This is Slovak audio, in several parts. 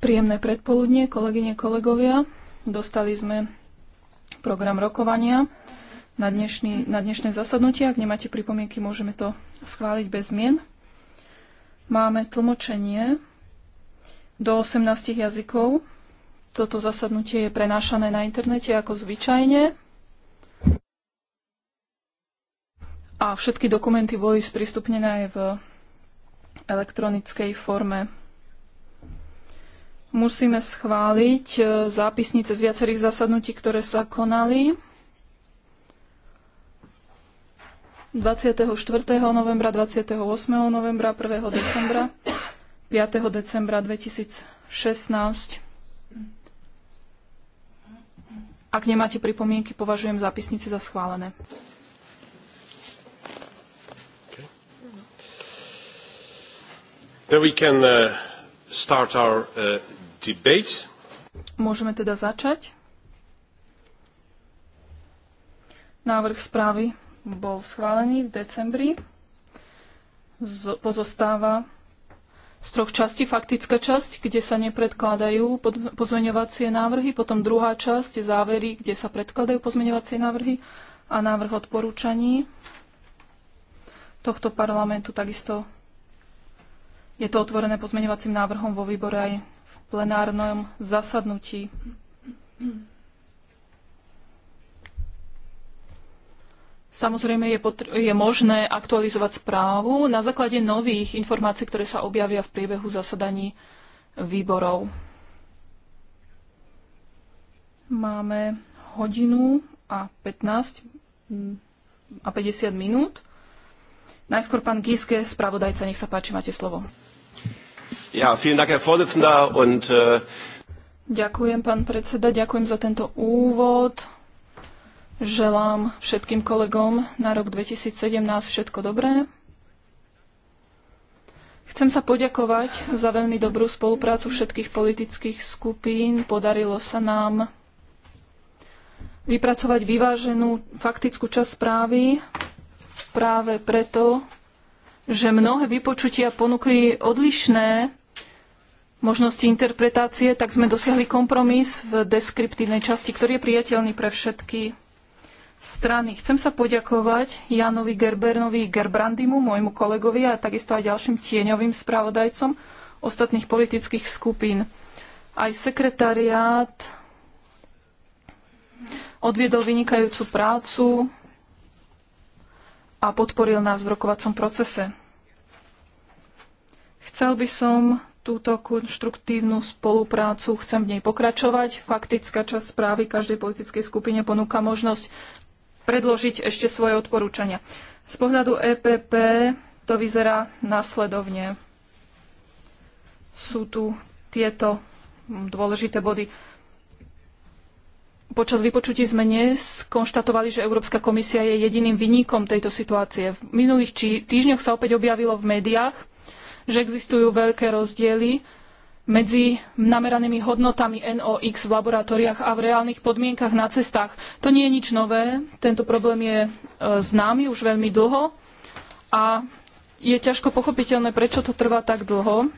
Príjemné predpoludnie, kolegyne, kolegovia. Dostali sme program rokovania na, dnešný, na dnešné zasadnutie. Ak nemáte pripomienky, môžeme to schváliť bez zmien. Máme tlmočenie do 18 jazykov. Toto zasadnutie je prenášané na internete ako zvyčajne. a všetky dokumenty boli sprístupnené aj v elektronickej forme. Musíme schváliť e, zápisnice z viacerých zasadnutí, ktoré sa konali 24. novembra, 28. novembra, 1. decembra, 5. decembra 2016. Ak nemáte pripomienky, považujem zápisnice za schválené. Uh, uh, Môžeme teda začať. Návrh správy bol schválený v decembri. pozostáva z troch častí. Faktická časť, kde sa nepredkladajú pozmeňovacie návrhy, potom druhá časť, závery, kde sa predkladajú pozmeňovacie návrhy a návrh odporúčaní tohto parlamentu takisto je to otvorené pozmeňovacím návrhom vo výbore aj v plenárnom zasadnutí. Samozrejme je, je možné aktualizovať správu na základe nových informácií, ktoré sa objavia v priebehu zasadaní výborov. Máme hodinu a 15 mm, a 50 minút. Najskôr pán Giske, spravodajca, nech sa páči, máte slovo. Ja, vielen Dank, Herr Vorsitzender. Und, äh... Ďakujem, pán predseda, ďakujem za tento úvod. Želám všetkým kolegom na rok 2017 všetko dobré. Chcem sa poďakovať za veľmi dobrú spoluprácu všetkých politických skupín. Podarilo sa nám vypracovať vyváženú faktickú časť správy práve preto, že mnohé vypočutia ponúkli odlišné možnosti interpretácie, tak sme dosiahli kompromis v deskriptívnej časti, ktorý je priateľný pre všetky strany. Chcem sa poďakovať Janovi Gerbernovi Gerbrandimu, môjmu kolegovi a takisto aj ďalším tieňovým spravodajcom ostatných politických skupín. Aj sekretariát odviedol vynikajúcu prácu a podporil nás v rokovacom procese. Chcel by som túto konštruktívnu spoluprácu, chcem v nej pokračovať. Faktická časť správy každej politickej skupine ponúka možnosť predložiť ešte svoje odporúčania. Z pohľadu EPP to vyzerá následovne. Sú tu tieto dôležité body. Počas vypočutí sme dnes konštatovali, že Európska komisia je jediným vyníkom tejto situácie. V minulých týždňoch sa opäť objavilo v médiách, že existujú veľké rozdiely medzi nameranými hodnotami NOx v laboratóriách a v reálnych podmienkach na cestách. To nie je nič nové, tento problém je e, známy už veľmi dlho a je ťažko pochopiteľné, prečo to trvá tak dlho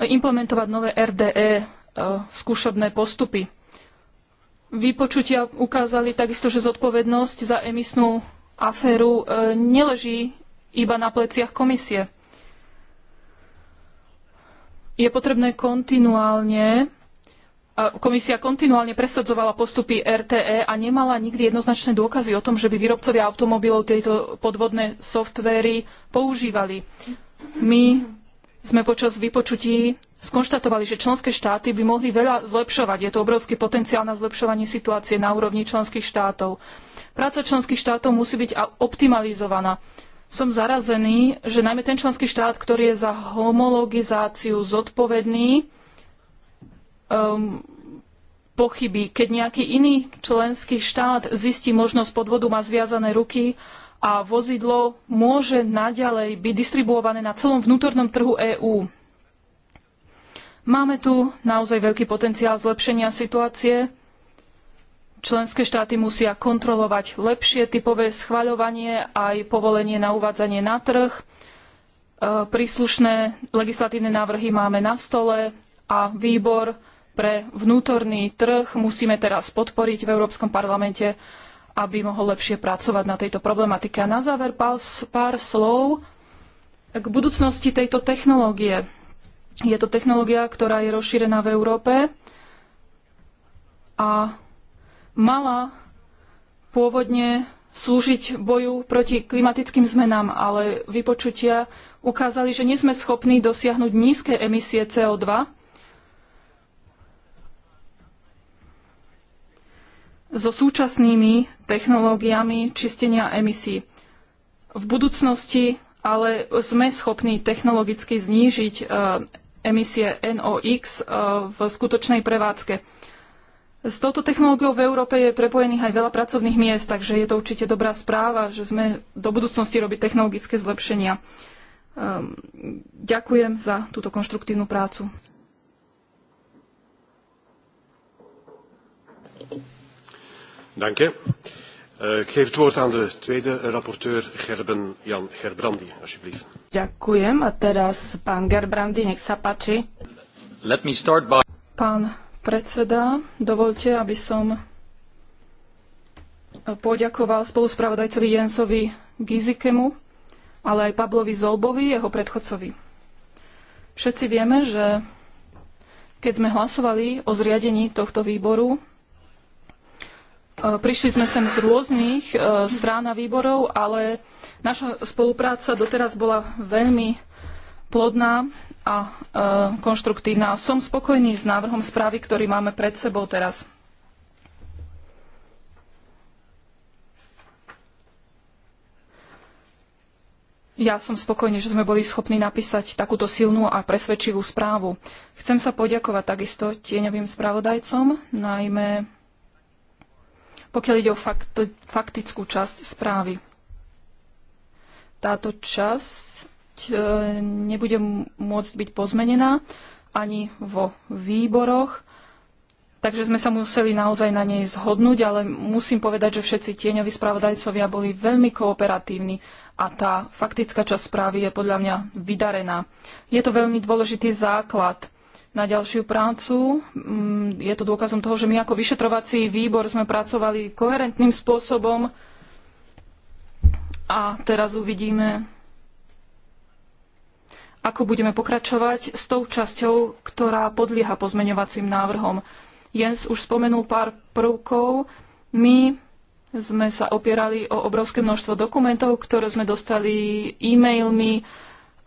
implementovať nové RDE e, skúšobné postupy. Vypočutia ukázali takisto, že zodpovednosť za emisnú aféru e, neleží iba na pleciach komisie. Je potrebné kontinuálne komisia kontinuálne presadzovala postupy RTE a nemala nikdy jednoznačné dôkazy o tom, že by výrobcovia automobilov tieto podvodné softvéry používali. My sme počas vypočutí skonštatovali, že členské štáty by mohli veľa zlepšovať. Je to obrovský potenciál na zlepšovanie situácie na úrovni členských štátov. Práca členských štátov musí byť optimalizovaná som zarazený, že najmä ten členský štát, ktorý je za homologizáciu zodpovedný, um, pochybí. Keď nejaký iný členský štát zistí možnosť podvodu, má zviazané ruky a vozidlo môže naďalej byť distribuované na celom vnútornom trhu EÚ. Máme tu naozaj veľký potenciál zlepšenia situácie Členské štáty musia kontrolovať lepšie typové schvaľovanie aj povolenie na uvádzanie na trh. E, príslušné legislatívne návrhy máme na stole a výbor pre vnútorný trh musíme teraz podporiť v Európskom parlamente, aby mohol lepšie pracovať na tejto problematike. A na záver pár slov k budúcnosti tejto technológie. Je to technológia, ktorá je rozšírená v Európe a mala pôvodne slúžiť boju proti klimatickým zmenám, ale vypočutia ukázali, že nie sme schopní dosiahnuť nízke emisie CO2. so súčasnými technológiami čistenia emisí. V budúcnosti ale sme schopní technologicky znížiť eh, emisie NOx eh, v skutočnej prevádzke. S touto technológiou v Európe je prepojených aj veľa pracovných miest, takže je to určite dobrá správa, že sme do budúcnosti robiť technologické zlepšenia. Ehm, ďakujem za túto konštruktívnu prácu. Eh, ik geef het woord aan de tweede rapporteur, Gerben Jan Gerbrandi, alsjeblieft. A teraz pán Gerbrandi, nech sa páči. Let me start by... Pán predseda. Dovolte, aby som e, poďakoval spoluspravodajcovi Jensovi Gizikemu, ale aj Pablovi Zolbovi, jeho predchodcovi. Všetci vieme, že keď sme hlasovali o zriadení tohto výboru, e, prišli sme sem z rôznych e, strán a výborov, ale naša spolupráca doteraz bola veľmi plodná a e, konštruktívna. Som spokojný s návrhom správy, ktorý máme pred sebou teraz. Ja som spokojný, že sme boli schopní napísať takúto silnú a presvedčivú správu. Chcem sa poďakovať takisto tieňovým spravodajcom, najmä pokiaľ ide o fakt, faktickú časť správy. Táto časť E, nebude môcť byť pozmenená ani vo výboroch. Takže sme sa museli naozaj na nej zhodnúť, ale musím povedať, že všetci tieňoví spravodajcovia boli veľmi kooperatívni a tá faktická časť správy je podľa mňa vydarená. Je to veľmi dôležitý základ na ďalšiu prácu. Mm, je to dôkazom toho, že my ako vyšetrovací výbor sme pracovali koherentným spôsobom a teraz uvidíme, ako budeme pokračovať s tou časťou, ktorá podlieha pozmeňovacím návrhom. Jens už spomenul pár prvkov. My sme sa opierali o obrovské množstvo dokumentov, ktoré sme dostali e-mailmi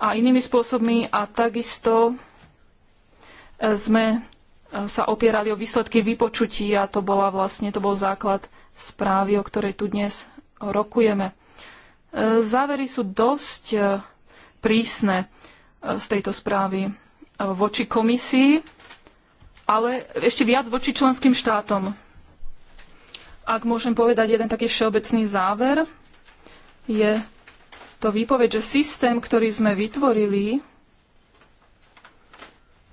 a inými spôsobmi a takisto e, sme e, sa opierali o výsledky vypočutí a to, bola vlastne, to bol základ správy, o ktorej tu dnes rokujeme. E, závery sú dosť prísne z tejto správy e, voči komisii, ale ešte viac voči členským štátom. Ak môžem povedať jeden taký všeobecný záver, je to výpoveď, že systém, ktorý sme vytvorili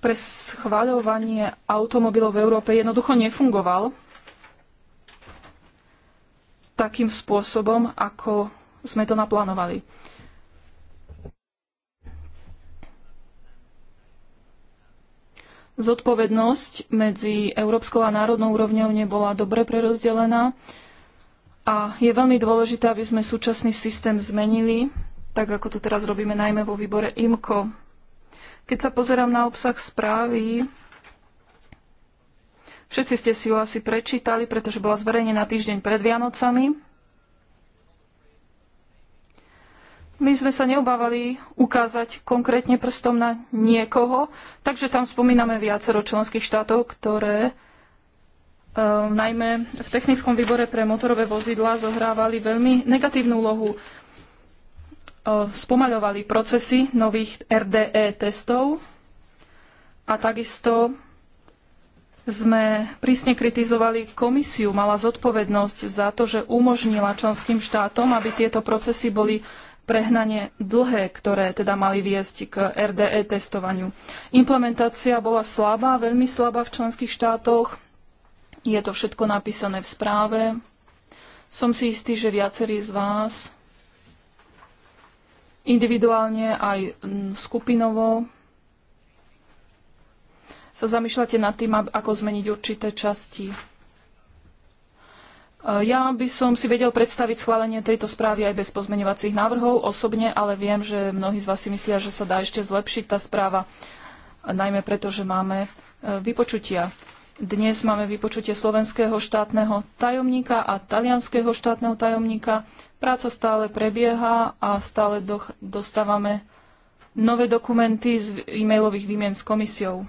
pre schvaľovanie automobilov v Európe, jednoducho nefungoval takým spôsobom, ako sme to naplánovali. zodpovednosť medzi európskou a národnou úrovňou nebola dobre prerozdelená a je veľmi dôležité, aby sme súčasný systém zmenili, tak ako to teraz robíme najmä vo výbore IMCO. Keď sa pozerám na obsah správy, všetci ste si ju asi prečítali, pretože bola zverejnená týždeň pred Vianocami. My sme sa neobávali ukázať konkrétne prstom na niekoho, takže tam spomíname viacero členských štátov, ktoré um, najmä v technickom výbore pre motorové vozidlá zohrávali veľmi negatívnu úlohu. Um, spomaľovali procesy nových RDE testov a takisto sme prísne kritizovali komisiu, mala zodpovednosť za to, že umožnila členským štátom, aby tieto procesy boli prehnanie dlhé, ktoré teda mali viesť k RDE testovaniu. Implementácia bola slabá, veľmi slabá v členských štátoch. Je to všetko napísané v správe. Som si istý, že viacerí z vás individuálne aj mm, skupinovo sa zamýšľate nad tým, ako zmeniť určité časti Eh, ja by som si vedel predstaviť schválenie tejto správy aj bez pozmeňovacích návrhov osobne, ale viem, že mnohí z vás si myslia, že sa dá ešte zlepšiť tá správa, najmä preto, že máme eh, vypočutia. Dnes máme vypočutie slovenského štátneho tajomníka a talianského štátneho tajomníka. Práca stále prebieha a stále dostávame nové dokumenty z e-mailových výmien s komisiou.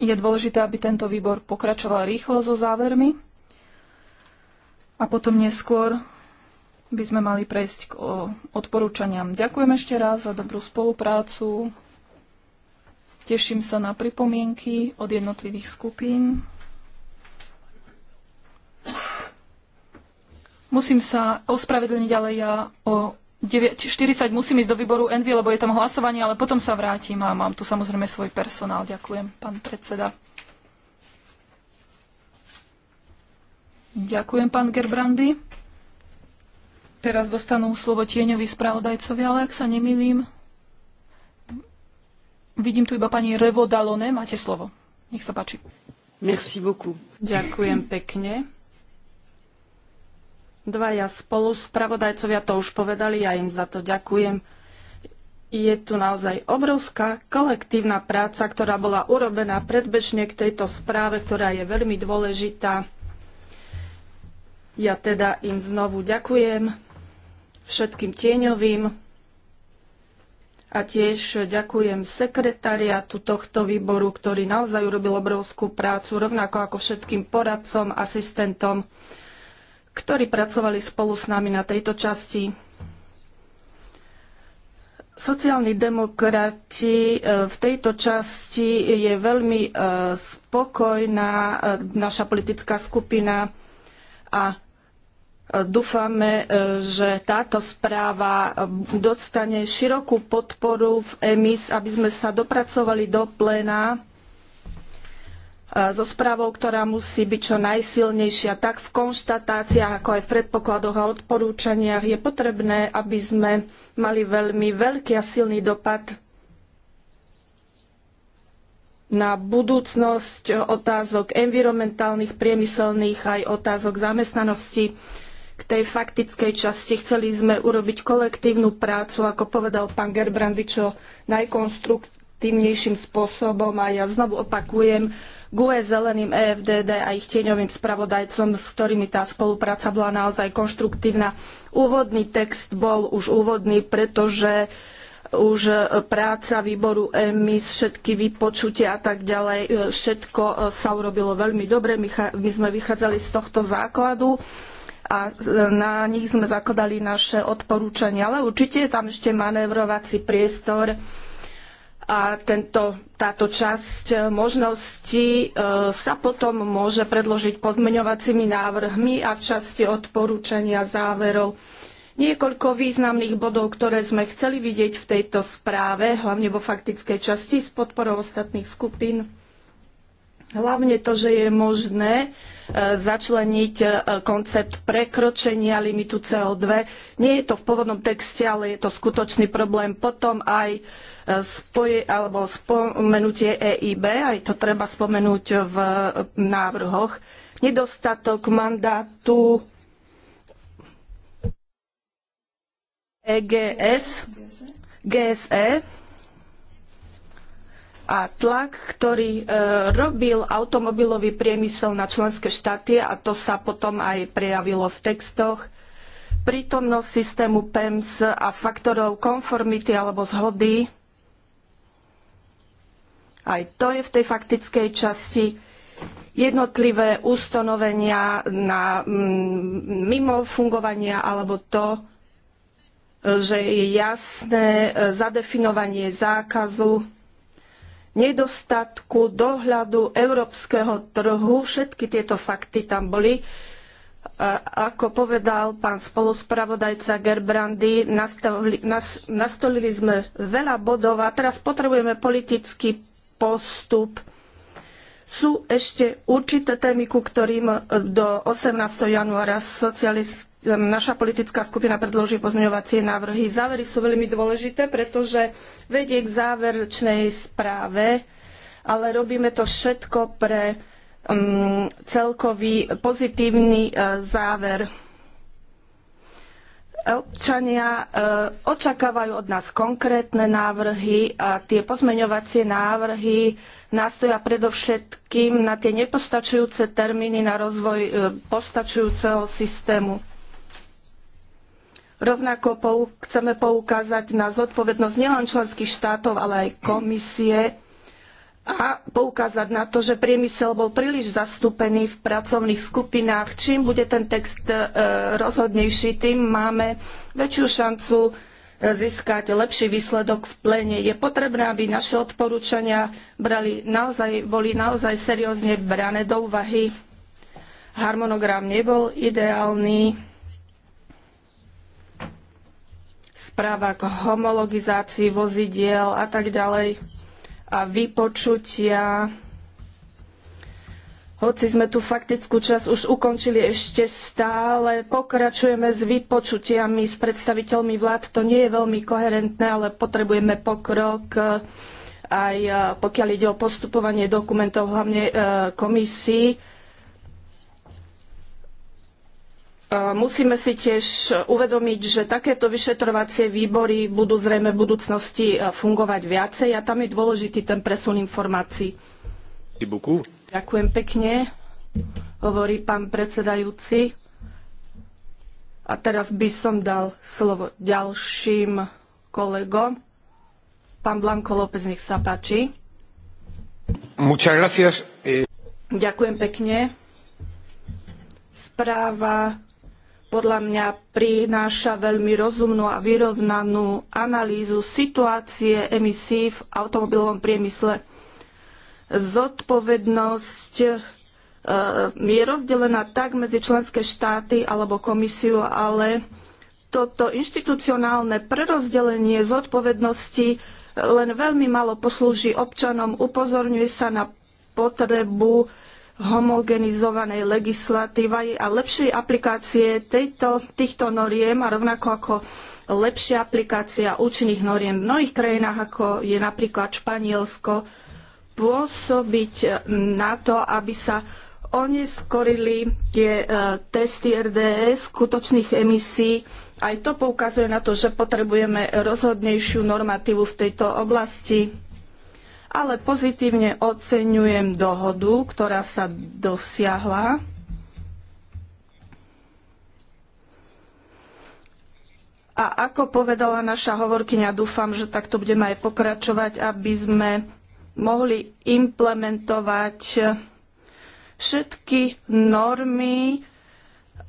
Je dôležité, aby tento výbor pokračoval rýchlo so závermi a potom neskôr by sme mali prejsť k odporúčaniam. Ďakujem ešte raz za dobrú spoluprácu. Teším sa na pripomienky od jednotlivých skupín. Musím sa ospravedlniť, ale ja o 9.40 musím ísť do výboru Envy, lebo je tam hlasovanie, ale potom sa vrátim a mám tu samozrejme svoj personál. Ďakujem, pán predseda. Ďakujem, pán Gerbrandy. Teraz dostanú slovo tieňoví spravodajcovia, ale ak sa nemýlim, vidím tu iba pani Revo Dalone. Máte slovo. Nech sa páči. Merci beaucoup. Ďakujem pekne. Dvaja spolu spravodajcovia to už povedali, ja im za to ďakujem. Je tu naozaj obrovská kolektívna práca, ktorá bola urobená predbežne k tejto správe, ktorá je veľmi dôležitá. Ja teda im znovu ďakujem všetkým tieňovým a tiež ďakujem sekretariatu tohto výboru, ktorý naozaj urobil obrovskú prácu, rovnako ako všetkým poradcom, asistentom, ktorí pracovali spolu s nami na tejto časti. Sociálni demokrati e, v tejto časti je veľmi e, spokojná e, naša politická skupina a dúfame, že táto správa dostane širokú podporu v EMIS, aby sme sa dopracovali do pléna E, so správou, ktorá musí byť čo najsilnejšia. Tak v konštatáciách, ako aj v predpokladoch a odporúčaniach je potrebné, aby sme mali veľmi veľký a silný dopad na budúcnosť otázok environmentálnych, priemyselných aj otázok zamestnanosti. K tej faktickej časti chceli sme urobiť kolektívnu prácu, ako povedal pán Gerbrandy, čo najkonstruktívnejším spôsobom a ja znovu opakujem, GUE, Zeleným, EFDD a ich tieňovým spravodajcom, s ktorými tá spolupráca bola naozaj konštruktívna. Úvodný text bol už úvodný, pretože už e, práca výboru EMIS, všetky vypočutia a tak ďalej, e, všetko e, sa urobilo veľmi dobre. My sme vychádzali z tohto základu a na nich sme zakladali naše odporúčania. Ale určite je tam ešte manévrovací priestor a tento, táto časť možností e, sa potom môže predložiť pozmeňovacími návrhmi a v časti odporúčania záverov. Niekoľko významných bodov, ktoré sme chceli vidieť v tejto správe, hlavne vo faktickej časti s podporou ostatných skupín. Hlavne to, že je možné e, začleniť e, koncept prekročenia limitu CO2. Nie je to v pôvodnom texte, ale je to skutočný problém. Potom aj e, spoje, alebo spomenutie EIB, aj to treba spomenúť v návrhoch. Nedostatok mandátu EGS, GSE, a tlak, ktorý e, robil automobilový priemysel na členské štáty a to sa potom aj prejavilo v textoch, prítomnosť systému PEMS a faktorov konformity alebo zhody. Aj to je v tej faktickej časti jednotlivé ustanovenia na mm, mimo fungovania alebo to, e, že je jasné e, zadefinovanie zákazu nedostatku dohľadu európskeho trhu. Všetky tieto fakty tam boli. Ako povedal pán spoluspravodajca Gerbrandy, nastavili, nas, nastolili sme veľa bodov a teraz potrebujeme politický postup. Sú ešte určité témy, ku ktorým do 18. januára socialist Hm, naša politická skupina predloží pozmeňovacie návrhy. Závery sú veľmi dôležité, pretože vedie k záverečnej správe, ale robíme to všetko pre um, celkový pozitívny uh, záver. Občania uh, očakávajú od nás konkrétne návrhy a tie pozmeňovacie návrhy nastoja predovšetkým na tie nepostačujúce termíny na rozvoj uh, postačujúceho systému Rovnako pou, chceme poukázať na zodpovednosť nielen členských štátov, ale aj komisie a poukázať na to, že priemysel bol príliš zastúpený v pracovných skupinách. Čím bude ten text e, rozhodnejší, tým máme väčšiu šancu e, získať lepší výsledok v plene. Je potrebné, aby naše odporúčania brali naozaj, boli naozaj seriózne brané do úvahy. Harmonogram nebol ideálny práva k homologizácii vozidiel a tak ďalej a vypočutia. Hoci sme tu faktickú čas už ukončili, ešte stále pokračujeme s vypočutiami s predstaviteľmi vlád. To nie je veľmi koherentné, ale potrebujeme pokrok aj e, pokiaľ ide o postupovanie dokumentov, hlavne e, komisii E, musíme si tiež uvedomiť, že takéto vyšetrovacie výbory budú zrejme v budúcnosti e, fungovať viacej a tam je dôležitý ten presun informácií. Ďakujem pekne, hovorí pán predsedajúci. A teraz by som dal slovo ďalším kolegom. Pán Blanko López, nech sa páči. Ďakujem pekne. Správa podľa mňa prináša veľmi rozumnú a vyrovnanú analýzu situácie emisí v automobilovom priemysle. Zodpovednosť e, je rozdelená tak medzi členské štáty alebo komisiu, ale toto inštitucionálne prerozdelenie zodpovednosti len veľmi malo poslúži občanom, upozorňuje sa na potrebu homogenizovanej legislatívy a lepšej aplikácie tejto, týchto noriem a rovnako ako lepšia aplikácia účinných noriem v mnohých krajinách, ako je napríklad Španielsko, pôsobiť na to, aby sa oneskorili tie e, testy RDS skutočných emisí. Aj to poukazuje na to, že potrebujeme rozhodnejšiu normatívu v tejto oblasti ale pozitívne oceňujem dohodu, ktorá sa dosiahla. A ako povedala naša hovorkyňa, dúfam, že takto budeme aj pokračovať, aby sme mohli implementovať všetky normy,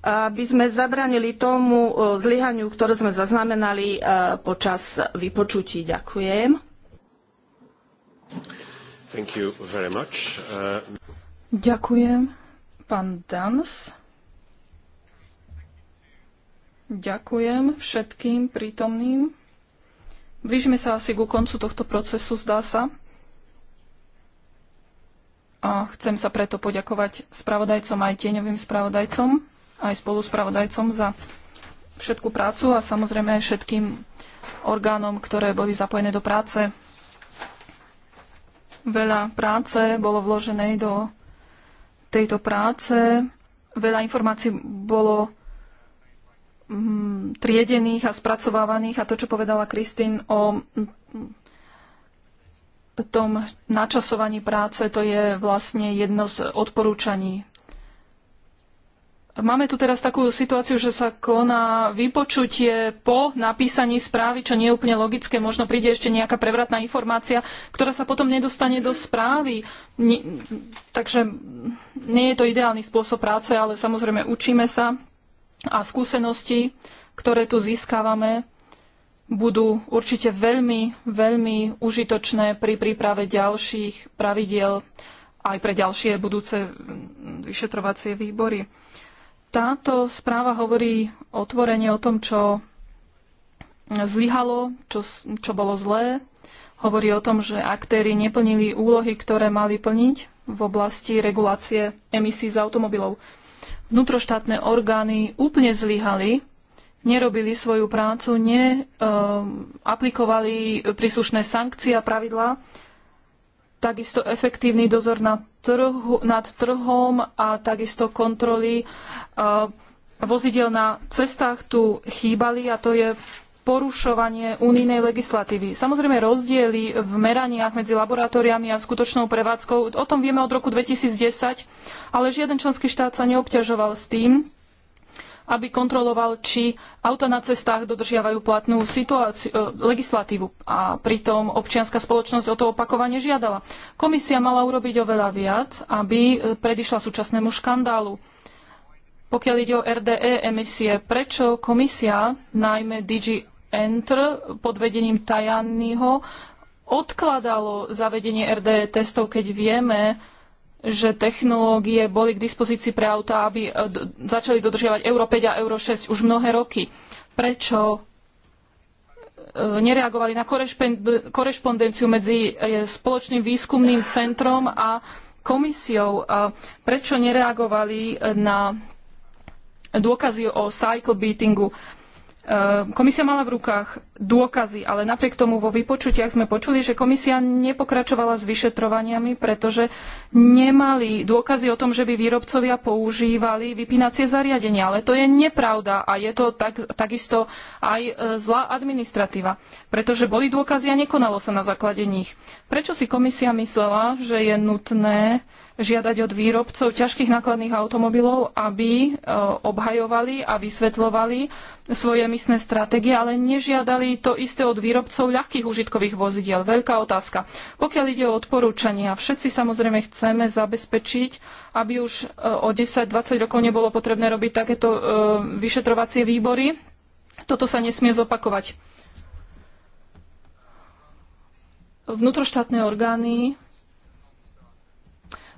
aby sme zabranili tomu e, zlyhaniu, ktoré sme zaznamenali e, počas vypočutí. Ďakujem. Thank you very much. Uh, Ďakujem, pán Dans. Ďakujem všetkým prítomným. Blížime sa asi ku koncu tohto procesu, zdá sa. A chcem sa preto poďakovať spravodajcom aj tieňovým spravodajcom, aj spoluspravodajcom za všetku prácu a samozrejme aj všetkým orgánom, ktoré boli zapojené do práce Veľa práce bolo vložené do tejto práce, veľa informácií bolo mm, triedených a spracovávaných a to, čo povedala Kristín o mm, tom načasovaní práce, to je vlastne jedno z odporúčaní Máme tu teraz takú situáciu, že sa koná vypočutie po napísaní správy, čo nie je úplne logické. Možno príde ešte nejaká prevratná informácia, ktorá sa potom nedostane do správy. Nie, takže nie je to ideálny spôsob práce, ale samozrejme učíme sa a skúsenosti, ktoré tu získavame, budú určite veľmi, veľmi užitočné pri príprave ďalších pravidiel aj pre ďalšie budúce vyšetrovacie výbory. Táto správa hovorí otvorene o tom, čo zlyhalo, čo, čo bolo zlé. Hovorí o tom, že aktéry neplnili úlohy, ktoré mali plniť v oblasti regulácie emisí z automobilov. Vnútroštátne orgány úplne zlyhali, nerobili svoju prácu, neaplikovali ehm, príslušné sankcie a pravidlá takisto efektívny dozor nad, trhu, nad trhom a takisto kontroly vozidel na cestách tu chýbali a to je porušovanie unijnej legislatívy. Samozrejme rozdiely v meraniach medzi laboratóriami a skutočnou prevádzkou, o tom vieme od roku 2010, ale žiaden členský štát sa neobťažoval s tým, aby kontroloval, či auta na cestách dodržiavajú platnú situáciu, e, legislatívu. A pritom občianská spoločnosť o to opakovane žiadala. Komisia mala urobiť oveľa viac, aby e, predišla súčasnému škandálu. Pokiaľ ide o RDE emisie, prečo komisia, najmä DG Enter pod vedením Tajanyho, odkladalo zavedenie RDE testov, keď vieme, že technológie boli k dispozícii pre auta, aby e, začali dodržiavať Euro 5 a Euro 6 už mnohé roky. Prečo e, nereagovali na korešpondenciu medzi e, spoločným výskumným centrom a komisiou? Prečo nereagovali na dôkazy o cycle beatingu? Ehm, komisia mala v rukách dôkazy, ale napriek tomu vo vypočutiach sme počuli, že komisia nepokračovala s vyšetrovaniami, pretože nemali dôkazy o tom, že by výrobcovia používali vypínacie zariadenia. Ale to je nepravda a je to tak, takisto aj e, zlá administratíva, pretože boli dôkazy a nekonalo sa na základe nich. Prečo si komisia myslela, že je nutné žiadať od výrobcov ťažkých nákladných automobilov, aby e, obhajovali a vysvetľovali svoje emisné stratégie, ale nežiadali to isté od výrobcov ľahkých užitkových vozidiel. Veľká otázka. Pokiaľ ide o odporúčania, všetci samozrejme chceme zabezpečiť, aby už e, o 10-20 rokov nebolo potrebné robiť takéto e, vyšetrovacie výbory. Toto sa nesmie zopakovať. Vnútroštátne orgány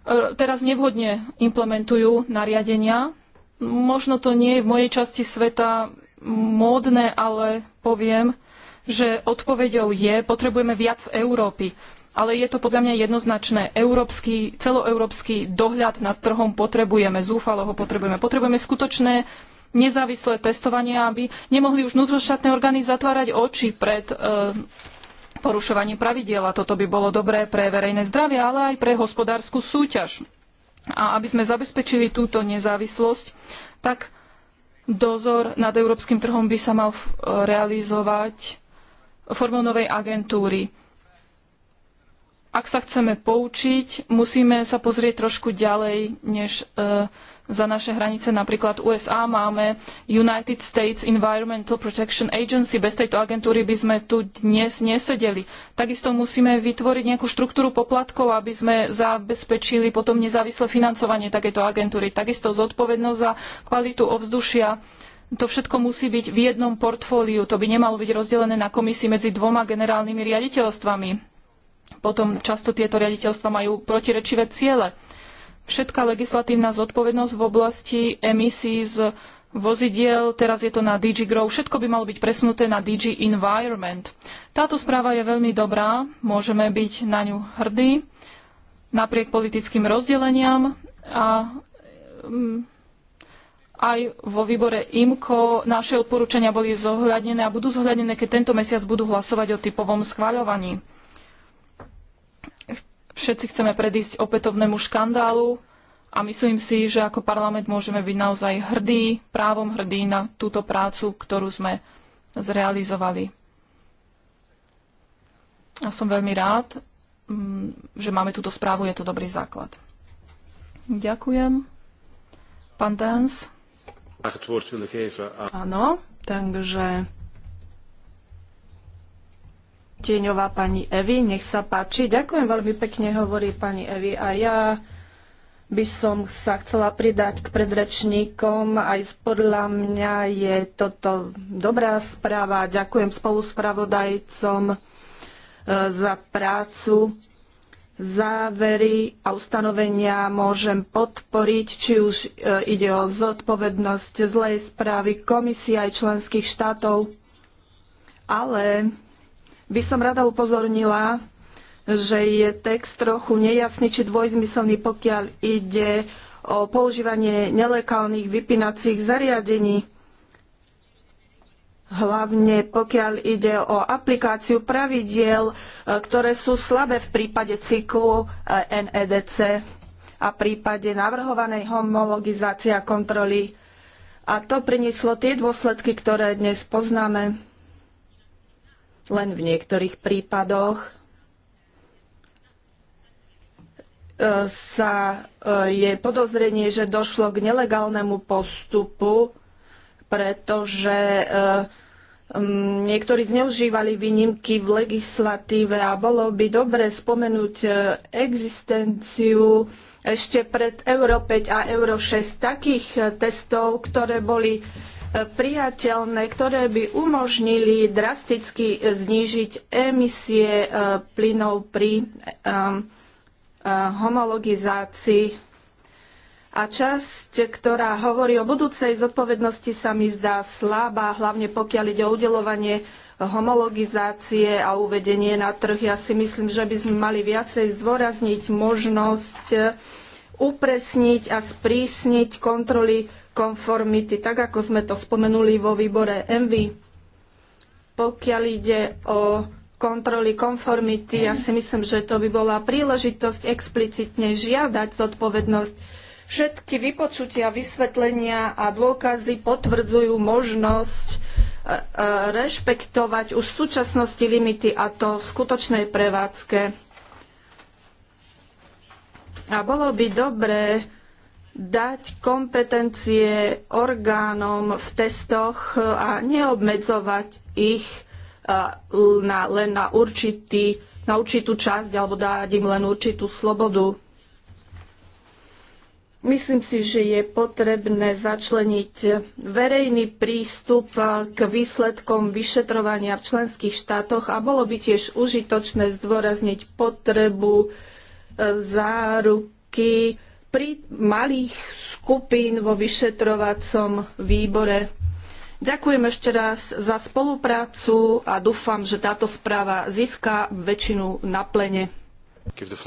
E, teraz nevhodne implementujú nariadenia. Možno to nie je v mojej časti sveta módne, ale poviem, že odpoveďou je, potrebujeme viac Európy. Ale je to podľa mňa jednoznačné. Európsky, celoeurópsky dohľad nad trhom potrebujeme, zúfalo ho potrebujeme. Potrebujeme skutočné nezávislé testovanie, aby nemohli už vnútroštátne orgány zatvárať oči pred e, porušovanie pravidiel a toto by bolo dobré pre verejné zdravie, ale aj pre hospodárskú súťaž. A aby sme zabezpečili túto nezávislosť, tak dozor nad európskym trhom by sa mal realizovať formou novej agentúry ak sa chceme poučiť, musíme sa pozrieť trošku ďalej, než e, za naše hranice. Napríklad USA máme United States Environmental Protection Agency. Bez tejto agentúry by sme tu dnes nesedeli. Takisto musíme vytvoriť nejakú štruktúru poplatkov, aby sme zabezpečili potom nezávislé financovanie takéto agentúry. Takisto zodpovednosť za kvalitu ovzdušia. To všetko musí byť v jednom portfóliu. To by nemalo byť rozdelené na komisii medzi dvoma generálnymi riaditeľstvami potom často tieto riaditeľstva majú protirečivé ciele. Všetká legislatívna zodpovednosť v oblasti emisí z vozidiel, teraz je to na DG Grow, všetko by malo byť presunuté na DG Environment. Táto správa je veľmi dobrá, môžeme byť na ňu hrdí, napriek politickým rozdeleniam a mm, aj vo výbore IMCO naše odporúčania boli zohľadnené a budú zohľadnené, keď tento mesiac budú hlasovať o typovom schváľovaní. Všetci chceme predísť opätovnému škandálu a myslím si, že ako parlament môžeme byť naozaj hrdí, právom hrdí na túto prácu, ktorú sme zrealizovali. A som veľmi rád, mm, že máme túto správu, je to dobrý základ. Ďakujem. Pán Dens. Áno, takže tieňová pani Evi. Nech sa páči. Ďakujem veľmi pekne, hovorí pani Evi. A ja by som sa chcela pridať k predrečníkom. Aj podľa mňa je toto dobrá správa. Ďakujem spoluspravodajcom e, za prácu. Závery a ustanovenia môžem podporiť, či už e, ide o zodpovednosť zlej správy komisie aj členských štátov, ale by som rada upozornila, že je text trochu nejasný či dvojzmyselný, pokiaľ ide o používanie nelegálnych vypínacích zariadení, hlavne pokiaľ ide o aplikáciu pravidiel, e, ktoré sú slabé v prípade cyklu e, NEDC a v prípade navrhovanej homologizácie a kontroly. A to prinieslo tie dôsledky, ktoré dnes poznáme len v niektorých prípadoch e, sa e, je podozrenie, že došlo k nelegálnemu postupu, pretože e, niektorí zneužívali výnimky v legislatíve a bolo by dobre spomenúť existenciu ešte pred Euro 5 a Euro 6 takých testov, ktoré boli priateľné, ktoré by umožnili drasticky znížiť emisie e, plynov pri e, e, homologizácii. A časť, ktorá hovorí o budúcej zodpovednosti, sa mi zdá slabá, hlavne pokiaľ ide o udelovanie homologizácie a uvedenie na trh. Ja si myslím, že by sme mali viacej zdôrazniť možnosť upresniť a sprísniť kontroly konformity, tak ako sme to spomenuli vo výbore MV. Pokiaľ ide o kontroly konformity, ja si myslím, že to by bola príležitosť explicitne žiadať zodpovednosť. Všetky vypočutia, vysvetlenia a dôkazy potvrdzujú možnosť e, e, rešpektovať už v súčasnosti limity a to v skutočnej prevádzke. A bolo by dobré dať kompetencie orgánom v testoch eh, a neobmedzovať ich eh, na, len na, určitý, na určitú časť alebo dať im len určitú slobodu. Myslím si, že je potrebné začleniť verejný prístup eh, k výsledkom vyšetrovania v členských štátoch a bolo by tiež užitočné zdôrazniť potrebu záruky pri malých skupín vo vyšetrovacom výbore. Ďakujem ešte raz za spoluprácu a dúfam, že táto správa získa väčšinu na plene. Er-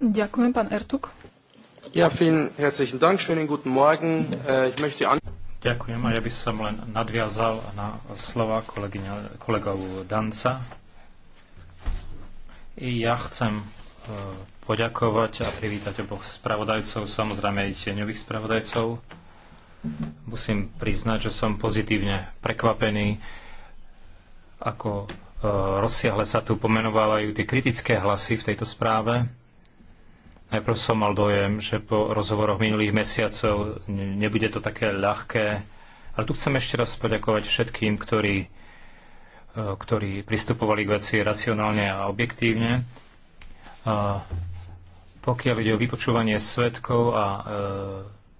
Ďakujem, pán Ertuk. Ja, vielen herzlichen Dank, schönen guten Morgen. Äh, ich möchte an Ďakujem a ja by som len nadviazal na slova kolegyňa, kolegov Danca. I ja chcem e, poďakovať a privítať oboch spravodajcov, samozrejme aj tieňových spravodajcov. Musím priznať, že som pozitívne prekvapený, ako e, rozsiahle sa tu pomenovávajú tie kritické hlasy v tejto správe. Najprv som mal dojem, že po rozhovoroch minulých mesiacov nebude to také ľahké, ale tu chcem ešte raz poďakovať všetkým, ktorí, e, ktorí pristupovali k veci racionálne a objektívne. A pokiaľ ide o vypočúvanie svetkov a e,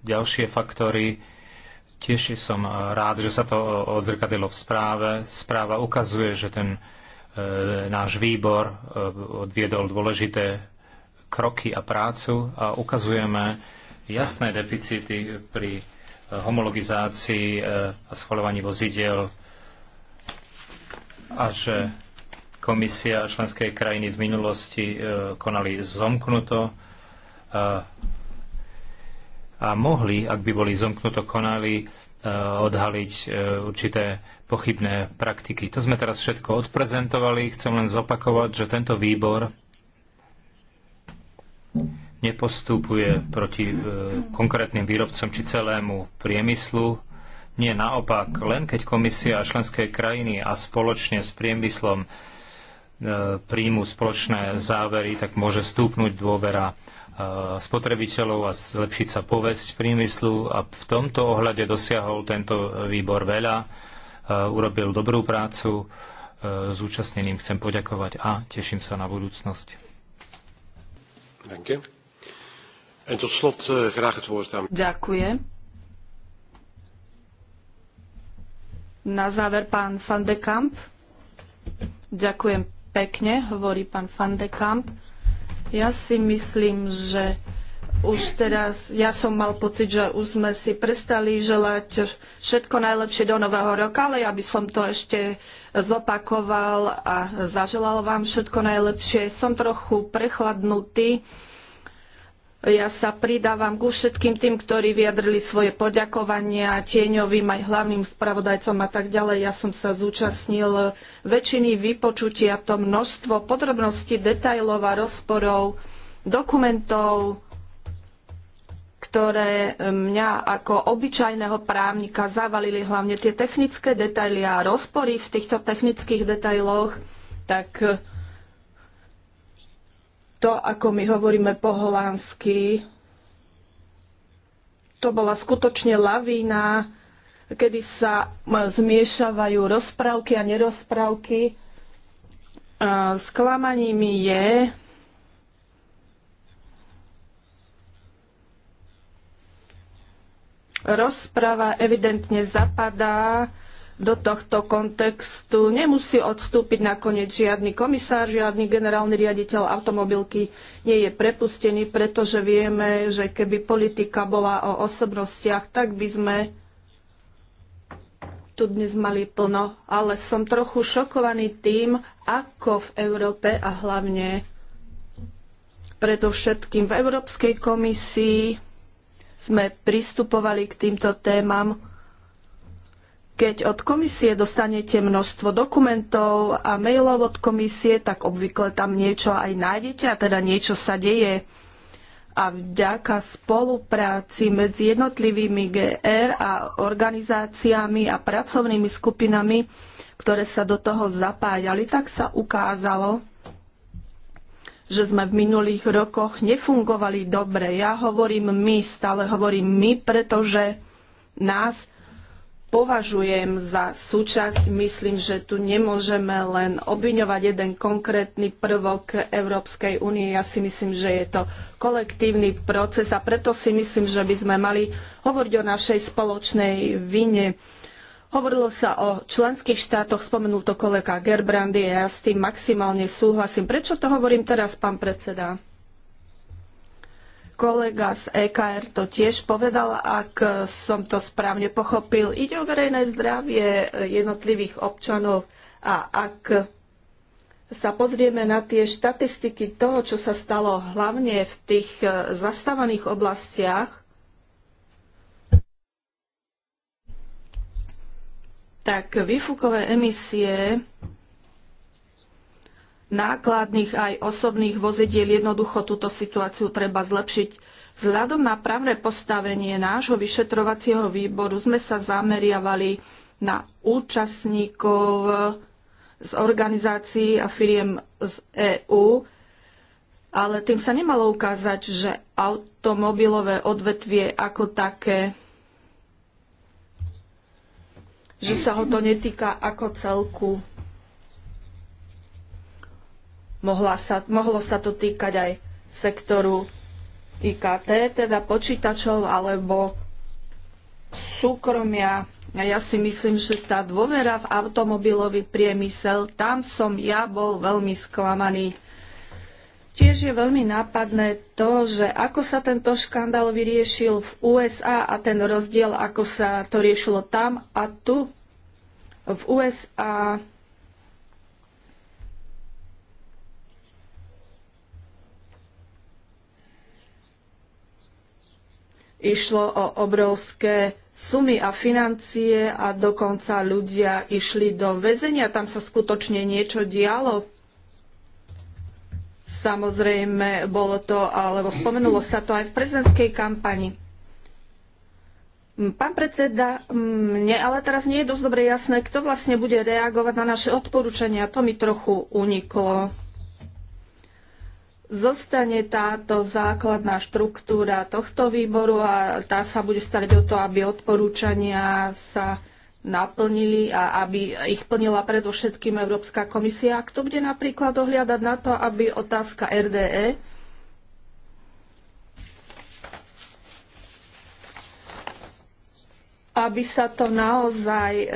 ďalšie faktory, tiež som rád, že sa to odzrkadilo v správe. Správa ukazuje, že ten e, náš výbor e, odviedol dôležité kroky a prácu a ukazujeme jasné deficity pri e, homologizácii e, a schvaľovaní vozidiel a že Komisia a členské krajiny v minulosti e, konali zomknuto e, a mohli, ak by boli zomknuto konali, e, odhaliť určité pochybné praktiky. To sme teraz všetko odprezentovali. Chcem len zopakovať, že tento výbor nepostupuje proti konkrétnym výrobcom či celému priemyslu. Nie naopak, len keď komisia a členské krajiny a spoločne s priemyslom E, príjmu spoločné závery, tak môže stúpnuť dôvera e, spotrebiteľov a zlepšiť sa povesť prímyslu. a v tomto ohľade dosiahol tento výbor veľa, e, urobil dobrú prácu, zúčastneným chcem poďakovať a teším sa na budúcnosť. Eh, Ďakujem. Na záver pán Van de Kamp. Ďakujem pekne, hovorí pán Van de Kamp. Ja si myslím, že už teraz, ja som mal pocit, že už sme si prestali želať všetko najlepšie do nového roka, ale ja by som to ešte zopakoval a zaželal vám všetko najlepšie. Som trochu prechladnutý ja sa pridávam ku všetkým tým, ktorí vyjadrili svoje poďakovania tieňovým aj hlavným spravodajcom a tak ďalej. Ja som sa zúčastnil väčšiny vypočutia, to množstvo podrobností, detajlov a rozporov, dokumentov, ktoré mňa ako obyčajného právnika zavalili hlavne tie technické detaily a rozpory v týchto technických detailoch, tak to, ako my hovoríme po holandsky, to bola skutočne lavína, kedy sa zmiešavajú rozprávky a nerozprávky. Sklamaním je, Rozpráva evidentne zapadá do tohto kontextu nemusí odstúpiť nakoniec žiadny komisár, žiadny generálny riaditeľ automobilky nie je prepustený, pretože vieme, že keby politika bola o osobnostiach, tak by sme tu dnes mali plno, ale som trochu šokovaný tým, ako v Európe a hlavne predovšetkým v Európskej komisii sme pristupovali k týmto témam keď od komisie dostanete množstvo dokumentov a mailov od komisie, tak obvykle tam niečo aj nájdete a teda niečo sa deje. A vďaka spolupráci medzi jednotlivými GR a organizáciami a pracovnými skupinami, ktoré sa do toho zapájali, tak sa ukázalo, že sme v minulých rokoch nefungovali dobre. Ja hovorím my, stále hovorím my, pretože nás považujem za súčasť. Myslím, že tu nemôžeme len obviňovať jeden konkrétny prvok Európskej únie. Ja si myslím, že je to kolektívny proces a preto si myslím, že by sme mali hovoriť o našej spoločnej vine. Hovorilo sa o členských štátoch, spomenul to kolega Gerbrandy a ja s tým maximálne súhlasím. Prečo to hovorím teraz, pán predseda? Kolega z EKR to tiež povedal, ak som to správne pochopil. Ide o verejné zdravie jednotlivých občanov a ak sa pozrieme na tie štatistiky toho, čo sa stalo hlavne v tých e, zastávaných oblastiach, tak výfukové emisie nákladných aj osobných vozidiel. Jednoducho túto situáciu treba zlepšiť. Vzhľadom na právne postavenie nášho vyšetrovacieho výboru sme sa zameriavali na účastníkov z organizácií a firiem z EÚ, ale tým sa nemalo ukázať, že automobilové odvetvie ako také, že sa ho to netýka ako celku. Mohla sa, mohlo sa to týkať aj sektoru IKT, teda počítačov alebo súkromia. A ja si myslím, že tá dôvera v automobilový priemysel, tam som ja bol veľmi sklamaný. Tiež je veľmi nápadné to, že ako sa tento škandál vyriešil v USA a ten rozdiel, ako sa to riešilo tam a tu. V USA Išlo o obrovské sumy a financie a dokonca ľudia išli do väzenia. Tam sa skutočne niečo dialo. Samozrejme, bolo to, alebo spomenulo sa to aj v prezidentskej kampani. Pán predseda, mne ale teraz nie je dosť dobre jasné, kto vlastne bude reagovať na naše odporúčania. To mi trochu uniklo zostane táto základná štruktúra tohto výboru a tá sa bude starať o to, aby odporúčania sa naplnili a aby ich plnila predovšetkým Európska komisia. Kto bude napríklad ohliadať na to, aby otázka RDE aby sa to naozaj e,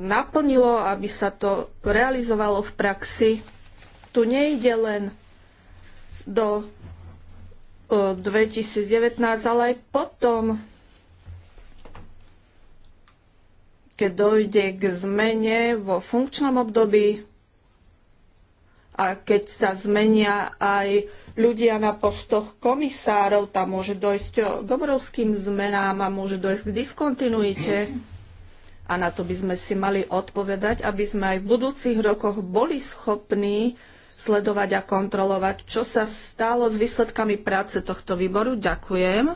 naplnilo, aby sa to realizovalo v praxi. Tu nejde len do 2019, ale aj potom, keď dojde k zmene vo funkčnom období a keď sa zmenia aj ľudia na postoch komisárov, tam môže dojsť k obrovským zmenám a môže dojsť k diskontinuite. A na to by sme si mali odpovedať, aby sme aj v budúcich rokoch boli schopní sledovať a kontrolovať, čo sa stalo s výsledkami práce tohto výboru. Ďakujem.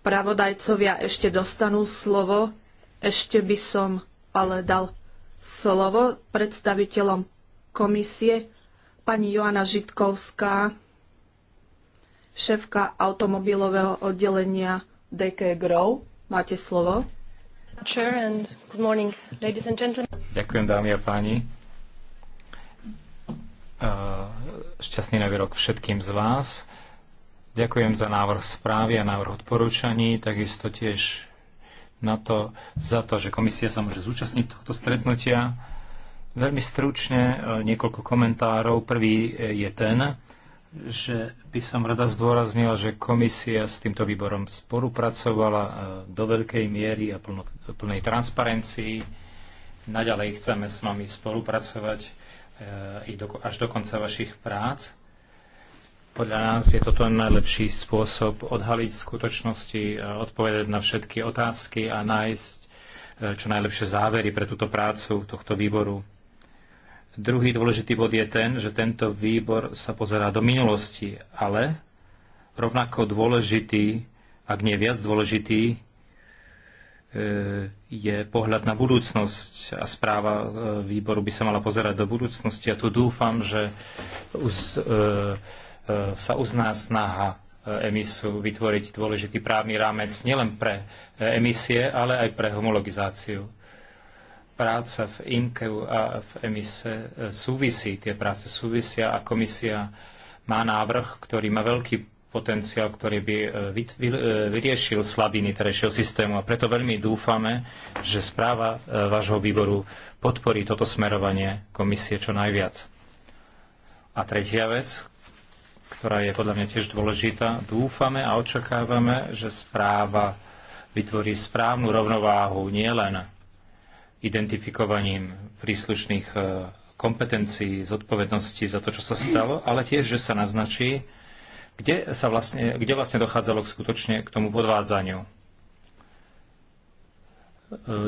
Spravodajcovia ešte dostanú slovo. Ešte by som ale dal slovo predstaviteľom komisie, pani Joana Žitkovská, šéfka automobilového oddelenia DK Grow. Máte slovo. Ďakujem dámy a páni. Šťastný nový rok všetkým z vás. Ďakujem za návrh správy a návrh odporúčaní, takisto tiež na to, za to, že komisia sa môže zúčastniť tohto stretnutia. Veľmi stručne e, niekoľko komentárov. Prvý e, je ten, že by som rada zdôraznila, že komisia s týmto výborom spolupracovala e, do veľkej miery a plno, plnej transparencii. Naďalej chceme s vami spolupracovať e, až do konca vašich prác. Podľa nás je toto najlepší spôsob odhaliť skutočnosti, e, odpovedať na všetky otázky a nájsť e, čo najlepšie závery pre túto prácu tohto výboru. Druhý dôležitý bod je ten, že tento výbor sa pozerá do minulosti, ale rovnako dôležitý, ak nie viac dôležitý, e, je pohľad na budúcnosť a správa e, výboru by sa mala pozerať do budúcnosti. A tu dúfam, že uz, uh, uh, sa uzná snaha e, emisu vytvoriť dôležitý právny rámec nielen pre emisie, ale aj pre homologizáciu práca v IMKEU a v EMISE e, súvisí. Tie práce súvisia a komisia má návrh, ktorý má veľký potenciál, ktorý by e, e, vyriešil slabiny terajšieho systému. A preto veľmi dúfame, že správa vášho výboru podporí toto smerovanie komisie čo najviac. A tretia vec, ktorá je podľa mňa tiež dôležitá, dúfame a očakávame, že správa vytvorí správnu rovnováhu nielen identifikovaním príslušných e, kompetencií, zodpovedností za to, čo sa stalo, ale tiež, že sa naznačí, kde, sa vlastne, kde vlastne dochádzalo k skutočne k tomu podvádzaniu. E,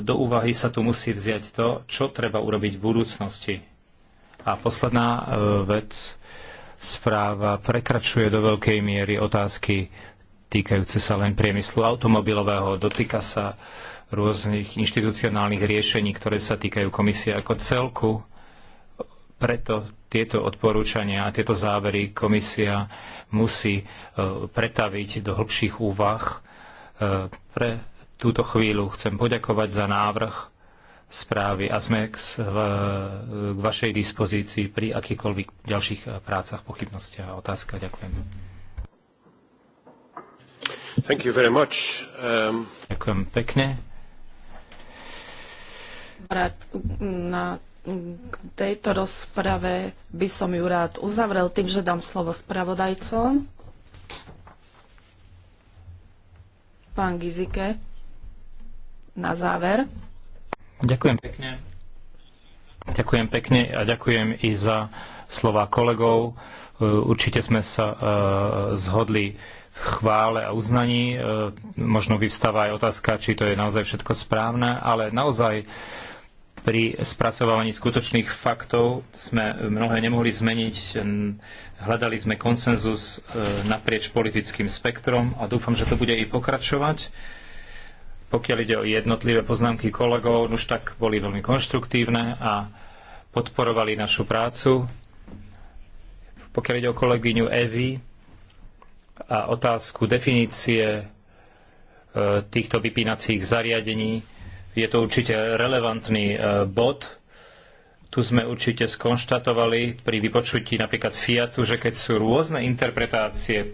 do úvahy sa tu musí vziať to, čo treba urobiť v budúcnosti. A posledná e, vec, správa prekračuje do veľkej miery otázky týkajúce sa len priemyslu automobilového. Dotýka sa rôznych inštitucionálnych riešení, ktoré sa týkajú komisie ako celku. Preto tieto odporúčania a tieto závery komisia musí e, pretaviť do hĺbších úvah. E, pre túto chvíľu chcem poďakovať za návrh správy a sme k, e, k vašej dispozícii pri akýkoľvek ďalších prácach, pochybnostiach a otázkach. Ďakujem. Um, k tejto rozprave by som ju rád uzavrel tým, že dám slovo spravodajcom. Pán Gizike, na záver. Ďakujem pekne. Ďakujem pekne a ďakujem i za slova kolegov. Určite sme sa uh, zhodli chvále a uznaní. E, možno vyvstáva aj otázka, či to je naozaj všetko správne, ale naozaj pri spracovávaní skutočných faktov sme mnohé nemohli zmeniť. Hľadali sme konsenzus e, naprieč politickým spektrom a dúfam, že to bude i pokračovať. Pokiaľ ide o jednotlivé poznámky kolegov, už tak boli veľmi konštruktívne a podporovali našu prácu. Pokiaľ ide o kolegyňu Evy, a otázku definície e, týchto vypínacích zariadení. Je to určite relevantný e, bod. Tu sme určite skonštatovali pri vypočutí napríklad Fiatu, že keď sú rôzne interpretácie, e,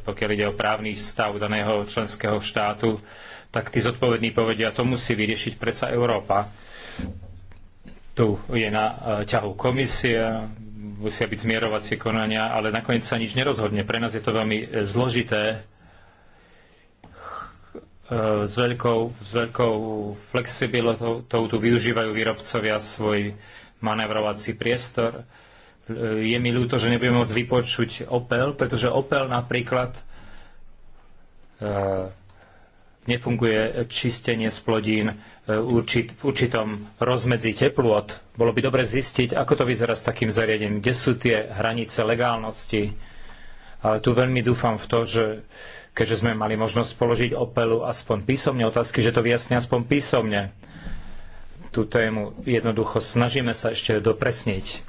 pokiaľ ide o právny stav daného členského štátu, tak tí zodpovední povedia, to musí vyriešiť predsa Európa. Tu je na ťahu komisia, musia byť zmierovacie konania, ale nakoniec sa nič nerozhodne. Pre nás je to veľmi e, zložité e, s veľkou, s veľkou flexibilitou tu využívajú výrobcovia svoj manevrovací priestor. E, je mi ľúto, že nebudeme môcť vypočuť Opel, pretože Opel napríklad nefunguje čistenie splodín E, určit, v určitom rozmedzi teplot. Bolo by dobre zistiť, ako to vyzerá s takým zariadením, kde sú tie hranice legálnosti. Ale tu veľmi dúfam v to, že keďže sme mali možnosť položiť opelu aspoň písomne otázky, že to vyjasne aspoň písomne. Tú tému jednoducho snažíme sa ešte dopresniť.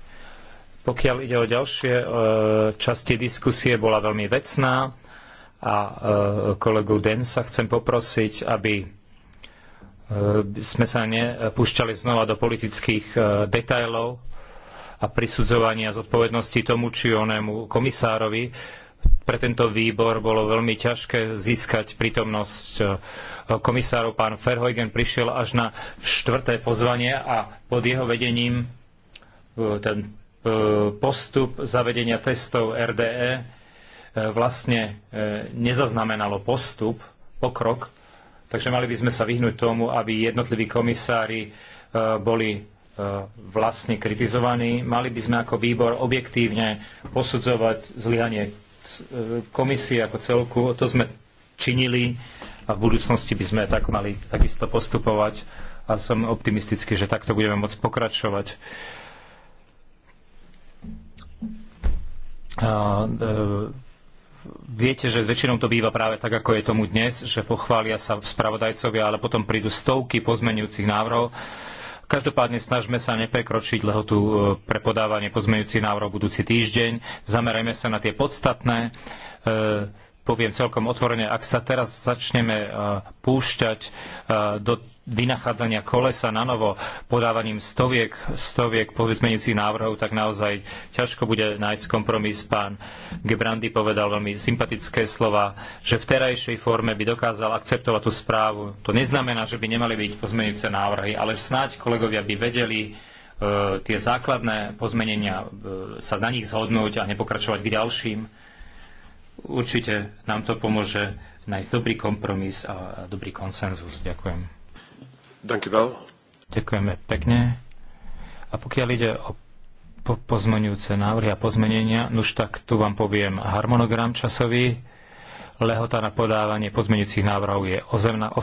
Pokiaľ ide o ďalšie e, časti diskusie, bola veľmi vecná a e, kolegu Densa sa chcem poprosiť, aby E, sme sa nepúšťali znova do politických e, detajlov a prisudzovania zodpovednosti tomu či onému komisárovi. Pre tento výbor bolo veľmi ťažké získať prítomnosť e, komisárov. Pán Verheugen prišiel až na štvrté pozvanie a pod jeho vedením ten postup zavedenia testov RDE vlastne nezaznamenalo postup, pokrok Takže mali by sme sa vyhnúť tomu, aby jednotliví komisári e, boli e, vlastne kritizovaní. Mali by sme ako výbor objektívne posudzovať zlyhanie e, komisie ako celku. To sme činili a v budúcnosti by sme tak mali takisto postupovať a som optimistický, že takto budeme môcť pokračovať. A, e, viete, že väčšinou to býva práve tak, ako je tomu dnes, že pochvália sa spravodajcovia, ale potom prídu stovky pozmenujúcich návrhov. Každopádne snažme sa neprekročiť lehotu e, pre podávanie pozmenujúcich návrhov budúci týždeň. Zamerajme sa na tie podstatné. E, poviem celkom otvorene, ak sa teraz začneme e, púšťať e, do vynachádzania kolesa na novo podávaním stoviek, stoviek povedzmeniacich návrhov, tak naozaj ťažko bude nájsť kompromis. Pán Gebrandy povedal veľmi sympatické slova, že v terajšej forme by dokázal akceptovať tú správu. To neznamená, že by nemali byť pozmenujúce návrhy, ale snáď kolegovia by vedeli, e, tie základné pozmenenia sa na nich zhodnúť a nepokračovať k ďalším Určite nám to pomôže nájsť dobrý kompromis a dobrý konsenzus. Ďakujem. Ďakujeme pekne. A pokiaľ ide o po pozmenujúce návrhy a pozmenenia, nuž tak tu vám poviem harmonogram časový. Lehota na podávanie pozmenujúcich návrhov je 18.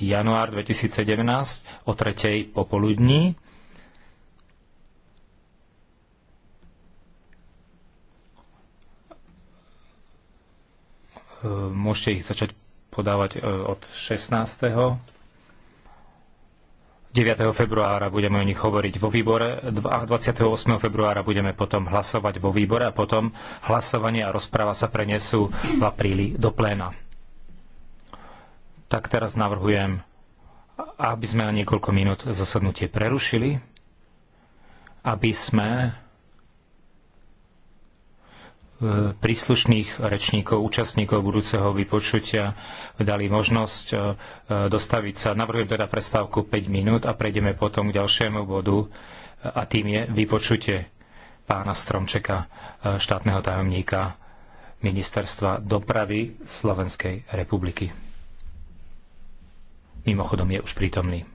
január 2017 o 3. popoludní. Eh, môžete ich začať podávať eh, od 16. 9. februára budeme o nich hovoriť vo výbore a 28. februára budeme potom hlasovať vo výbore a potom hlasovanie a rozpráva sa prenesú v apríli do pléna. Tak teraz navrhujem, aby sme na niekoľko minút zasadnutie prerušili, aby sme príslušných rečníkov, účastníkov budúceho vypočutia dali možnosť e, dostaviť sa. Navrhujem teda prestávku 5 minút a prejdeme potom k ďalšiemu bodu e, a tým je vypočutie pána Stromčeka, e, štátneho tajomníka ministerstva dopravy Slovenskej republiky. Mimochodom je už prítomný.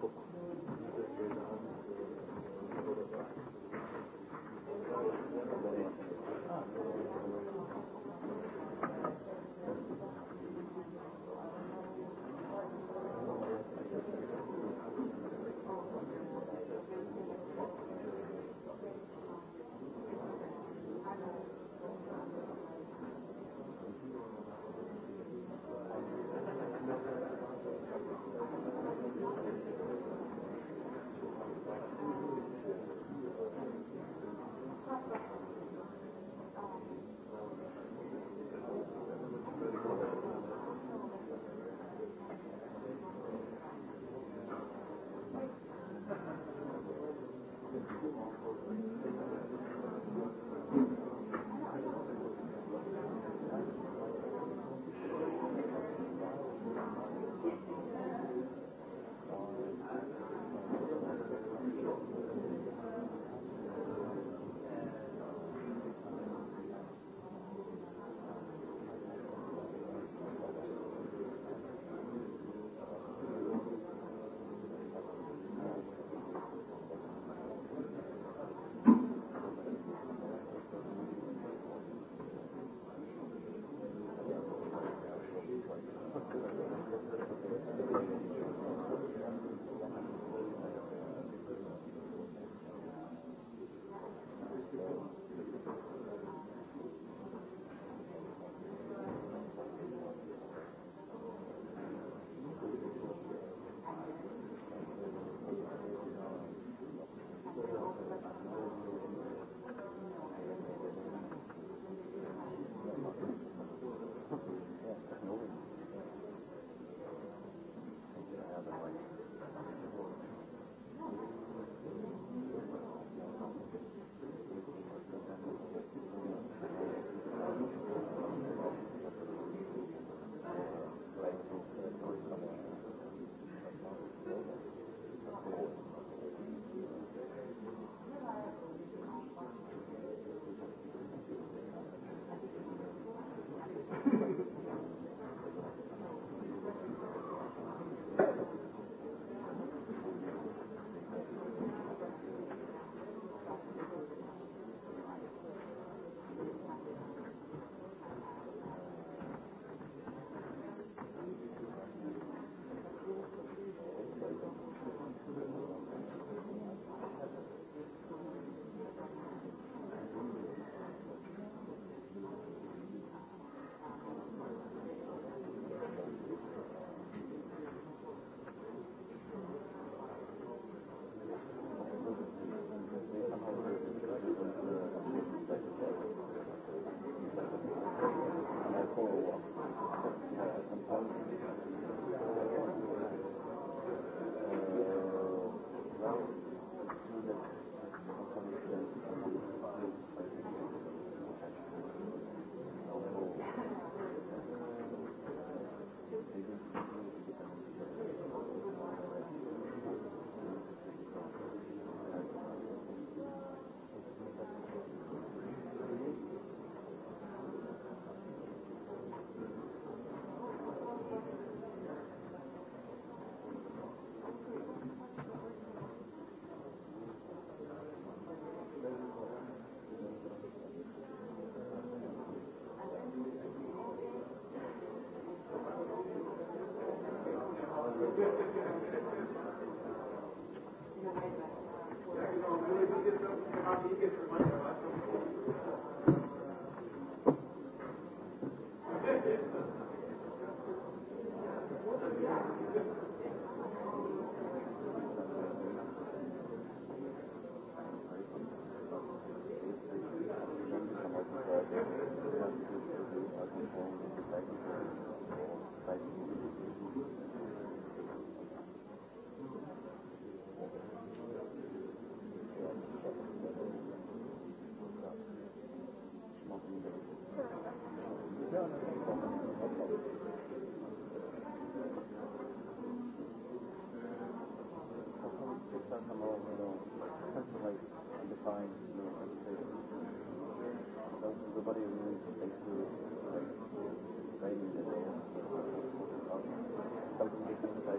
Thank you. find the That's everybody who is basically like training the way. Helping the things I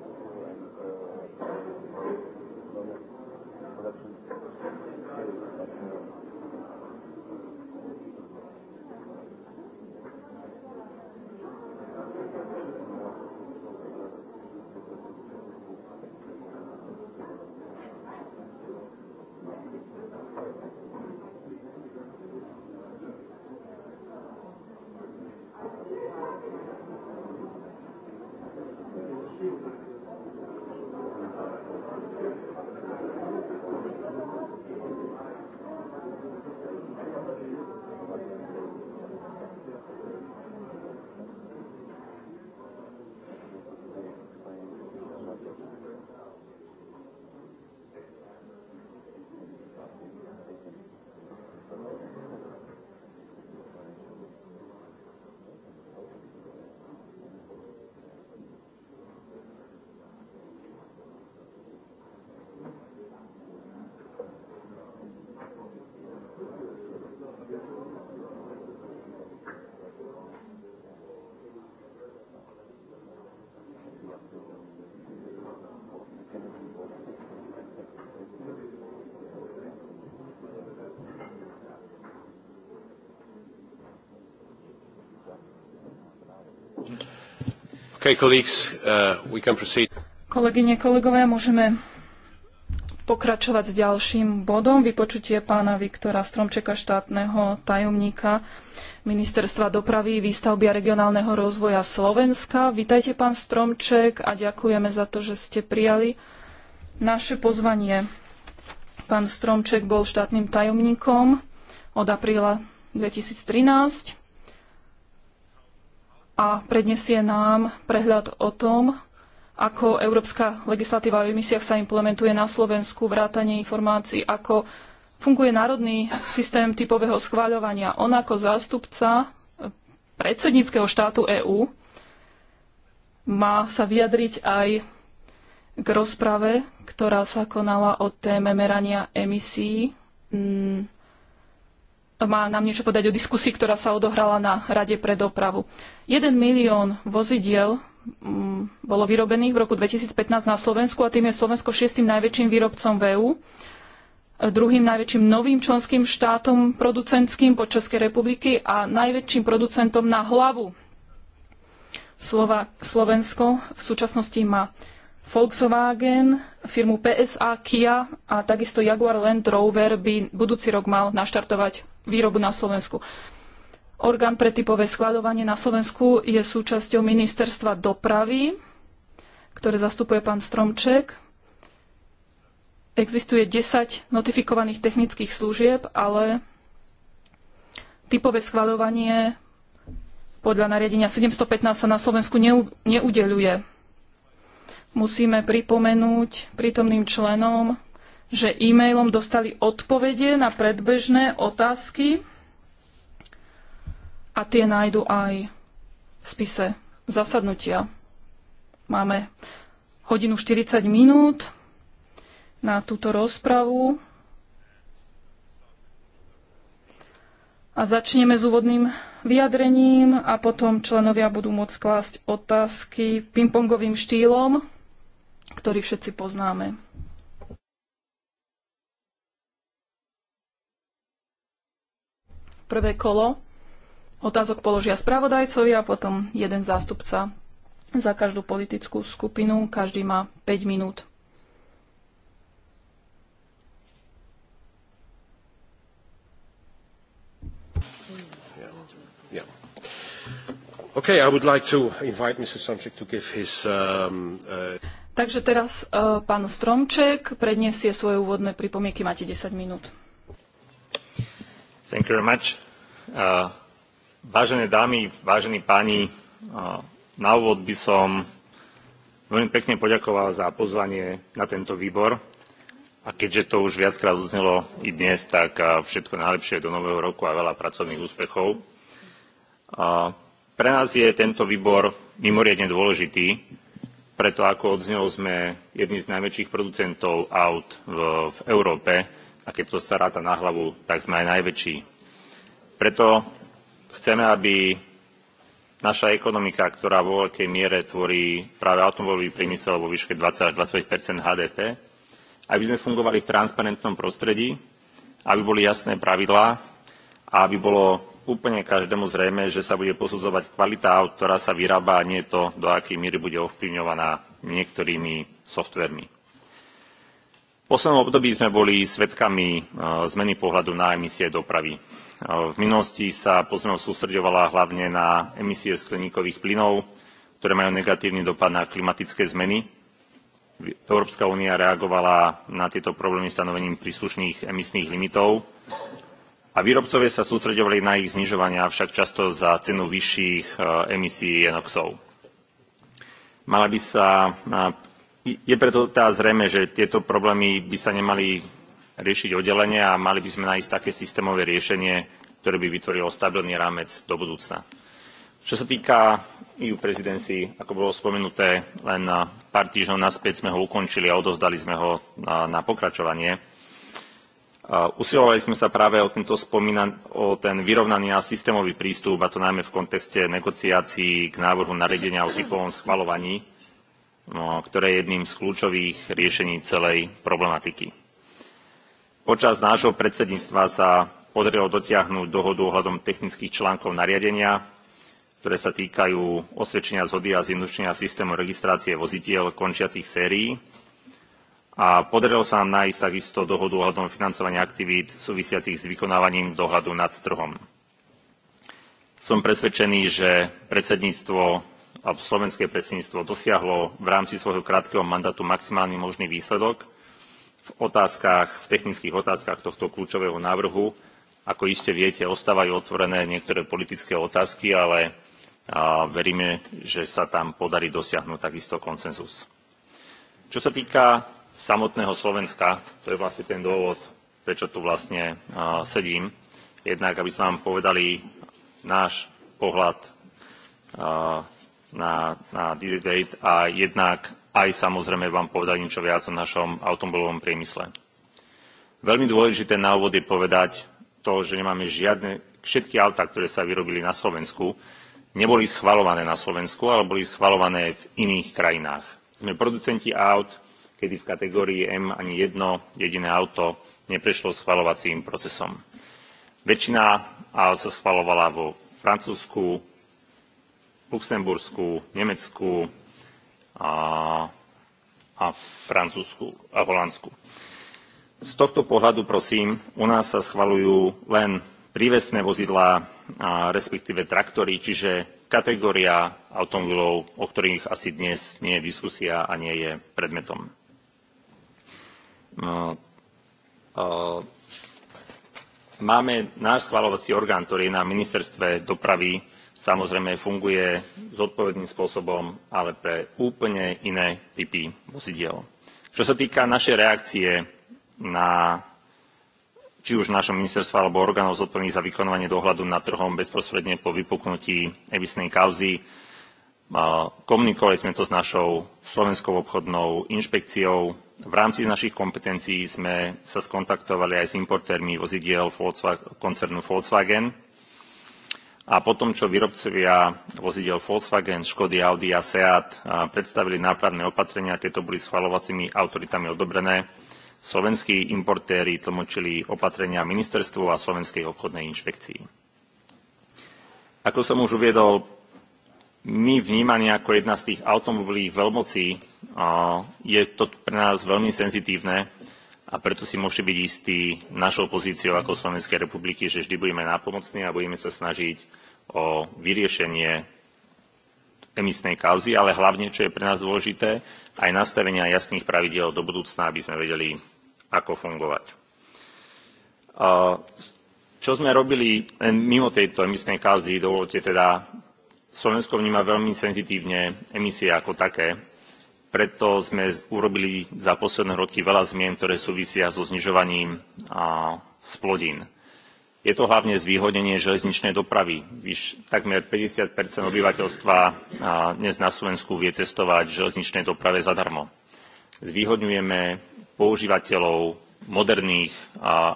Uh, Kolegyne, kolegovia, môžeme pokračovať s ďalším bodom. Vypočutie pána Viktora Stromčeka, štátneho tajomníka Ministerstva dopravy, výstavby a regionálneho rozvoja Slovenska. Vítajte, pán Stromček, a ďakujeme za to, že ste prijali naše pozvanie. Pán Stromček bol štátnym tajomníkom od apríla 2013 a predniesie nám prehľad o tom, ako európska legislatíva o emisiách sa implementuje na Slovensku, vrátanie informácií, ako funguje národný systém typového schváľovania. On ako zástupca predsedníckého štátu EÚ má sa vyjadriť aj k rozprave, ktorá sa konala o téme merania emisí mm, má nám niečo povedať o diskusii, ktorá sa odohrala na Rade pre dopravu. 1 milión vozidiel mm, bolo vyrobených v roku 2015 na Slovensku a tým je Slovensko šiestým najväčším výrobcom v EÚ, druhým najväčším novým členským štátom producentským po Českej republiky a najväčším producentom na hlavu. Slova, Slovensko v súčasnosti má Volkswagen, firmu PSA, Kia a takisto Jaguar Land Rover by budúci rok mal naštartovať výrobu na Slovensku. Orgán pre typové skladovanie na Slovensku je súčasťou ministerstva dopravy, ktoré zastupuje pán Stromček. Existuje 10 notifikovaných technických služieb, ale typové skladovanie podľa nariadenia 715 sa na Slovensku neudeľuje. Musíme pripomenúť prítomným členom, že e-mailom dostali odpovede na predbežné otázky a tie nájdu aj v spise zasadnutia. Máme hodinu 40 minút na túto rozpravu. A začneme s úvodným vyjadrením a potom členovia budú môcť klásť otázky pingpongovým štýlom ktorý všetci poznáme. Prvé kolo otázok položia spravodajcovi a potom jeden zástupca za každú politickú skupinu. Každý má 5 minút. Okay, I would like to invite Mr. Samczyk to give his... Um, uh... Takže teraz uh, pán Stromček predniesie svoje úvodné pripomienky. Máte 10 minút. Thank you very much. Uh, vážené dámy, vážení páni, uh, na úvod by som veľmi pekne poďakoval za pozvanie na tento výbor. A keďže to už viackrát uznelo i dnes, tak všetko najlepšie do nového roku a veľa pracovných úspechov. pre nás je tento výbor mimoriadne dôležitý, preto ako odznelo sme jedni z najväčších producentov aut v, v Európe a keď to sa ráta na hlavu, tak sme aj najväčší. Preto chceme, aby naša ekonomika, ktorá vo veľkej miere tvorí práve automobilový priemysel vo výške 20 až 25 HDP, aby sme fungovali v transparentnom prostredí, aby boli jasné pravidlá a aby bolo úplne každému zrejme, že sa bude posudzovať kvalita aut, ktorá sa vyrába a nie to, do akej miery bude ovplyvňovaná niektorými softvermi. V poslednom období sme boli svedkami e, zmeny pohľadu na emisie dopravy. E, v minulosti sa pozornosť sústreďovala hlavne na emisie skleníkových plynov, ktoré majú negatívny dopad na klimatické zmeny. Európska únia reagovala na tieto problémy stanovením príslušných emisných limitov a výrobcovia sa sústredovali na ich znižovanie, avšak často za cenu vyšších e, emisí NOxov. Mala by sa, e, je preto tá zrejme, že tieto problémy by sa nemali riešiť oddelenie a mali by sme nájsť také systémové riešenie, ktoré by vytvorilo stabilný rámec do budúcna. Čo sa týka EU prezidencii, ako bolo spomenuté, len pár týždňov naspäť sme ho ukončili a odovzdali sme ho na, e, na pokračovanie. Usilovali sme sa práve o, tento spomínan- o ten vyrovnaný a systémový prístup, a to najmä v kontexte negociácií k návrhu nariadenia o typovom schvalovaní, no, ktoré je jedným z kľúčových riešení celej problematiky. Počas nášho predsedníctva sa podarilo dotiahnuť dohodu ohľadom technických článkov nariadenia, ktoré sa týkajú osvedčenia zhody a zjednodušenia systému registrácie vozidiel končiacich sérií a podarilo sa nám nájsť takisto dohodu ohľadom financovania aktivít súvisiacich s vykonávaním dohľadu nad trhom. Som presvedčený, že predsedníctvo alebo slovenské predsedníctvo dosiahlo v rámci svojho krátkeho mandátu maximálny možný výsledok v otázkach, v technických otázkach tohto kľúčového návrhu. Ako iste viete, ostávajú otvorené niektoré politické otázky, ale veríme, že sa tam podarí dosiahnuť takisto konsenzus. Čo sa týka samotného Slovenska, to je vlastne ten dôvod, prečo tu vlastne sedím. Jednak, aby sme vám povedali náš pohľad na, na a jednak aj samozrejme vám povedať niečo viac o našom automobilovom priemysle. Veľmi dôležité na úvod je povedať to, že nemáme žiadne, všetky autá, ktoré sa vyrobili na Slovensku, neboli schvalované na Slovensku, ale boli schvalované v iných krajinách. Sme producenti aut, kedy v kategórii M ani jedno jediné auto neprešlo schvalovacím procesom. Väčšina sa schvalovala vo Francúzsku, Luxembursku, Nemecku a, a Francúzsku a Holandsku. Z tohto pohľadu, prosím, u nás sa schvalujú len prívesné vozidlá, a respektíve traktory, čiže kategória automobilov, o ktorých asi dnes nie je diskusia a nie je predmetom. Hm, máme náš schvaľovací orgán, ktorý je na ministerstve dopravy samozrejme funguje zodpovedným spôsobom, ale pre úplne iné typy vozidiel. Čo sa týka našej reakcie na či už našom ministerstva alebo orgánov zodpovedných za vykonávanie dohľadu nad trhom bezprostredne po vypuknutí emisnej kauzy. Komunikovali sme to s našou slovenskou obchodnou inšpekciou, v rámci našich kompetencií sme sa skontaktovali aj s importérmi vozidiel koncernu Volkswagen a po tom, čo výrobcovia vozidiel Volkswagen, Škody, Audi a Seat predstavili nápravné opatrenia, tieto boli schvalovacími autoritami odobrené, slovenskí importéri tlmočili opatrenia ministerstvu a Slovenskej obchodnej inšpekcii. Ako som už uviedol, my vnímaní ako jedna z tých automobilových veľmocí je to pre nás veľmi senzitívne a preto si môžete byť istí našou pozíciou ako Slovenskej republiky, že vždy budeme nápomocní a budeme sa snažiť o vyriešenie emisnej kauzy, ale hlavne, čo je pre nás dôležité, aj nastavenia jasných pravidel do budúcna, aby sme vedeli, ako fungovať. Čo sme robili mimo tejto emisnej kauzy, dovolte teda, Slovensko vníma veľmi senzitívne emisie ako také preto sme urobili za posledné roky veľa zmien, ktoré súvisia so znižovaním splodín. Je to hlavne zvýhodnenie železničnej dopravy. Víš, takmer 50 obyvateľstva dnes na Slovensku vie cestovať v železničnej doprave zadarmo. Zvýhodňujeme používateľov moderných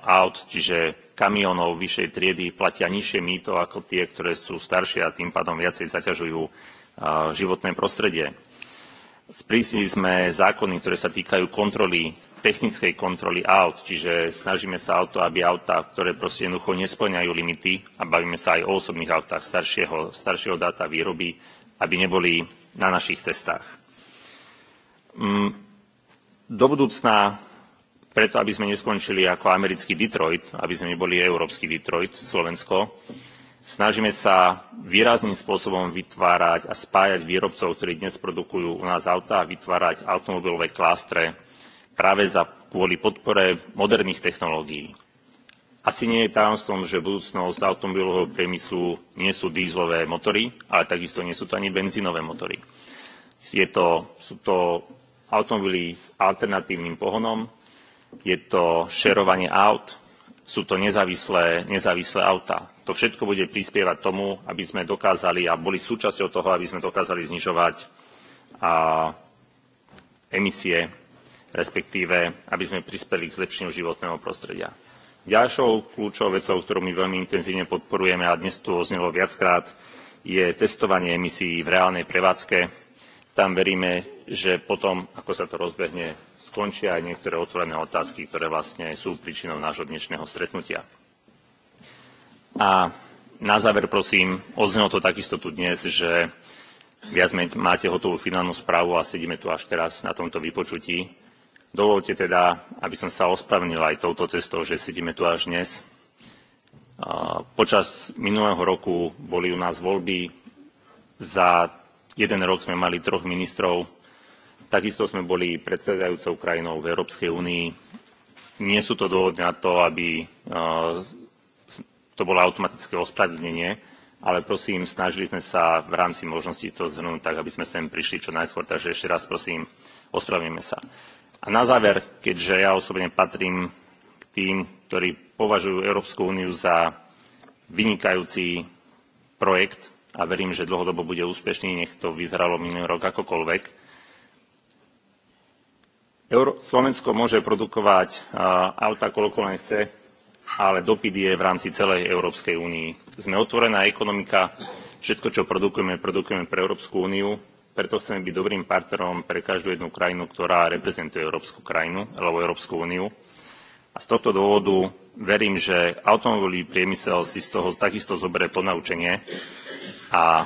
aut, čiže kamionov vyššej triedy platia nižšie mýto ako tie, ktoré sú staršie a tým pádom viacej zaťažujú životné prostredie. Sprísnili sme zákony, ktoré sa týkajú kontroly, technickej kontroly aut, čiže snažíme sa o to, aby autá, ktoré proste jednoducho nesplňajú limity, a bavíme sa aj o osobných autách staršieho, staršieho dáta výroby, aby neboli na našich cestách. Mm, do budúcna, preto aby sme neskončili ako americký Detroit, aby sme neboli európsky Detroit, Slovensko, Snažíme sa výrazným spôsobom vytvárať a spájať výrobcov, ktorí dnes produkujú u nás autá a vytvárať automobilové klástre práve za kvôli podpore moderných technológií. Asi nie je tajomstvom, že budúcnosť automobilového priemyslu nie sú dízlové motory, ale takisto nie sú to ani benzínové motory. Je to, sú to automobily s alternatívnym pohonom, je to šerovanie aut, sú to nezávislé, nezávislé autá. To všetko bude prispievať tomu, aby sme dokázali a boli súčasťou toho, aby sme dokázali znižovať a, emisie, respektíve aby sme prispeli k zlepšeniu životného prostredia. Ďalšou kľúčovou vecou, ktorú my veľmi intenzívne podporujeme a dnes tu oznelo viackrát, je testovanie emisí v reálnej prevádzke. Tam veríme, že potom, ako sa to rozbehne skončia aj niektoré otvorené otázky, ktoré vlastne sú príčinou nášho dnešného stretnutia. A na záver, prosím, odznelo to takisto tu dnes, že viac máte hotovú finálnu správu a sedíme tu až teraz na tomto vypočutí. Dovolte teda, aby som sa ospravnil aj touto cestou, že sedíme tu až dnes. Počas minulého roku boli u nás voľby. Za jeden rok sme mali troch ministrov Takisto sme boli predsedajúcou krajinou v Európskej únii. Nie sú to dôvody na to, aby e, to bolo automatické ospravedlnenie, ale prosím, snažili sme sa v rámci možností to zhrnúť tak, aby sme sem prišli čo najskôr, takže ešte raz prosím, ospravedlňujeme sa. A na záver, keďže ja osobne patrím k tým, ktorí považujú Európsku úniu za vynikajúci projekt a verím, že dlhodobo bude úspešný, nech to vyzeralo minulý rok akokoľvek, Slovensko môže produkovať auta, koľko len chce, ale dopyt je v rámci celej Európskej únii. Sme otvorená ekonomika, všetko, čo produkujeme, produkujeme pre Európsku úniu, preto chceme byť dobrým partnerom pre každú jednu krajinu, ktorá reprezentuje Európsku krajinu alebo Európsku úniu. A z tohto dôvodu verím, že automobilový priemysel si z toho takisto zoberie ponaučenie a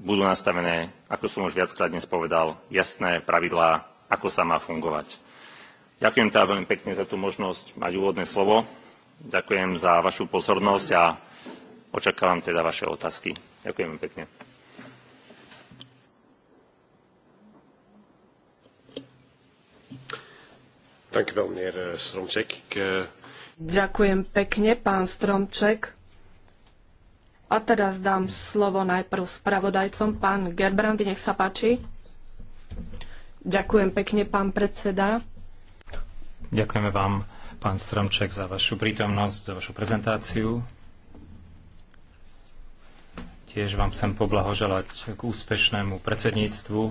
budú nastavené, ako som už viackrát dnes povedal, jasné pravidlá ako sa má fungovať. Ďakujem teda veľmi pekne za tú možnosť mať úvodné slovo. Ďakujem za vašu pozornosť a očakávam teda vaše otázky. Ďakujem pekne. Eh, eh, Ďakujem pekne, pán Stromček. A teraz dám slovo najprv spravodajcom, pán Gerbrandy, nech sa páči. Ďakujem pekne, pán predseda. Ďakujeme vám, pán Stromček, za vašu prítomnosť, za vašu prezentáciu. Tiež vám chcem poblahoželať k úspešnému predsedníctvu.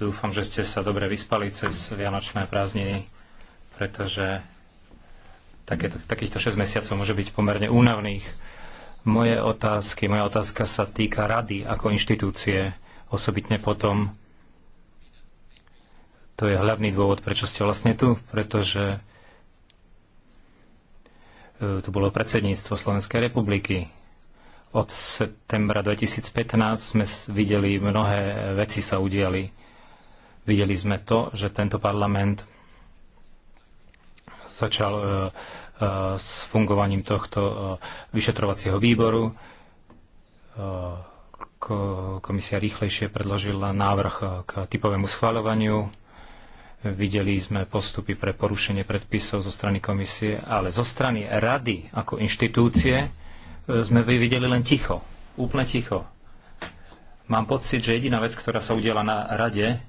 Dúfam, že ste sa dobre vyspali cez vianočné prázdniny, pretože takéto, takýchto 6 mesiacov môže byť pomerne únavných. Moje otázky, moja otázka sa týka rady ako inštitúcie osobitne potom. To je hlavný dôvod, prečo ste vlastne tu, pretože e, tu bolo predsedníctvo Slovenskej republiky. Od septembra 2015 sme videli mnohé veci sa udiali. Videli sme to, že tento parlament začal e, e, s fungovaním tohto vyšetrovacieho výboru komisia rýchlejšie predložila návrh k typovému schvaľovaniu. Videli sme postupy pre porušenie predpisov zo strany komisie, ale zo strany rady ako inštitúcie e, sme videli len ticho. Úplne ticho. Mám pocit, že jediná vec, ktorá sa udiela na rade,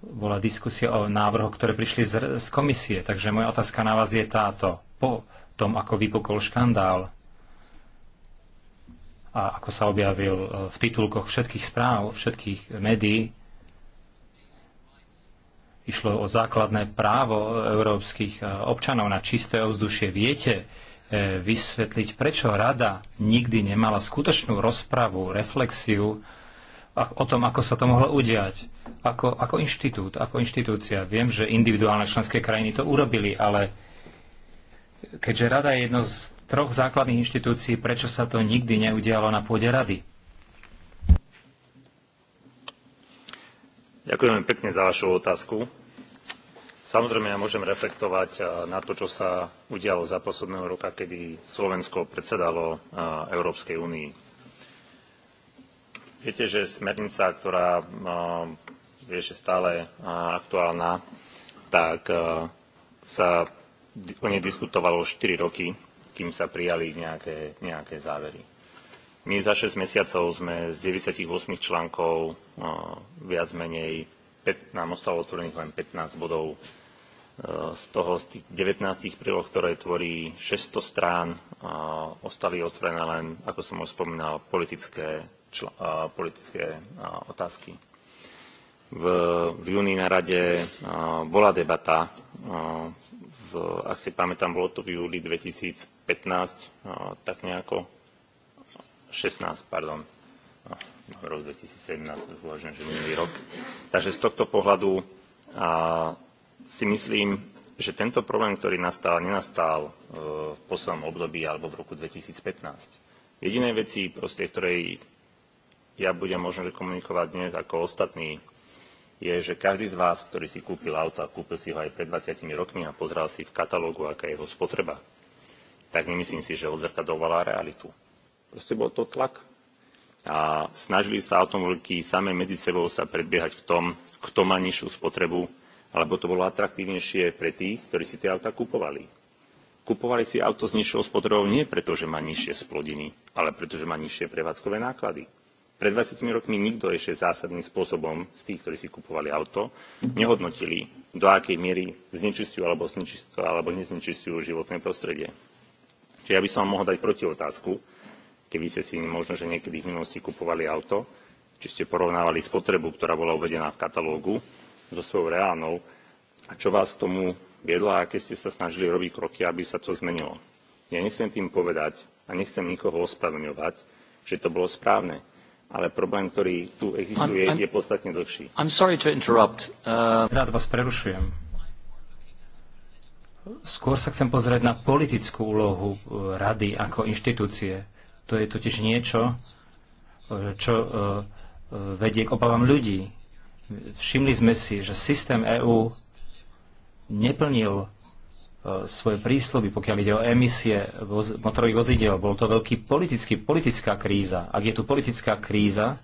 bola diskusia o návrhoch, ktoré prišli z, z komisie. Takže moja otázka na vás je táto. Po tom, ako vypukol škandál, a ako sa objavil e, v titulkoch všetkých správ, všetkých médií, išlo o základné právo európskych e, občanov na čisté ovzdušie. Viete e, vysvetliť, prečo rada nikdy nemala skutočnú rozpravu, reflexiu o tom, ako sa to mohlo udiať, ako, ako inštitút, ako inštitúcia. Viem, že individuálne členské krajiny to urobili, ale keďže rada je jedno z troch základných inštitúcií, prečo sa to nikdy neudialo na pôde rady. Ďakujem pekne za vašu otázku. Samozrejme, ja môžem reflektovať eh, na to, čo sa udialo za posledného roka, kedy Slovensko predsedalo eh, Európskej únii. Viete, že smernica, ktorá eh, je ešte stále aktuálna, tak sa o nej diskutovalo 4 roky kým sa prijali nejaké, nejaké závery. My za 6 mesiacov sme z 98 článkov no, viac menej, 5, nám ostalo otvorených len 15 bodov. E, z toho, z tých 19 príloh, ktoré tvorí 600 strán, e, ostali otvorené len, ako som už spomínal, politické, čl- e, politické otázky. V, v júni na rade bola debata, v, ak si pamätám, bolo to v júli 2000, 15, no, tak nejako 16, pardon, no, 2017, uvažujem, že minulý rok. Takže z tohto pohľadu a, si myslím, že tento problém, ktorý nastal, nenastal e, v poslednom období alebo v roku 2015. Jediné veci, proste, ktorej ja budem možno že komunikovať dnes ako ostatní, je, že každý z vás, ktorý si kúpil auto a kúpil si ho aj pred 20 rokmi a pozrel si v katalógu, aká je jeho spotreba, tak nemyslím si, že odzrkadlovala realitu. Proste bol to tlak. A snažili sa automobilky same medzi sebou sa predbiehať v tom, kto má nižšiu spotrebu, alebo to bolo atraktívnejšie pre tých, ktorí si tie auta kupovali. Kupovali si auto s nižšou spotrebou nie preto, že má nižšie splodiny, ale preto, že má nižšie prevádzkové náklady. Pred 20 rokmi nikto ešte zásadným spôsobom z tých, ktorí si kupovali auto, nehodnotili, do akej miery znečistujú alebo, znečistujú, alebo neznečistujú životné prostredie. Čiže ja by som vám mohol dať protiotázku, keby ste si možno, že niekedy v minulosti kupovali auto, či ste porovnávali spotrebu, ktorá bola uvedená v katalógu, so svojou reálnou a čo vás k tomu viedlo a aké ste sa snažili robiť kroky, aby sa to zmenilo. Ja nechcem tým povedať a nechcem nikoho ospravňovať, že to bolo správne, ale problém, ktorý tu existuje, I'm, I'm, je podstatne dlhší. I'm sorry to interrupt. Uh... Rád vás prerušujem. Skôr sa chcem pozrieť na politickú úlohu e, rady ako inštitúcie. To je totiž niečo, e, čo e, vedie k obavám ľudí. Všimli sme si, že systém EÚ neplnil svoje prísloby, pokiaľ ide o emisie voz, motorových vozidel. Bol to veľký politický, politická kríza. Ak je tu politická kríza,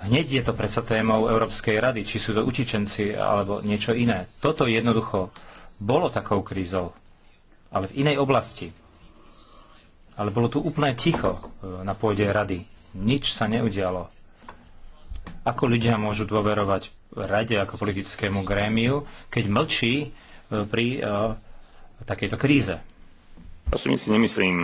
hneď je to predsa témou Európskej rady, či sú to utičenci alebo niečo iné. Toto jednoducho bolo takou krízou, ale v inej oblasti. Ale bolo tu úplne ticho e, na pôde rady. Nič sa neudialo. Ako ľudia môžu dôverovať rade ako politickému grémiu, keď mlčí e, pri uh, takejto kríze? Ja si myslím, nemyslím,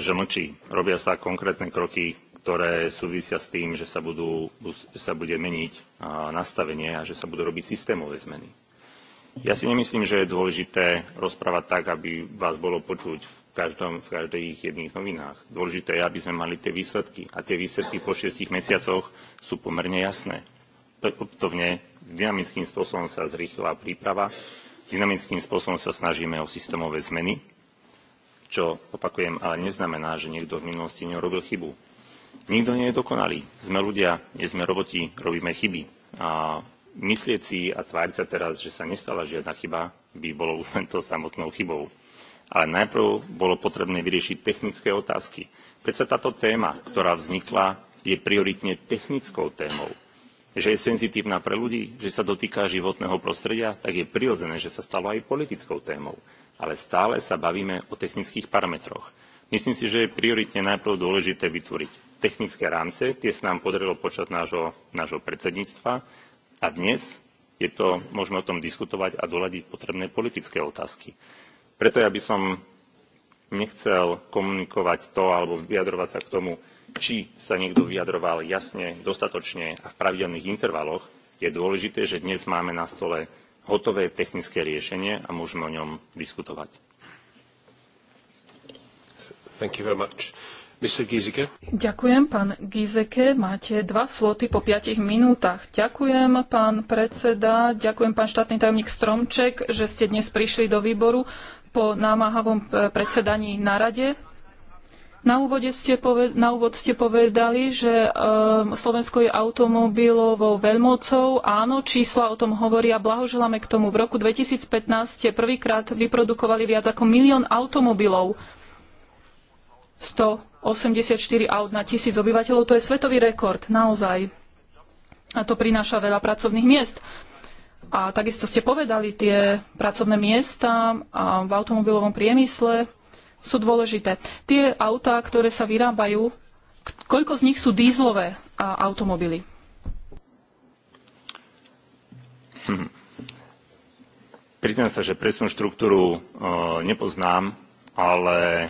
že mlčí. Robia sa konkrétne kroky, ktoré súvisia s tým, že sa, budú, že sa bude meniť nastavenie a že sa budú robiť systémové zmeny. Ja si nemyslím, že je dôležité rozprávať tak, aby vás bolo počuť v, každom, v ich jedných novinách. Dôležité je, aby sme mali tie výsledky. A tie výsledky po šiestich mesiacoch sú pomerne jasné. Optovne dynamickým spôsobom sa zrýchla príprava, dynamickým spôsobom sa snažíme o systémové zmeny, čo, opakujem, ale neznamená, že niekto v minulosti neurobil chybu. Nikto nie je dokonalý. Sme ľudia, nie sme roboti, robíme chyby. A myslieť si a tváriť sa teraz, že sa nestala žiadna chyba, by bolo už len to samotnou chybou. Ale najprv bolo potrebné vyriešiť technické otázky. Prečo táto téma, ktorá vznikla, je prioritne technickou témou. Že je senzitívna pre ľudí, že sa dotýka životného prostredia, tak je prirodzené, že sa stalo aj politickou témou. Ale stále sa bavíme o technických parametroch. Myslím si, že je prioritne najprv dôležité vytvoriť technické rámce, tie sa nám podarilo počas nášho, nášho predsedníctva a dnes je to, môžeme o tom diskutovať a doľadiť potrebné politické otázky. Preto ja by som nechcel komunikovať to alebo vyjadrovať sa k tomu, či sa niekto vyjadroval jasne, dostatočne a v pravidelných intervaloch. Je dôležité, že dnes máme na stole hotové technické riešenie a môžeme o ňom diskutovať. Thank you very much. Mr. Giesecke. Ďakujem, pán Gizeke. Máte dva sloty po piatich minútach. Ďakujem, pán predseda, ďakujem, pán štátny tajomník Stromček, že ste dnes prišli do výboru po námahavom e, predsedaní na rade. Na, úvode ste poved- na úvod ste povedali, že um, Slovensko je automobilovou veľmocou. Áno, čísla o tom hovoria. Blahoželáme k tomu. V roku 2015 ste prvýkrát vyprodukovali viac ako milión automobilov. 100 84 aut na tisíc obyvateľov, to je svetový rekord, naozaj. A to prináša veľa pracovných miest. A takisto ste povedali, tie pracovné miesta a v automobilovom priemysle sú dôležité. Tie autá, ktoré sa vyrábajú, koľko z nich sú dízlové automobily? Hm. Priznám sa, že presnú štruktúru e, nepoznám, ale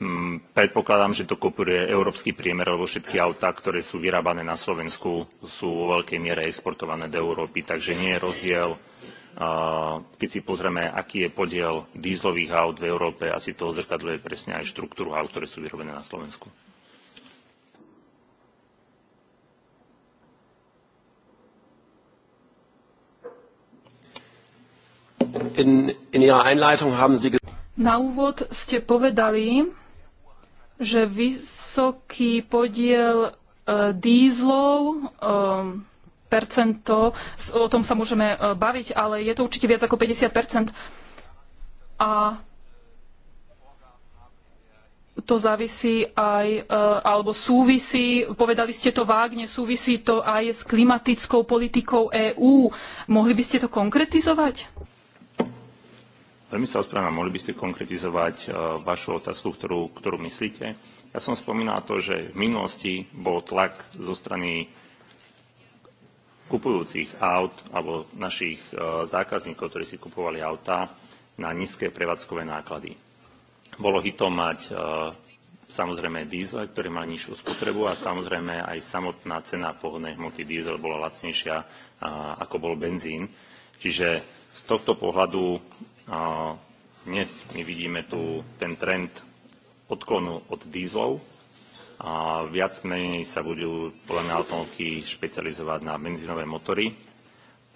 Mm, predpokladám, že to kopíruje európsky priemer, lebo všetky autá, ktoré sú vyrábané na Slovensku, sú vo veľkej miere exportované do Európy, takže nie je rozdiel. Keď si pozrieme, aký je podiel dízlových aut v Európe, asi to odzrkadľuje presne aj štruktúru aut, ktoré sú vyrobené na Slovensku. In, in na úvod ste povedali, že vysoký podiel e, dízlov, e, percento, o tom sa môžeme e, baviť, ale je to určite viac ako 50 A to závisí aj, alebo súvisí, povedali ste to vágne, súvisí to aj s klimatickou politikou EÚ. Mohli by ste to konkretizovať? Veľmi sa ospravedlňujem, mohli by ste konkretizovať e, vašu otázku, ktorú, ktorú myslíte. Ja som spomínal to, že v minulosti bol tlak zo strany kupujúcich aut alebo našich e, zákazníkov, ktorí si kupovali autá, na nízke prevádzkové náklady. Bolo hitom mať e, samozrejme diesel, ktorý mal nižšiu spotrebu a samozrejme aj samotná cena pohodnej hmoty diesel bola lacnejšia ako bol benzín. Čiže z tohto pohľadu dnes my vidíme tu ten trend odklonu od dízlov. A viac menej sa budú podľa automobilky špecializovať na benzínové motory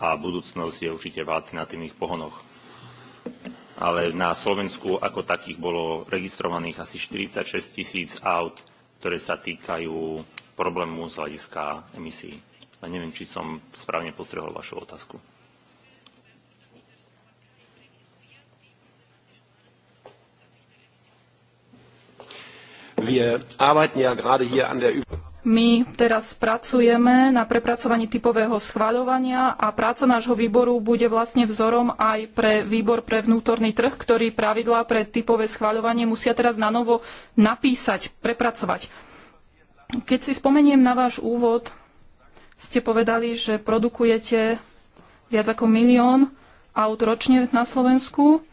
a budúcnosť je určite v alternatívnych pohonoch. Ale na Slovensku ako takých bolo registrovaných asi 46 tisíc aut, ktoré sa týkajú problému z hľadiska emisí. A neviem, či som správne postrehol vašu otázku. My teraz pracujeme na prepracovaní typového schvaľovania a práca nášho výboru bude vlastne vzorom aj pre výbor pre vnútorný trh, ktorý pravidlá pre typové schvaľovanie musia teraz na novo napísať, prepracovať. Keď si spomeniem na váš úvod, ste povedali, že produkujete viac ako milión aut ročne na Slovensku,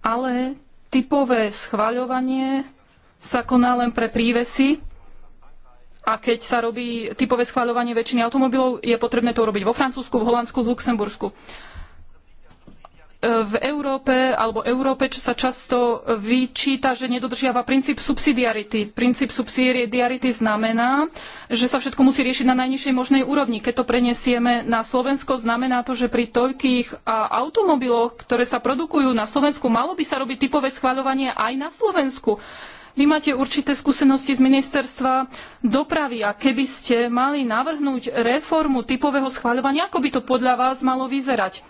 ale typové schvaľovanie sa koná len pre prívesy a keď sa robí typové schváľovanie väčšiny automobilov, je potrebné to urobiť vo Francúzsku, v Holandsku, v Luxembursku. V Európe alebo Európe sa často vyčíta, že nedodržiava princíp subsidiarity. Princíp subsidiarity znamená, že sa všetko musí riešiť na najnižšej možnej úrovni. Keď to prenesieme na Slovensko, znamená to, že pri toľkých automobiloch, ktoré sa produkujú na Slovensku, malo by sa robiť typové schváľovanie aj na Slovensku. Vy máte určité skúsenosti z ministerstva dopravy a keby ste mali navrhnúť reformu typového schváľovania, ako by to podľa vás malo vyzerať?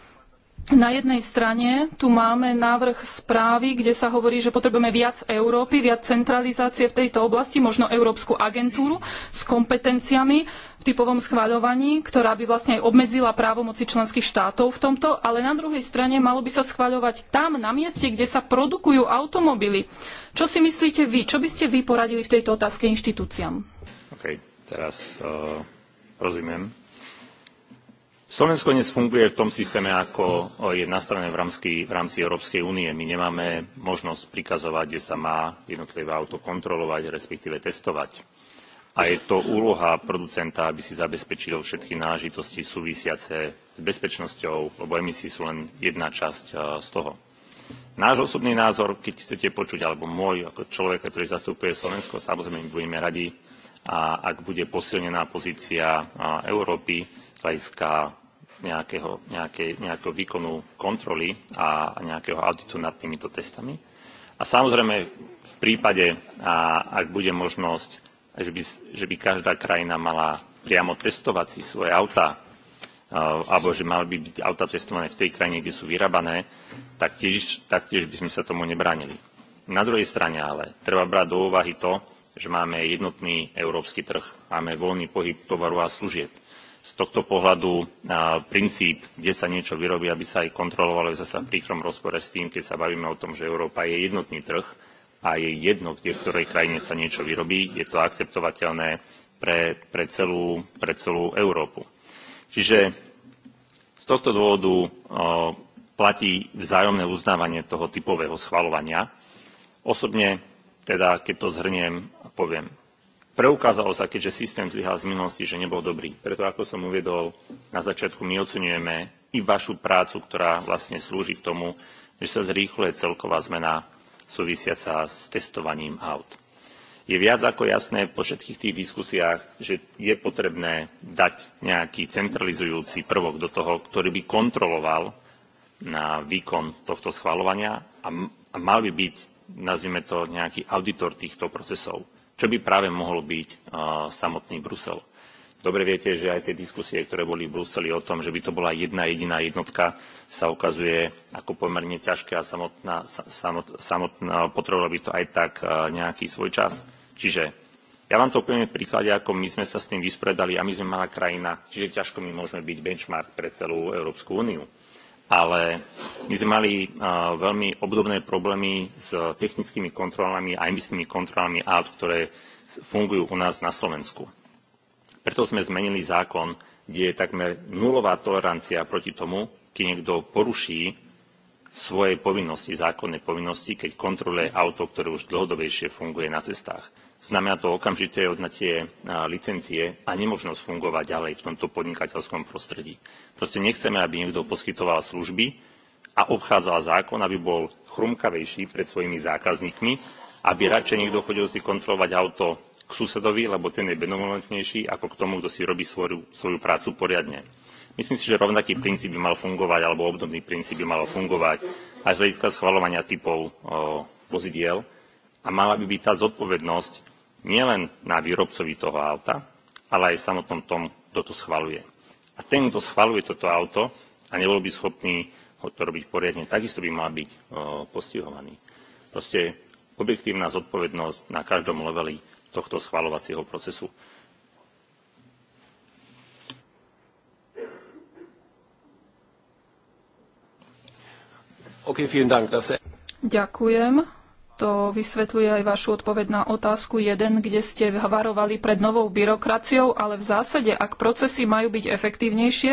Na jednej strane tu máme návrh správy, kde sa hovorí, že potrebujeme viac Európy, viac centralizácie v tejto oblasti, možno Európsku agentúru s kompetenciami v typovom schváľovaní, ktorá by vlastne aj obmedzila právomoci členských štátov v tomto, ale na druhej strane malo by sa schváľovať tam, na mieste, kde sa produkujú automobily. Čo si myslíte vy? Čo by ste vy poradili v tejto otázke inštitúciám? OK, teraz uh, rozumiem. Slovensko dnes funguje v tom systéme, ako je nastavené v rámci, v rámci Európskej únie. My nemáme možnosť prikazovať, kde sa má jednotlivé auto kontrolovať, respektíve testovať. A je to úloha producenta, aby si zabezpečil všetky náležitosti súvisiace s bezpečnosťou, lebo emisie sú len jedna časť e, z toho. Náš osobný názor, keď chcete počuť, alebo môj ako človek, ktorý zastupuje Slovensko, samozrejme budeme radi, a ak bude posilnená pozícia e, Európy z hľadiska nejakého, nejaké, nejakého výkonu kontroly a nejakého auditu nad týmito testami. A samozrejme v prípade, a, ak bude možnosť, že by, že by každá krajina mala priamo testovať si svoje auta e, alebo že mali by byť auta testované v tej krajine, kde sú vyrábané, tak tiež, tak tiež by sme sa tomu nebránili. Na druhej strane ale treba brať do úvahy to, že máme jednotný európsky trh, máme voľný pohyb tovaru a služieb z tohto pohľadu princíp, kde sa niečo vyrobí, aby sa aj kontrolovalo, je zase v príkrom rozpore s tým, keď sa bavíme o tom, že Európa je jednotný trh a je jedno, kde v ktorej krajine sa niečo vyrobí, je to akceptovateľné pre, pre, celú, pre celú Európu. Čiže z tohto dôvodu o, platí vzájomné uznávanie toho typového schvalovania. Osobne, teda keď to zhrniem, poviem, preukázalo sa, keďže systém zlyhal z minulosti, že nebol dobrý. Preto, ako som uviedol na začiatku, my oceňujeme i vašu prácu, ktorá vlastne slúži k tomu, že sa zrýchluje celková zmena súvisiaca s testovaním aut. Je viac ako jasné po všetkých tých diskusiách, že je potrebné dať nejaký centralizujúci prvok do toho, ktorý by kontroloval na výkon tohto schvaľovania a mal by byť, nazvime to, nejaký auditor týchto procesov čo by práve mohol byť samotný Brusel. Dobre viete, že aj tie diskusie, ktoré boli v Bruseli o tom, že by to bola jedna jediná jednotka, sa ukazuje ako pomerne ťažké a samotná, samot, samotná potrebovalo by to aj tak nejaký svoj čas. Čiže ja vám to poviem v príklade, ako my sme sa s tým vyspredali a my sme malá krajina, čiže ťažko my môžeme byť benchmark pre celú Európsku úniu ale my sme mali veľmi obdobné problémy s technickými kontrolami a emisnými kontrolami aut, ktoré fungujú u nás na Slovensku. Preto sme zmenili zákon, kde je takmer nulová tolerancia proti tomu, keď niekto poruší svoje povinnosti, zákonné povinnosti, keď kontroluje auto, ktoré už dlhodobejšie funguje na cestách znamená to okamžité odnatie licencie a nemožnosť fungovať ďalej v tomto podnikateľskom prostredí. Proste nechceme, aby niekto poskytoval služby a obchádzal zákon, aby bol chrumkavejší pred svojimi zákazníkmi, aby radšej niekto chodil si kontrolovať auto k susedovi, lebo ten je benevolentnejší ako k tomu, kto si robí svoju, svoju prácu poriadne. Myslím si, že rovnaký princíp by mal fungovať, alebo obdobný princíp by mal fungovať aj z hľadiska schvaľovania typov o, vozidiel a mala by byť tá zodpovednosť nielen na výrobcovi toho auta, ale aj samotnom tom, kto to schvaľuje. A ten, kto schvaľuje toto auto a nebol by schopný ho to robiť poriadne, takisto by mal byť postihovaný. Proste objektívna zodpovednosť na každom leveli tohto schvaľovacieho procesu. Okay, Ďakujem to vysvetľuje aj vašu odpoveď na otázku 1, kde ste varovali pred novou byrokraciou, ale v zásade, ak procesy majú byť efektívnejšie,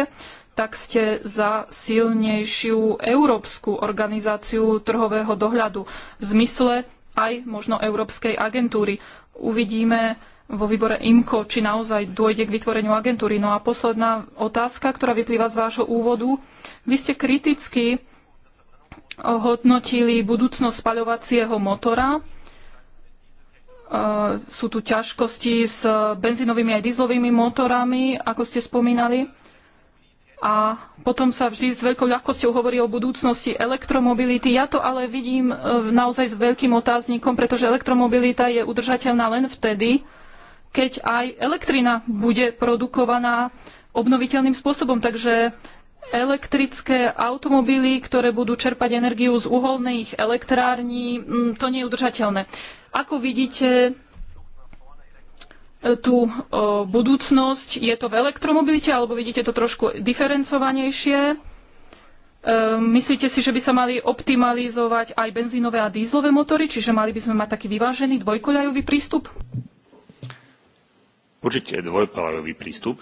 tak ste za silnejšiu európsku organizáciu trhového dohľadu v zmysle aj možno Európskej agentúry. Uvidíme vo výbore IMCO, či naozaj dôjde k vytvoreniu agentúry. No a posledná otázka, ktorá vyplýva z vášho úvodu. Vy ste kriticky hodnotili budúcnosť spaľovacieho motora. E, sú tu ťažkosti s benzínovými aj dieselovými motorami, ako ste spomínali. A potom sa vždy s veľkou ľahkosťou hovorí o budúcnosti elektromobility. Ja to ale vidím e, naozaj s veľkým otáznikom, pretože elektromobilita je udržateľná len vtedy, keď aj elektrina bude produkovaná obnoviteľným spôsobom. Takže elektrické automobily, ktoré budú čerpať energiu z uholných elektrární, mm, to nie je udržateľné. Ako vidíte e, tú e, budúcnosť, je to v elektromobilite, alebo vidíte to trošku diferencovanejšie? E, myslíte si, že by sa mali optimalizovať aj benzínové a dízlové motory, čiže mali by sme mať taký vyvážený dvojkoľajový prístup? Určite dvojkoľajový prístup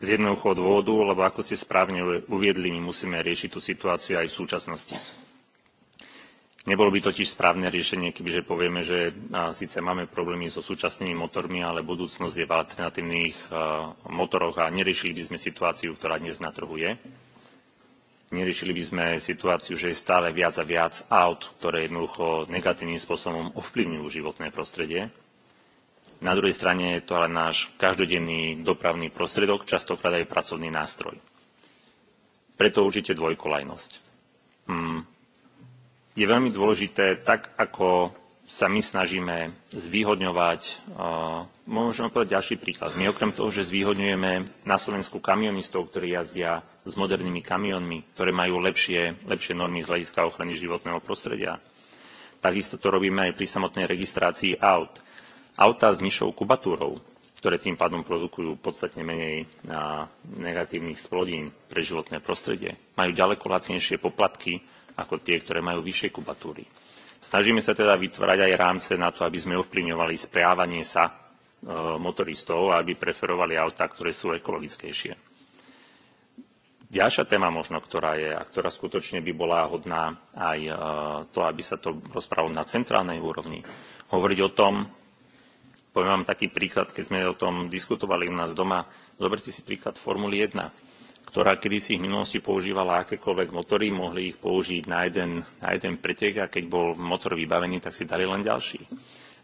z jednoduchého dôvodu, lebo ako ste správne uviedli, my musíme riešiť tú situáciu aj v súčasnosti. Nebolo by totiž správne riešenie, kebyže povieme, že síce máme problémy so súčasnými motormi, ale budúcnosť je v alternatívnych motoroch a neriešili by sme situáciu, ktorá dnes na trhu je. Neriešili by sme situáciu, že je stále viac a viac aut, ktoré jednoducho negatívnym spôsobom ovplyvňujú životné prostredie na druhej strane je to ale náš každodenný dopravný prostriedok, častokrát aj pracovný nástroj. Preto určite dvojkolajnosť. Hmm. Je veľmi dôležité, tak ako sa my snažíme zvýhodňovať, uh, môžeme povedať ďalší príklad. My okrem toho, že zvýhodňujeme na Slovensku kamionistov, ktorí jazdia s modernými kamionmi, ktoré majú lepšie, lepšie normy z hľadiska ochrany životného prostredia, takisto to robíme aj pri samotnej registrácii aut autá s nižšou kubatúrou, ktoré tým pádom produkujú podstatne menej negatívnych splodín pre životné prostredie, majú ďaleko lacnejšie poplatky ako tie, ktoré majú vyššie kubatúry. Snažíme sa teda vytvárať aj rámce na to, aby sme ovplyvňovali správanie sa e, motoristov a aby preferovali autá, ktoré sú ekologickejšie. Ďalšia téma možno, ktorá je a ktorá skutočne by bola hodná aj e, to, aby sa to rozprávalo na centrálnej úrovni. Hovoriť o tom, Poviem vám taký príklad, keď sme o tom diskutovali u nás doma. Zoberte si príklad Formuly 1, ktorá kedysi v minulosti používala akékoľvek motory, mohli ich použiť na jeden, na jeden pretek a keď bol motor vybavený, tak si dali len ďalší.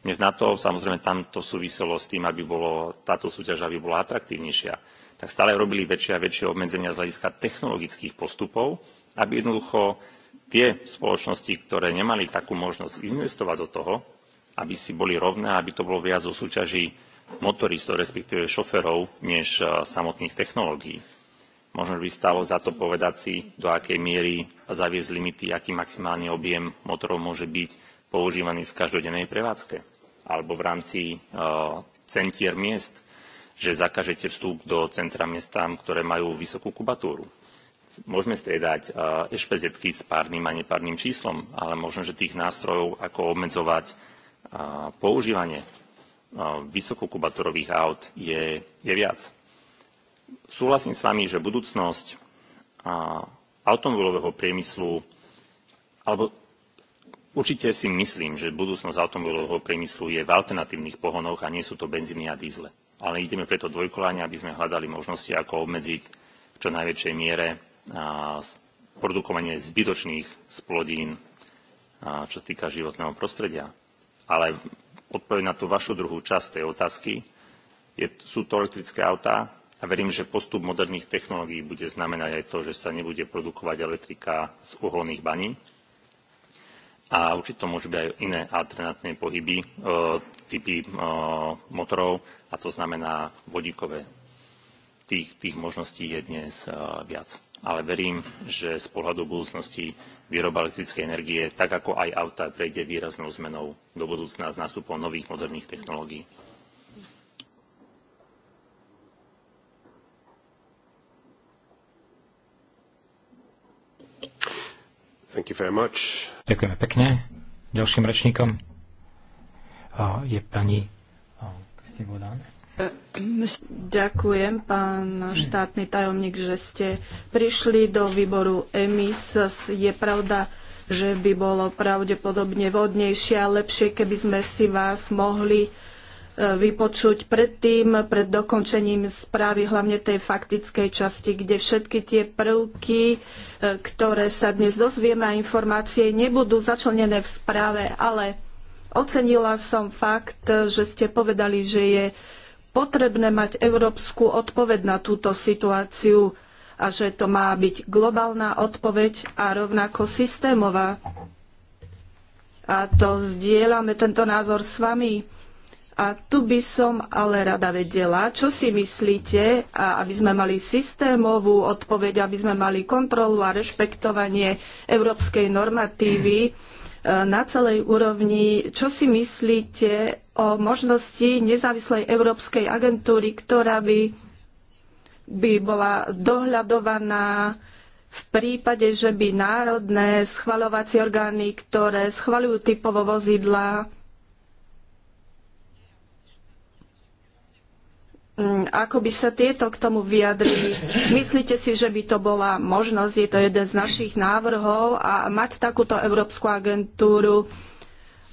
Dnes na to, samozrejme, tam to súviselo s tým, aby bolo, táto súťaž aby bola atraktívnejšia. Tak stále robili väčšie a väčšie obmedzenia z hľadiska technologických postupov, aby jednoducho tie spoločnosti, ktoré nemali takú možnosť investovať do toho, aby si boli rovné, aby to bolo viac o súťaži motoristov, respektíve šoferov, než e, samotných technológií. Možno by stalo za to povedať si, do akej miery zaviesť limity, aký maximálny objem motorov môže byť používaný v každodennej prevádzke. Alebo v rámci e, centier miest, že zakažete vstup do centra miestam, ktoré majú vysokú kubatúru môžeme striedať e, ešpezetky s párnym a nepárnym číslom, ale možno, že tých nástrojov, ako obmedzovať používanie vysokokubatorových aut je, je viac. Súhlasím s vami, že budúcnosť automobilového priemyslu, alebo určite si myslím, že budúcnosť automobilového priemyslu je v alternatívnych pohonoch a nie sú to benzíny a dízle. Ale ideme preto dvojkolania, aby sme hľadali možnosti, ako obmedziť v čo najväčšej miere produkovanie zbytočných splodín, čo sa týka životného prostredia ale odpoveď na tú vašu druhú časť tej otázky. Je, sú to elektrické autá a verím, že postup moderných technológií bude znamenať aj to, že sa nebude produkovať elektrika z uholných baní. A určite to môžu byť aj iné alternátne pohyby, e, typy e, motorov, a to znamená vodíkové. Tých, tých možností je dnes e, viac ale verím, že z pohľadu budúcnosti výroba elektrickej energie, tak ako aj auta, prejde výraznou zmenou do budúcna s nástupom nových moderných technológií. Ďakujeme pekne. Ďalším rečníkom je pani Kristín Vodán. Ďakujem, pán štátny tajomník, že ste prišli do výboru EMIS. Je pravda, že by bolo pravdepodobne vodnejšie a lepšie, keby sme si vás mohli e, vypočuť predtým, pred dokončením správy, hlavne tej faktickej časti, kde všetky tie prvky, e, ktoré sa dnes dozvieme a informácie nebudú začlenené v správe, ale ocenila som fakt, že ste povedali, že je potrebné mať európsku odpoveď na túto situáciu a že to má byť globálna odpoveď a rovnako systémová. A to zdieľame tento názor s vami. A tu by som ale rada vedela, čo si myslíte, a aby sme mali systémovú odpoveď, aby sme mali kontrolu a rešpektovanie európskej normatívy e, na celej úrovni. Čo si myslíte o možnosti nezávislej európskej agentúry, ktorá by, by bola dohľadovaná v prípade, že by národné schvaľovacie orgány, ktoré schvaľujú typovo vozidla, mm, ako by sa tieto k tomu vyjadrili. Myslíte si, že by to bola možnosť, je to jeden z našich návrhov a mať takúto európsku agentúru,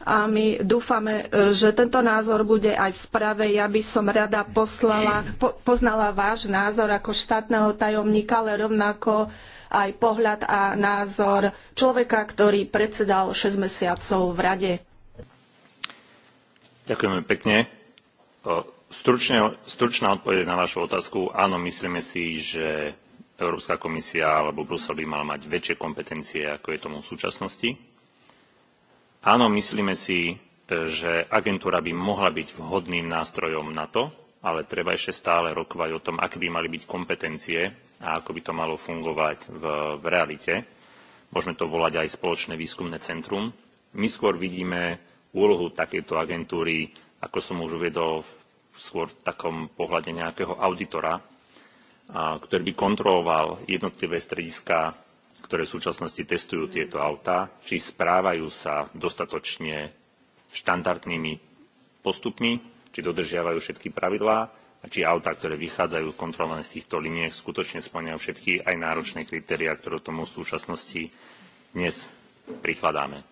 a my dúfame, e, že tento názor bude aj v sprave. Ja by som rada poslala, po, poznala váš názor ako štátneho tajomníka, ale rovnako aj pohľad a názor človeka, ktorý predsedal 6 mesiacov v Rade. Ďakujeme pekne. Stručne, stručná odpoveď na vašu otázku. Áno, myslíme si, že Európska komisia alebo Brusel by mal mať väčšie kompetencie, ako je tomu v súčasnosti Áno, myslíme si, e, že agentúra by mohla byť vhodným nástrojom na to, ale treba ešte stále rokovať o tom, aké by mali byť kompetencie a ako by to malo fungovať v, v realite. Môžeme to volať aj spoločné výskumné centrum. My skôr vidíme úlohu takejto agentúry, ako som už uvedol, skôr v takom pohľade nejakého auditora, ktorý by kontroloval jednotlivé strediska ktoré v súčasnosti testujú tieto autá, či správajú sa dostatočne štandardnými postupmi, či dodržiavajú všetky pravidlá a či autá, ktoré vychádzajú kontrolované z týchto liniek, skutočne splňajú všetky aj náročné kritériá, ktoré tomu v súčasnosti dnes prikladáme.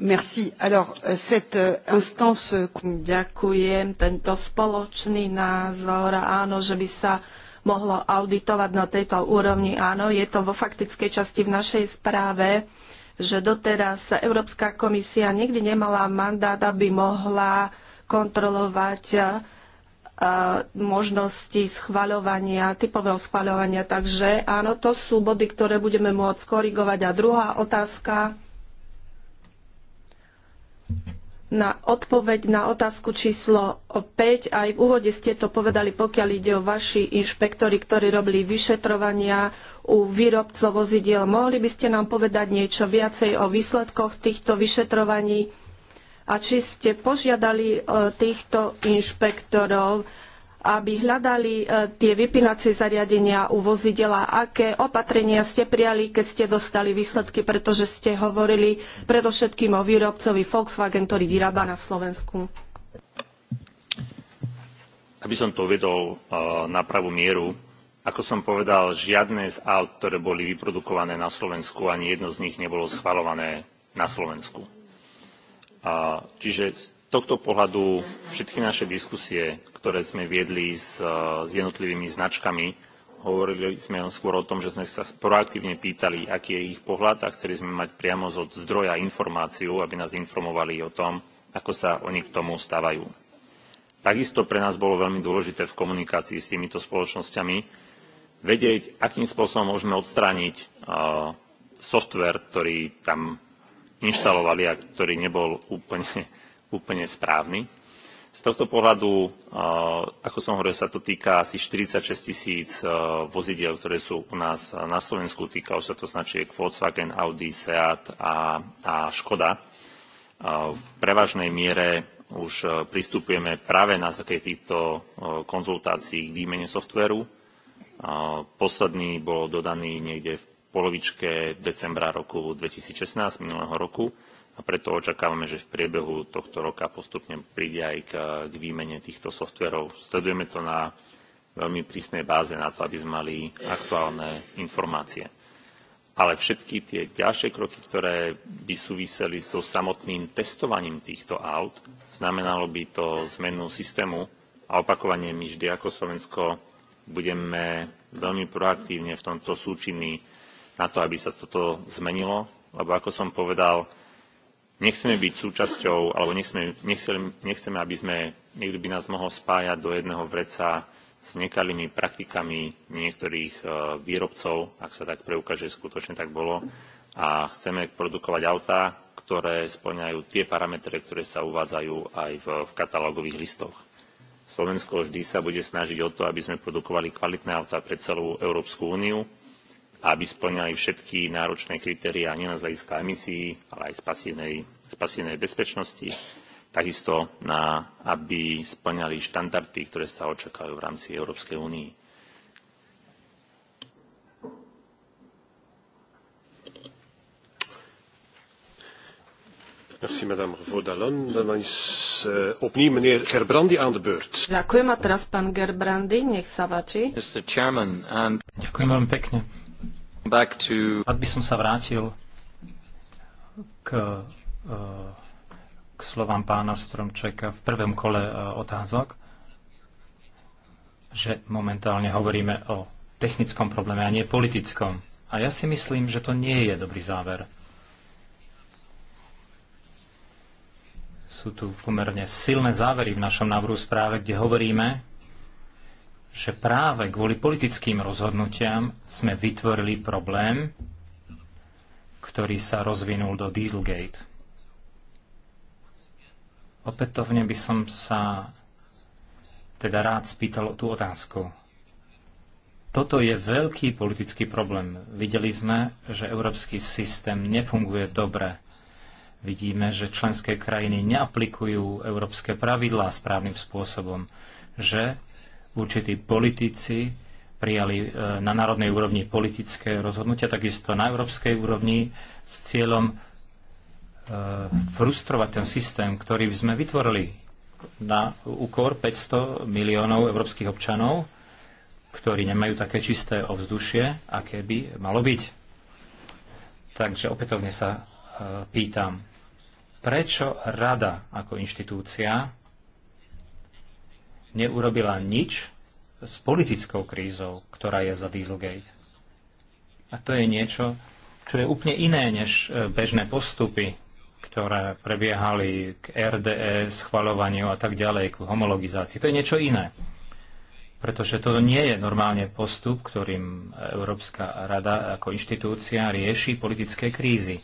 Merci. Alors, euh, cette euh, instance... Ďakujem. Euh, tento spoločný názor, áno, že by sa mohlo auditovať na tejto úrovni. Áno, je to vo faktickej časti v našej správe, že doteraz Európska komisia nikdy nemala mandát, aby mohla kontrolovať eh, možnosti schvaľovania, typového schvaľovania. Takže áno, to sú body, ktoré budeme môcť korigovať. A druhá otázka na odpoveď na otázku číslo 5. Aj v úvode ste to povedali, pokiaľ ide o vaši inšpektori, ktorí robili vyšetrovania u výrobcov vozidiel. Mohli by ste nám povedať niečo viacej o výsledkoch týchto vyšetrovaní a či ste požiadali e, týchto inšpektorov, aby hľadali e, tie vypínacie zariadenia u vozidela, aké opatrenia ste prijali, keď ste dostali výsledky, pretože ste hovorili predovšetkým o výrobcovi Volkswagen, ktorý vyrába na Slovensku. Aby som to uvedol e, na pravú mieru, ako som povedal, žiadne z aut, ktoré boli vyprodukované na Slovensku, ani jedno z nich nebolo schvalované na Slovensku. Čiže tohto pohľadu všetky naše diskusie, ktoré sme viedli s, e, s jednotlivými značkami, hovorili sme skôr o tom, že sme sa proaktívne pýtali, aký je ich pohľad a chceli sme mať priamo od zdroja informáciu, aby nás informovali o tom, ako sa oni k tomu stávajú. Takisto pre nás bolo veľmi dôležité v komunikácii s týmito spoločnosťami vedieť, akým spôsobom môžeme odstrániť uh, software, ktorý tam inštalovali a ktorý nebol úplne úplne správny. Z tohto pohľadu, eh, ako som hovoril, sa to týka asi 46 tisíc eh, vozidiel, ktoré sú u nás na Slovensku. Týkalo sa to značiek Volkswagen, Audi, Seat a, a Škoda. Eh, v prevažnej miere už pristupujeme práve na základe týchto konzultácií k výmene softveru. Posledný bol dodaný niekde v polovičke decembra roku 2016, minulého roku a preto očakávame, že v priebehu tohto roka postupne príde aj k, k výmene týchto softverov. Sledujeme to na veľmi prísnej báze na to, aby sme mali aktuálne informácie. Ale všetky tie ďalšie kroky, ktoré by súviseli so samotným testovaním týchto aut, znamenalo by to zmenu systému a opakovanie my vždy ako Slovensko budeme veľmi proaktívne v tomto súčinní na to, aby sa toto zmenilo, lebo ako som povedal, nechceme byť súčasťou, alebo nechceme, nechceme, nechceme aby sme, niekto by nás mohol spájať do jedného vreca s nekalými praktikami niektorých e, výrobcov, ak sa tak preukáže, skutočne tak bolo. A chceme produkovať autá, ktoré splňajú tie parametre, ktoré sa uvádzajú aj v, v katalógových listoch. Slovensko vždy sa bude snažiť o to, aby sme produkovali kvalitné autá pre celú Európsku úniu aby splňali všetky náročné kritériá nielen z hľadiska emisií, ale aj z pasívnej, z pasívnej bezpečnosti. Takisto, na, aby splňali štandardy, ktoré sa očakajú v rámci Európskej únii. Merci, madame Vaudalon. Dan is uh, opnieuw meneer aan de beurt. Ďakujem a teraz pán nech sa Mr. Chairman, Ďakujem vám pekne. Ak by som sa vrátil k, e, k slovám pána Stromčeka v prvom kole e, otázok, že momentálne hovoríme o technickom probléme a nie politickom. A ja si myslím, že to nie je dobrý záver. Sú tu pomerne silné závery v našom návrhu správe, kde hovoríme, že práve kvôli politickým rozhodnutiam sme vytvorili problém, ktorý sa rozvinul do Dieselgate. Opätovne by som sa teda rád spýtal tú otázku. Toto je veľký politický problém. Videli sme, že európsky systém nefunguje dobre. Vidíme, že členské krajiny neaplikujú európske pravidlá správnym spôsobom, že určití politici prijali e, na národnej úrovni politické rozhodnutia, takisto na európskej úrovni s cieľom e, frustrovať ten systém, ktorý sme vytvorili na úkor 500 miliónov európskych občanov, ktorí nemajú také čisté ovzdušie, aké by malo byť. Takže opätovne sa e, pýtam, prečo rada ako inštitúcia neurobila nič s politickou krízou, ktorá je za Dieselgate. A to je niečo, čo je úplne iné než e, bežné postupy, ktoré prebiehali k RDE, schvaľovaniu a tak ďalej, k homologizácii. To je niečo iné. Pretože to nie je normálne postup, ktorým Európska rada ako inštitúcia rieši politické krízy.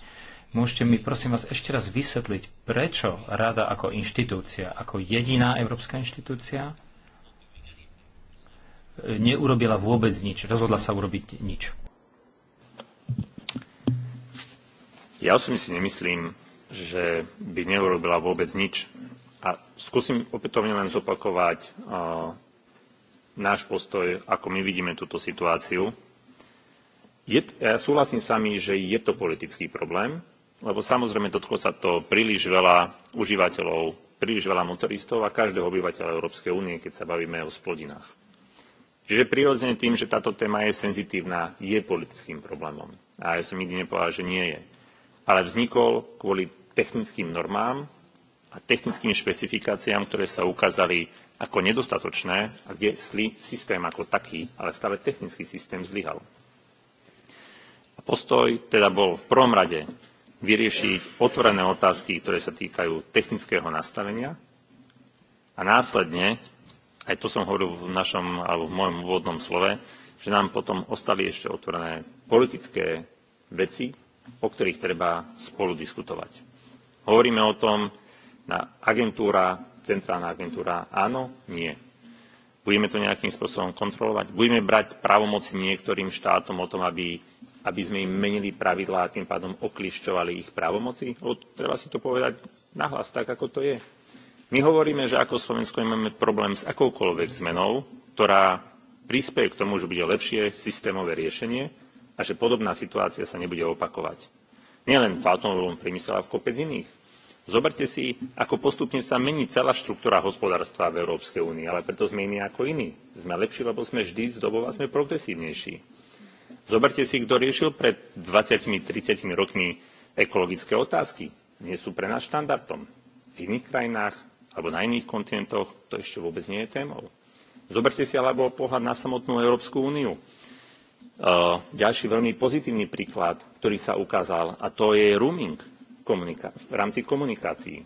Môžete mi prosím vás ešte raz vysvetliť, prečo rada ako inštitúcia, ako jediná európska inštitúcia e, neurobila vôbec nič, rozhodla sa urobiť nič. Ja osobne si nemyslím, že by neurobila vôbec nič. A skúsim opätovne len zopakovať uh, náš postoj, ako my vidíme túto situáciu. Je, ja súhlasím s vami, že je to politický problém, lebo samozrejme dotklo sa to príliš veľa užívateľov, príliš veľa motoristov a každého obyvateľa Európskej únie, keď sa bavíme o splodinách. Čiže prirodzene tým, že táto téma je senzitívna, je politickým problémom. A ja som nikdy nepovedal, že nie je. Ale vznikol kvôli technickým normám a technickým špecifikáciám, ktoré sa ukázali ako nedostatočné a kde sli systém ako taký, ale stále technický systém zlyhal. A postoj teda bol v prvom rade vyriešiť otvorené otázky, ktoré sa týkajú technického nastavenia a následne, aj to som hovoril v našom alebo v mojom úvodnom slove, že nám potom ostali ešte otvorené politické veci, o ktorých treba spolu diskutovať. Hovoríme o tom na agentúra, centrálna agentúra, áno, nie. Budeme to nejakým spôsobom kontrolovať? Budeme brať právomoci niektorým štátom o tom, aby aby sme im menili pravidlá a tým pádom oklišťovali ich právomoci? Lebo treba si to povedať nahlas, tak ako to je. My hovoríme, že ako Slovensko máme problém s akoukoľvek zmenou, ktorá prispieje k tomu, že bude lepšie systémové riešenie a že podobná situácia sa nebude opakovať. Nielen v automobilovom priemysle, ale v kopec iných. Zoberte si, ako postupne sa mení celá štruktúra hospodárstva v Európskej únii, ale preto sme iní ako iní. Sme lepší, lebo sme vždy z dobova sme progresívnejší Zoberte si, kto riešil pred dvadsiatimi tridsiatimi rokmi ekologické otázky. Nie sú pre nás štandardom. V iných krajinách alebo na iných kontinentoch to ešte vôbec nie je témou. Zoberte si alebo pohľad na samotnú Európsku úniu. E, ďalší veľmi pozitívny príklad, ktorý sa ukázal, a to je roaming v rámci komunikácií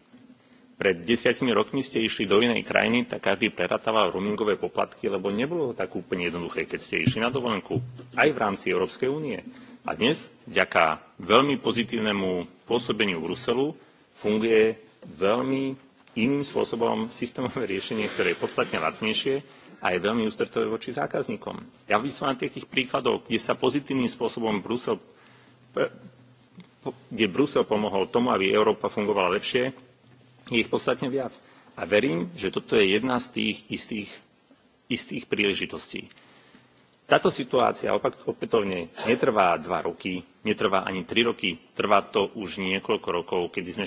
pred desiatimi rokmi ste išli do inej krajiny, tak každý preratával roamingové poplatky, lebo nebolo to tak úplne jednoduché, keď ste išli na dovolenku, aj v rámci Európskej únie. A dnes, vďaka veľmi pozitívnemu pôsobeniu Bruselu, funguje veľmi iným spôsobom systémové riešenie, ktoré je podstatne lacnejšie a je veľmi ústretové voči zákazníkom. Ja na takých príkladov, kde sa pozitívnym spôsobom Brusel kde Brusel pomohol tomu, aby Európa fungovala lepšie, je ich podstatne viac. A verím, že toto je jedna z tých istých, istých príležitostí. Táto situácia opak, opätovne netrvá dva roky, netrvá ani tri roky, trvá to už niekoľko rokov, kedy sme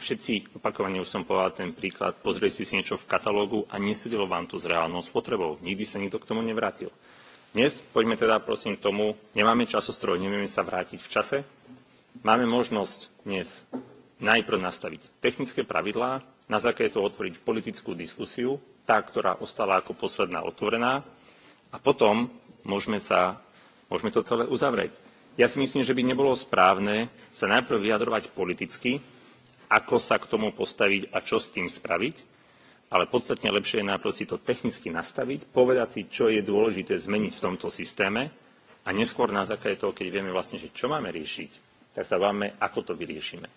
všetci, opakovane už som povedal ten príklad, pozreli ste si niečo v katalógu a nesedilo vám to s reálnou spotrebou. Nikdy sa nikto k tomu nevrátil. Dnes poďme teda prosím tomu, nemáme časostroj, nevieme sa vrátiť v čase. Máme možnosť dnes najprv nastaviť technické pravidlá, na základe toho otvoriť politickú diskusiu, tá, ktorá ostala ako posledná otvorená, a potom môžeme, sa, môžeme to celé uzavrieť. Ja si myslím, že by nebolo správne sa najprv vyjadrovať politicky, ako sa k tomu postaviť a čo s tým spraviť, ale podstatne lepšie je najprv si to technicky nastaviť, povedať si, čo je dôležité zmeniť v tomto systéme a neskôr na základe toho, keď vieme vlastne, že čo máme riešiť, tak sa máme, ako to vyriešime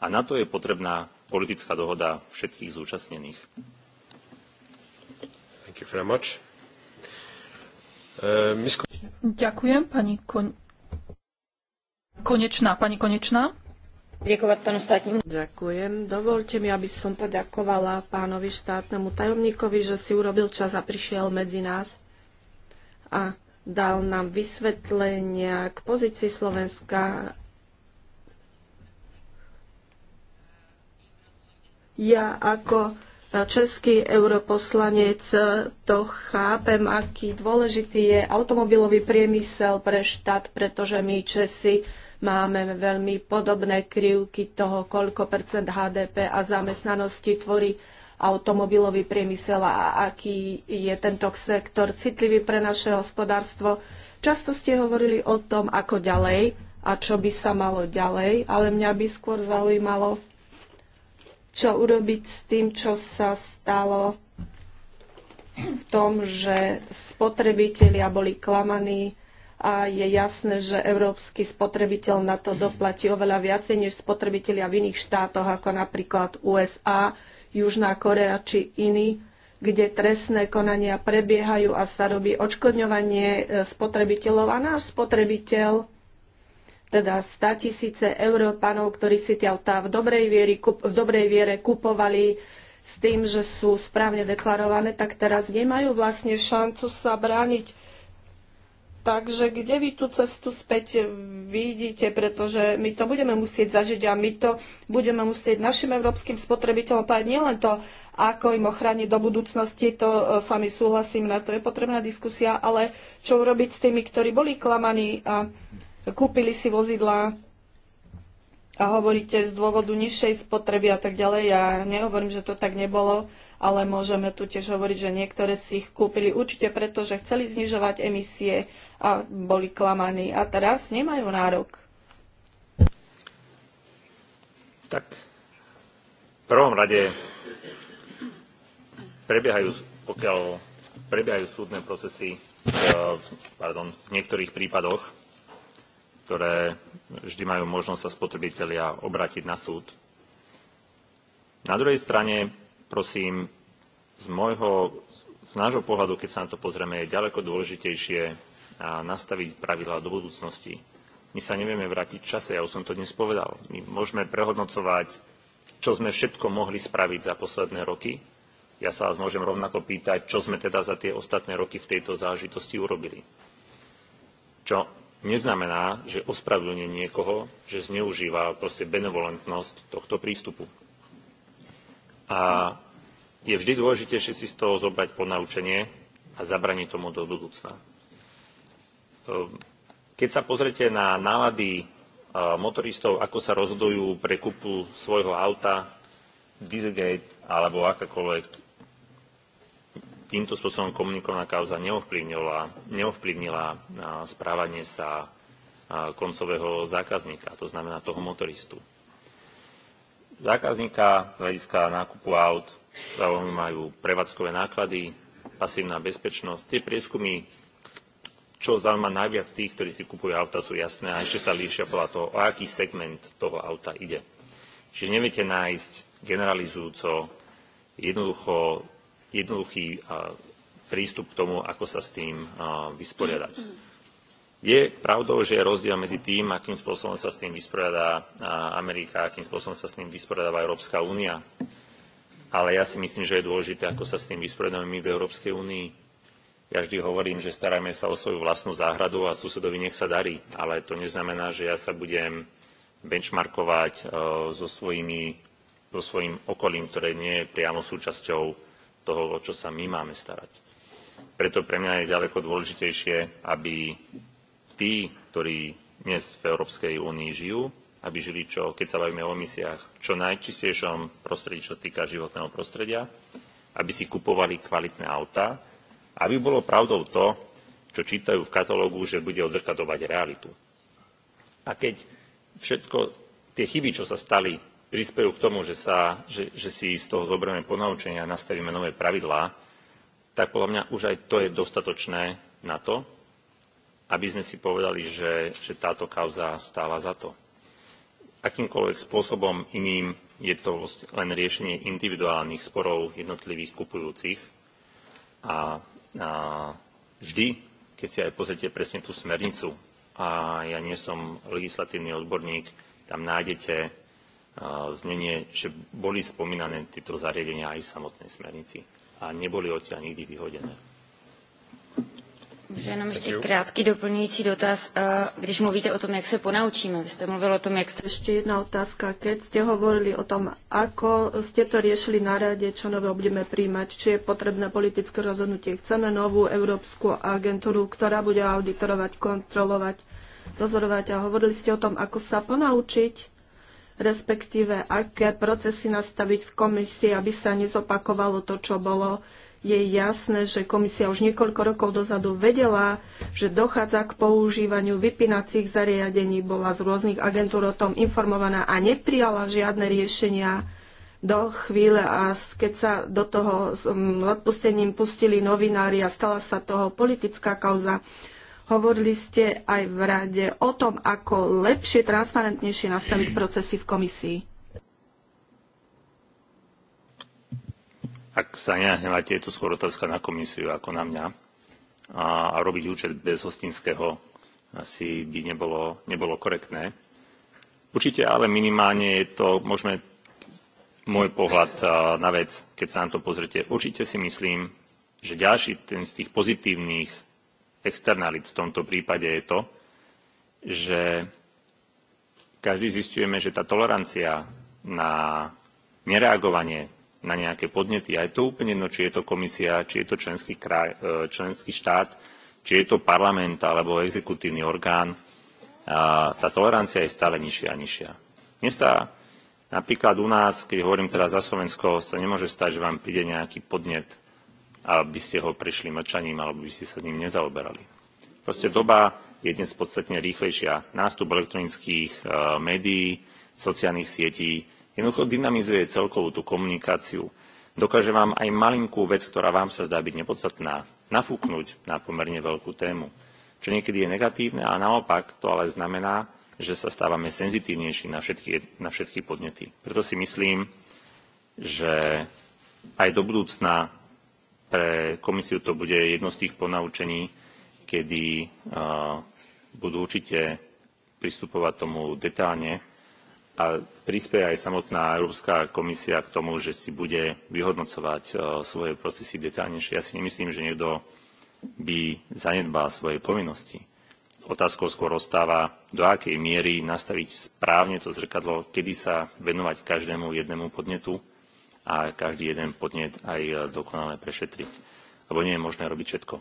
a na to je potrebná politická dohoda všetkých zúčastnených. Eh, Ďakujem, pani Kon... Konečná. Pani Konečná. Ďakujem. Dovolte mi, aby som poďakovala pánovi štátnemu tajomníkovi, že si urobil čas a prišiel medzi nás a dal nám vysvetlenia k pozícii Slovenska Ja ako e, český europoslanec e, to chápem, aký dôležitý je automobilový priemysel pre štát, pretože my Česi máme veľmi podobné krivky toho, koľko percent HDP a zamestnanosti tvorí automobilový priemysel a aký je tento sektor citlivý pre naše hospodárstvo. Často ste hovorili o tom, ako ďalej a čo by sa malo ďalej, ale mňa by skôr zaujímalo, čo urobiť s tým, čo sa stalo v tom, že spotrebitelia boli klamaní a je jasné, že európsky spotrebiteľ na to doplatí oveľa viacej než spotrebitelia v iných štátoch, ako napríklad USA, Južná Korea či iní, kde trestné konania prebiehajú a sa robí odškodňovanie eh, spotrebiteľov a náš spotrebiteľ teda 100 tisíce Európanov, ktorí si tie autá v dobrej, vieri, v dobrej viere kupovali s tým, že sú správne deklarované, tak teraz nemajú vlastne šancu sa brániť. Takže kde vy tú cestu späť vidíte, pretože my to budeme musieť zažiť a my to budeme musieť našim európskym spotrebiteľom povedať nielen to, ako im ochrániť do budúcnosti, to e, s vami súhlasím, na to je potrebná diskusia, ale čo urobiť s tými, ktorí boli klamaní a kúpili si vozidla a hovoríte z dôvodu nižšej spotreby a tak ďalej. Ja nehovorím, že to tak nebolo, ale môžeme tu tiež hovoriť, že niektoré si ich kúpili určite preto, že chceli znižovať emisie a boli klamaní a teraz nemajú nárok. Tak v prvom rade prebiehajú, pokiaľ prebiehajú súdne procesy eh, pardon, v niektorých prípadoch ktoré vždy majú možnosť sa spotrebitelia obrátiť na súd. Na druhej strane, prosím, z, môjho, z nášho pohľadu, keď sa na to pozrieme, je ďaleko dôležitejšie nastaviť pravidlá do budúcnosti. My sa nevieme vrátiť v čase, ja už som to dnes povedal. My môžeme prehodnocovať, čo sme všetko mohli spraviť za posledné roky. Ja sa vás môžem rovnako pýtať, čo sme teda za tie ostatné roky v tejto zážitosti urobili. Čo neznamená, že ospravedlňuje niekoho, že zneužíva proste benevolentnosť tohto prístupu. A je vždy dôležitejšie si z toho zobrať ponaučenie a zabraniť tomu do budúcna. Ehm, keď sa pozrete na nálady motoristov, ako sa rozhodujú pre kúpu svojho auta, Dieselgate alebo akákoľvek týmto spôsobom komunikovaná kauza neovplyvnila, neovplyvnila správanie sa koncového zákazníka, to znamená toho motoristu. Zákazníka z hľadiska nákupu aut majú prevádzkové náklady, pasívna bezpečnosť. Tie prieskumy, čo zaujíma najviac tých, ktorí si kupujú auta, sú jasné a ešte sa líšia podľa toho, o aký segment toho auta ide. Čiže neviete nájsť generalizujúco jednoducho jednoduchý prístup k tomu, ako sa s tým vysporiadať. Je pravdou, že je rozdiel medzi tým, akým spôsobom sa s tým vysporiada Amerika, akým spôsobom sa s tým vysporiadáva Európska únia. Ale ja si myslím, že je dôležité, ako sa s tým vysporiadame my v Európskej únii. Ja vždy hovorím, že starajme sa o svoju vlastnú záhradu a susedovi nech sa darí, ale to neznamená, že ja sa budem benchmarkovať e, so, svojimi, so svojím okolím, ktoré nie je priamo súčasťou toho, o čo sa my máme starať. Preto pre mňa je ďaleko dôležitejšie, aby tí, ktorí dnes v Európskej únii žijú, aby žili, čo, keď sa bavíme o emisiách, čo najčistejšom prostredí, čo týka životného prostredia, aby si kupovali kvalitné autá, aby bolo pravdou to, čo čítajú v katalógu, že bude odzrkadovať realitu. A keď všetko tie chyby, čo sa stali prispejú k tomu, že, sa, že, že si z toho zoberieme ponaučenia a nastavíme nové pravidlá, tak podľa mňa už aj to je dostatočné na to, aby sme si povedali, že, že táto kauza stála za to. Akýmkoľvek spôsobom iným je to vlastne len riešenie individuálnych sporov jednotlivých kupujúcich. A, a vždy, keď si aj pozrite presne tú smernicu, a ja nie som legislatívny odborník, tam nájdete znenie, že boli spomínané tieto zariadenia aj v samotnej smernici a neboli odtiaľ nikdy vyhodené. Můžu jenom ještě krátký doplňující dotaz, e, když mluvíte o tom, jak se ponaučíme. Vy jste mluvil o tom, jak jste... Ešte jedna otázka. Keď ste hovorili o tom, ako ste to riešili na rade, čo nové budeme príjmať, či je potrebné politické rozhodnutie. Chceme novú európsku agentúru, ktorá bude auditorovať, kontrolovať, dozorovať a hovorili ste o tom, ako sa ponaučiť respektíve aké procesy nastaviť v komisii, aby sa nezopakovalo to, čo bolo. Je jasné, že komisia už niekoľko rokov dozadu vedela, že dochádza k používaniu vypínacích zariadení, bola z rôznych agentúr o tom informovaná a neprijala žiadne riešenia do chvíle, a keď sa do toho s odpustením pustili novinári a stala sa toho politická kauza. Hovorili ste aj v rade o tom, ako lepšie, transparentnejšie nastaviť procesy v komisii. Ak sa nehnevate, je to skôr otázka na komisiu ako na mňa. A, a robiť účet bez hostinského asi by nebolo, nebolo korektné. Určite ale minimálne je to, môžeme môj pohľad na vec, keď sa na to pozrite. Určite si myslím, že ďalší ten z tých pozitívnych externalit v tomto prípade je to, že každý zistujeme, že tá tolerancia na nereagovanie na nejaké podnety, a je to úplne jedno, či je to komisia, či je to členský, kraj, e, členský štát, či je to parlament alebo exekutívny orgán, a tá tolerancia je stále nižšia a nižšia. Dnes sa napríklad u nás, keď hovorím teraz za Slovensko, sa nemôže stať, že vám príde nejaký podnet aby ste ho prešli mačaním alebo by ste sa ním nezaoberali. Proste doba je dnes podstatne rýchlejšia. Nástup elektronických e, médií, sociálnych sietí jednoducho dynamizuje celkovú tú komunikáciu. Dokáže vám aj malinkú vec, ktorá vám sa zdá byť nepodstatná, nafúknuť na pomerne veľkú tému, čo niekedy je negatívne, a naopak to ale znamená, že sa stávame senzitívnejší na všetky, na všetky podnety. Preto si myslím, že aj do budúcna pre komisiu to bude jedno z tých ponaučení, kedy budú určite pristupovať tomu detálne a prispieje aj samotná Európska komisia k tomu, že si bude vyhodnocovať svoje procesy detálnejšie. Ja si nemyslím, že niekto by zanedbal svoje povinnosti. Otázkou skôr ostáva, do akej miery nastaviť správne to zrkadlo, kedy sa venovať každému jednému podnetu a každý jeden podnet aj e, dokonale prešetriť. Lebo nie je možné robiť všetko.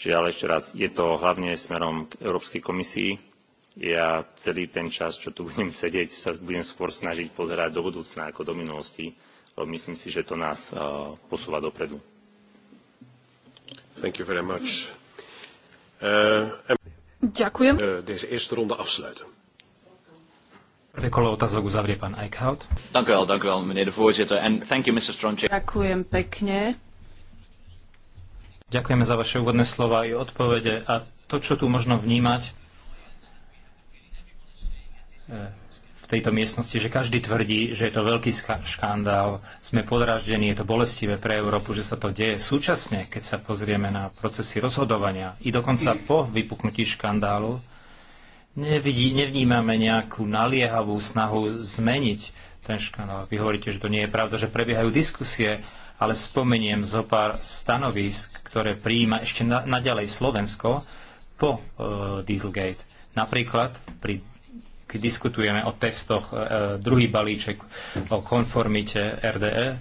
Čiže ale ešte raz, je to hlavne smerom k Európskej komisii. Ja celý ten čas, čo tu budem sedieť, sa budem skôr snažiť pozerať do budúcna ako do minulosti, lebo myslím si, že to nás uh, posúva dopredu. Thank you very much. Uh, Ďakujem. Uh, deze eerste ronde afsluiten. Kolo otázok uzavrie pán Eichhout. Ďakujem pekne. Ďakujeme za vaše úvodné slova i odpovede. A to, čo tu možno vnímať e, v tejto miestnosti, že každý tvrdí, že je to veľký škandál, sme podráždení, je to bolestivé pre Európu, že sa to deje. Súčasne, keď sa pozrieme na procesy rozhodovania i dokonca po vypuknutí škandálu, Nevidí, nevnímame nejakú naliehavú snahu zmeniť ten škanál. Vy hovoríte, že to nie je pravda, že prebiehajú diskusie, ale spomeniem zo pár stanovisk, ktoré prijíma ešte na, naďalej Slovensko po e, Dieselgate. Napríklad, pri, keď diskutujeme o testoch, e, druhý balíček o konformite RDE, e,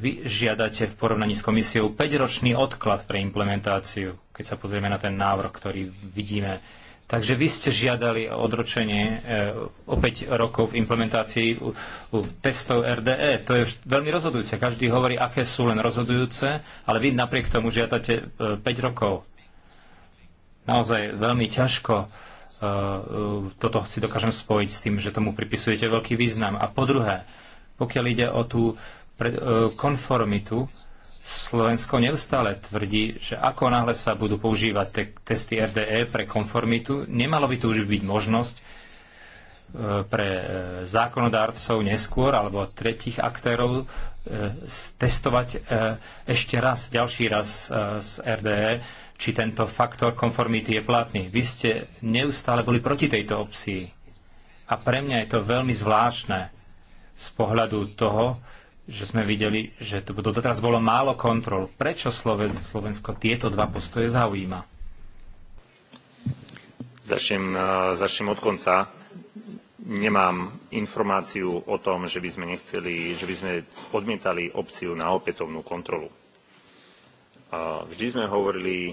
vy žiadate v porovnaní s komisiou 5-ročný odklad pre implementáciu keď sa pozrieme na ten návrh, ktorý vidíme. Takže vy ste žiadali odročenie eh, o 5 rokov v implementácii testov RDE. To je veľmi rozhodujúce. Každý hovorí, aké sú len rozhodujúce, ale vy napriek tomu žiadate 5 eh, rokov. Naozaj veľmi ťažko eh, toto si dokážem spojiť s tým, že tomu pripisujete veľký význam. A po druhé, pokiaľ ide o tú konformitu, Slovensko neustále tvrdí, že ako náhle sa budú používať te- testy RDE pre konformitu, nemalo by tu už byť možnosť e, pre e, zákonodárcov neskôr alebo tretich aktérov e, testovať ešte raz, ďalší raz z RDE, či tento faktor konformity je platný. Vy ste neustále boli proti tejto opcii. A pre mňa je to veľmi zvláštne z pohľadu toho, že sme videli, že to doteraz bolo málo kontrol. Prečo Slovensko tieto dva postoje zaujíma? Začnem, e, začnem od konca. Nemám informáciu o tom, že by sme nechceli, že by sme odmietali opciu na opätovnú kontrolu. E, vždy sme hovorili e,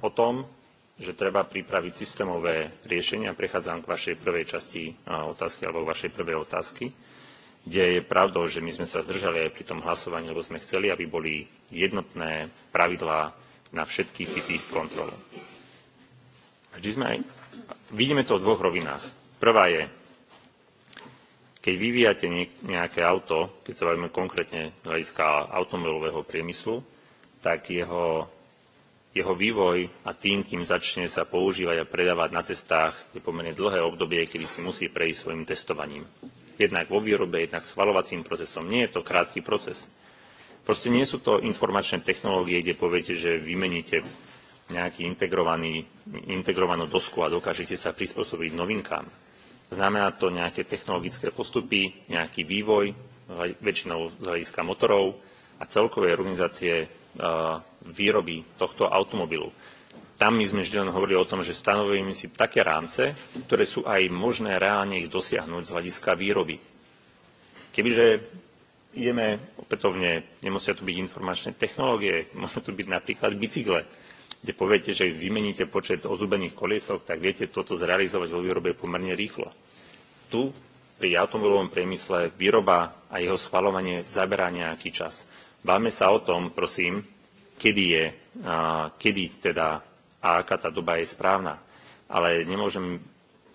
o tom, že treba pripraviť systémové riešenia. Prechádzam k vašej prvej časti otázky alebo k vašej prvej otázky kde je pravdou, že my sme sa zdržali aj pri tom hlasovaní, lebo sme chceli, aby boli jednotné pravidlá na všetky typy kontrol. Vždy sme aj... Vidíme to v dvoch rovinách. Prvá je, keď vyvíjate nejaké auto, keď sa bavíme konkrétne z hľadiska automobilového priemyslu, tak jeho, jeho vývoj a tým, kým začne sa používať a predávať na cestách, je pomerne dlhé obdobie, kedy si musí prejsť svojim testovaním jednak vo výrobe, jednak schvalovacím procesom. Nie je to krátky proces. Proste nie sú to informačné technológie, kde poviete, že vymeníte nejaký integrovaný, integrovanú dosku a dokážete sa prispôsobiť novinkám. Znamená to nejaké technologické postupy, nejaký vývoj, väčšinou z hľadiska motorov a celkovej organizácie e, výroby tohto automobilu tam my sme vždy len hovorili o tom, že stanovujeme si také rámce, ktoré sú aj možné reálne ich dosiahnuť z hľadiska výroby. Kebyže ideme opätovne, nemusia tu byť informačné technológie, môžu tu byť napríklad bicykle, kde poviete, že vymeníte počet ozubených koliesok, tak viete toto zrealizovať vo výrobe pomerne rýchlo. Tu pri automobilovom priemysle výroba a jeho schvalovanie zaberá nejaký čas. Báme sa o tom, prosím, kedy, je, a, kedy teda a aká tá doba je správna. Ale nemôžem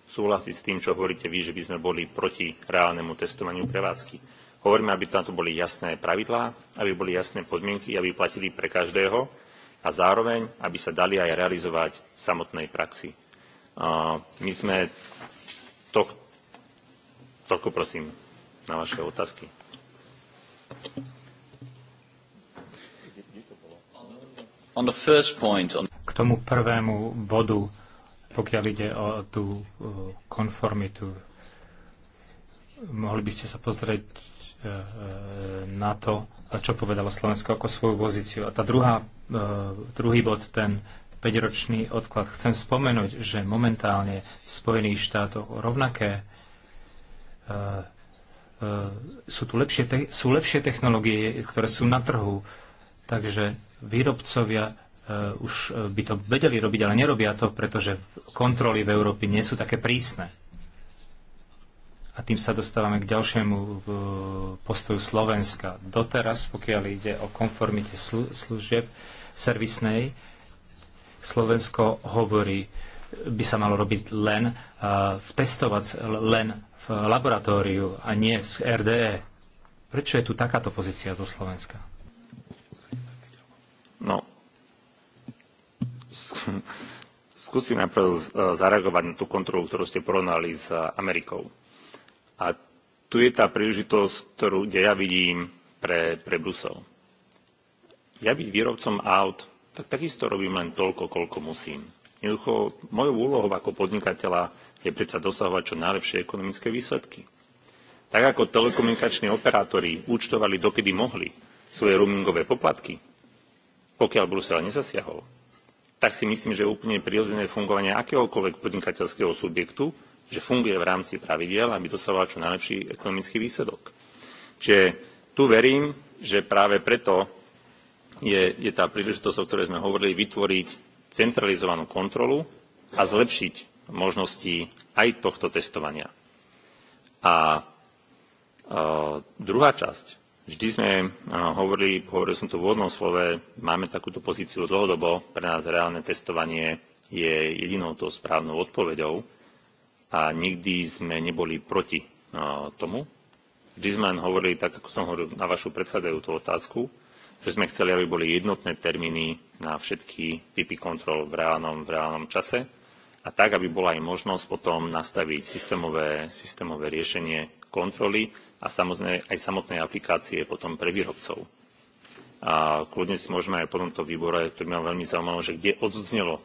súhlasiť s tým, čo hovoríte vy, že by sme boli proti reálnemu testovaniu prevádzky. Hovoríme, aby na to boli jasné pravidlá, aby boli jasné podmienky, aby platili pre každého a zároveň, aby sa dali aj realizovať v samotnej praxi. My sme to... Toľko prosím na vaše otázky. On the first point on k tomu prvému bodu, pokiaľ ide o tú konformitu, mohli by ste sa pozrieť e, e, na to, čo povedalo Slovensko ako svoju pozíciu. A tá druhá, e, druhý bod, ten 5-ročný odklad. Chcem spomenúť, že momentálne v Spojených štátoch rovnaké sú tu lepšie, sú lepšie technológie, ktoré sú na trhu, takže výrobcovia Eh, už eh, by to vedeli robiť, ale nerobia to, pretože kontroly v Európe nie sú také prísne. A tým sa dostávame k ďalšiemu eh, postoju Slovenska. Doteraz, pokiaľ ide o konformite slu- služieb servisnej, Slovensko hovorí, by sa malo robiť len v testovať, len v laboratóriu a nie v RDE. Prečo je tu takáto pozícia zo Slovenska? No, skúsim najprv eh, zareagovať na tú kontrolu, ktorú ste porovnali s eh, Amerikou. A tu je tá príležitosť, ktorú, kde ja vidím pre, pre Brusel. Ja byť výrobcom aut, tak takisto robím len toľko, koľko musím. Jednoducho, mojou úlohou ako podnikateľa je predsa dosahovať čo najlepšie ekonomické výsledky. Tak ako telekomunikační operátori účtovali dokedy mohli svoje roamingové poplatky, pokiaľ Brusel nezasiahol, tak si myslím, že je úplne prirodzené fungovanie akéhokoľvek podnikateľského subjektu, že funguje v rámci pravidiel, aby dosahoval čo najlepší ekonomický výsledok. Čiže tu verím, že práve preto je, je tá príležitosť, o ktorej sme hovorili, vytvoriť centralizovanú kontrolu a zlepšiť možnosti aj tohto testovania. A e, druhá časť Vždy sme hovorili, hovoril som to v úvodnom slove, máme takúto pozíciu dlhodobo, pre nás reálne testovanie je jedinou tou správnou odpoveďou a nikdy sme neboli proti tomu. Vždy sme len hovorili, tak ako som hovoril na vašu predchádzajúcu otázku, že sme chceli, aby boli jednotné termíny na všetky typy kontrol v reálnom, v reálnom čase a tak, aby bola aj možnosť potom nastaviť systémové, systémové riešenie kontroly a samotné, aj samotnej aplikácie potom pre výrobcov. A kľudne si môžeme aj po tomto výbore, to by ma veľmi zaujímalo, že kde odznelo e,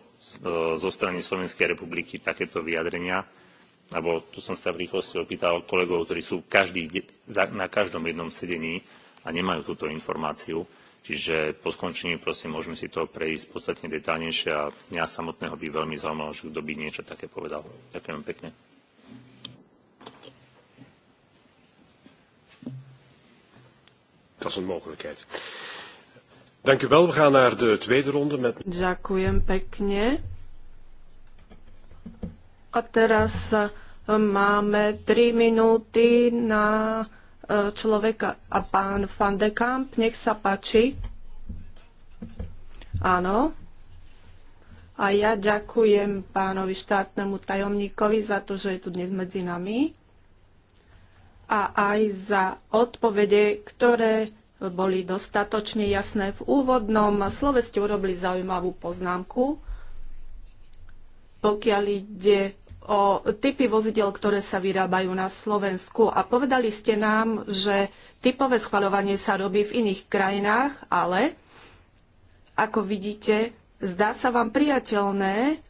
zo strany Slovenskej republiky takéto vyjadrenia, alebo tu som sa v rýchlosti opýtal kolegov, ktorí sú každý, na každom jednom sedení a nemajú túto informáciu. Čiže po skončení prosím, môžeme si to prejsť podstatne detálnejšie a mňa samotného by veľmi zaujímalo, že kto by niečo také povedal. Ďakujem pekne. dat is een mogelijkheid. Dank u wel. We gaan naar de tweede ronde met... Ďakujem pekne. A teraz eh, máme 3 minúty na eh, človeka a pán Van de Kamp. Nech sa páči. Áno. A ja ďakujem pánovi štátnemu tajomníkovi za to, že je tu dnes medzi nami a aj za odpovede, ktoré boli dostatočne jasné. V úvodnom slove ste urobili zaujímavú poznámku, pokiaľ ide o typy vozidel, ktoré sa vyrábajú na Slovensku. A povedali ste nám, že typové schvaľovanie sa robí v iných krajinách, ale ako vidíte, zdá sa vám priateľné,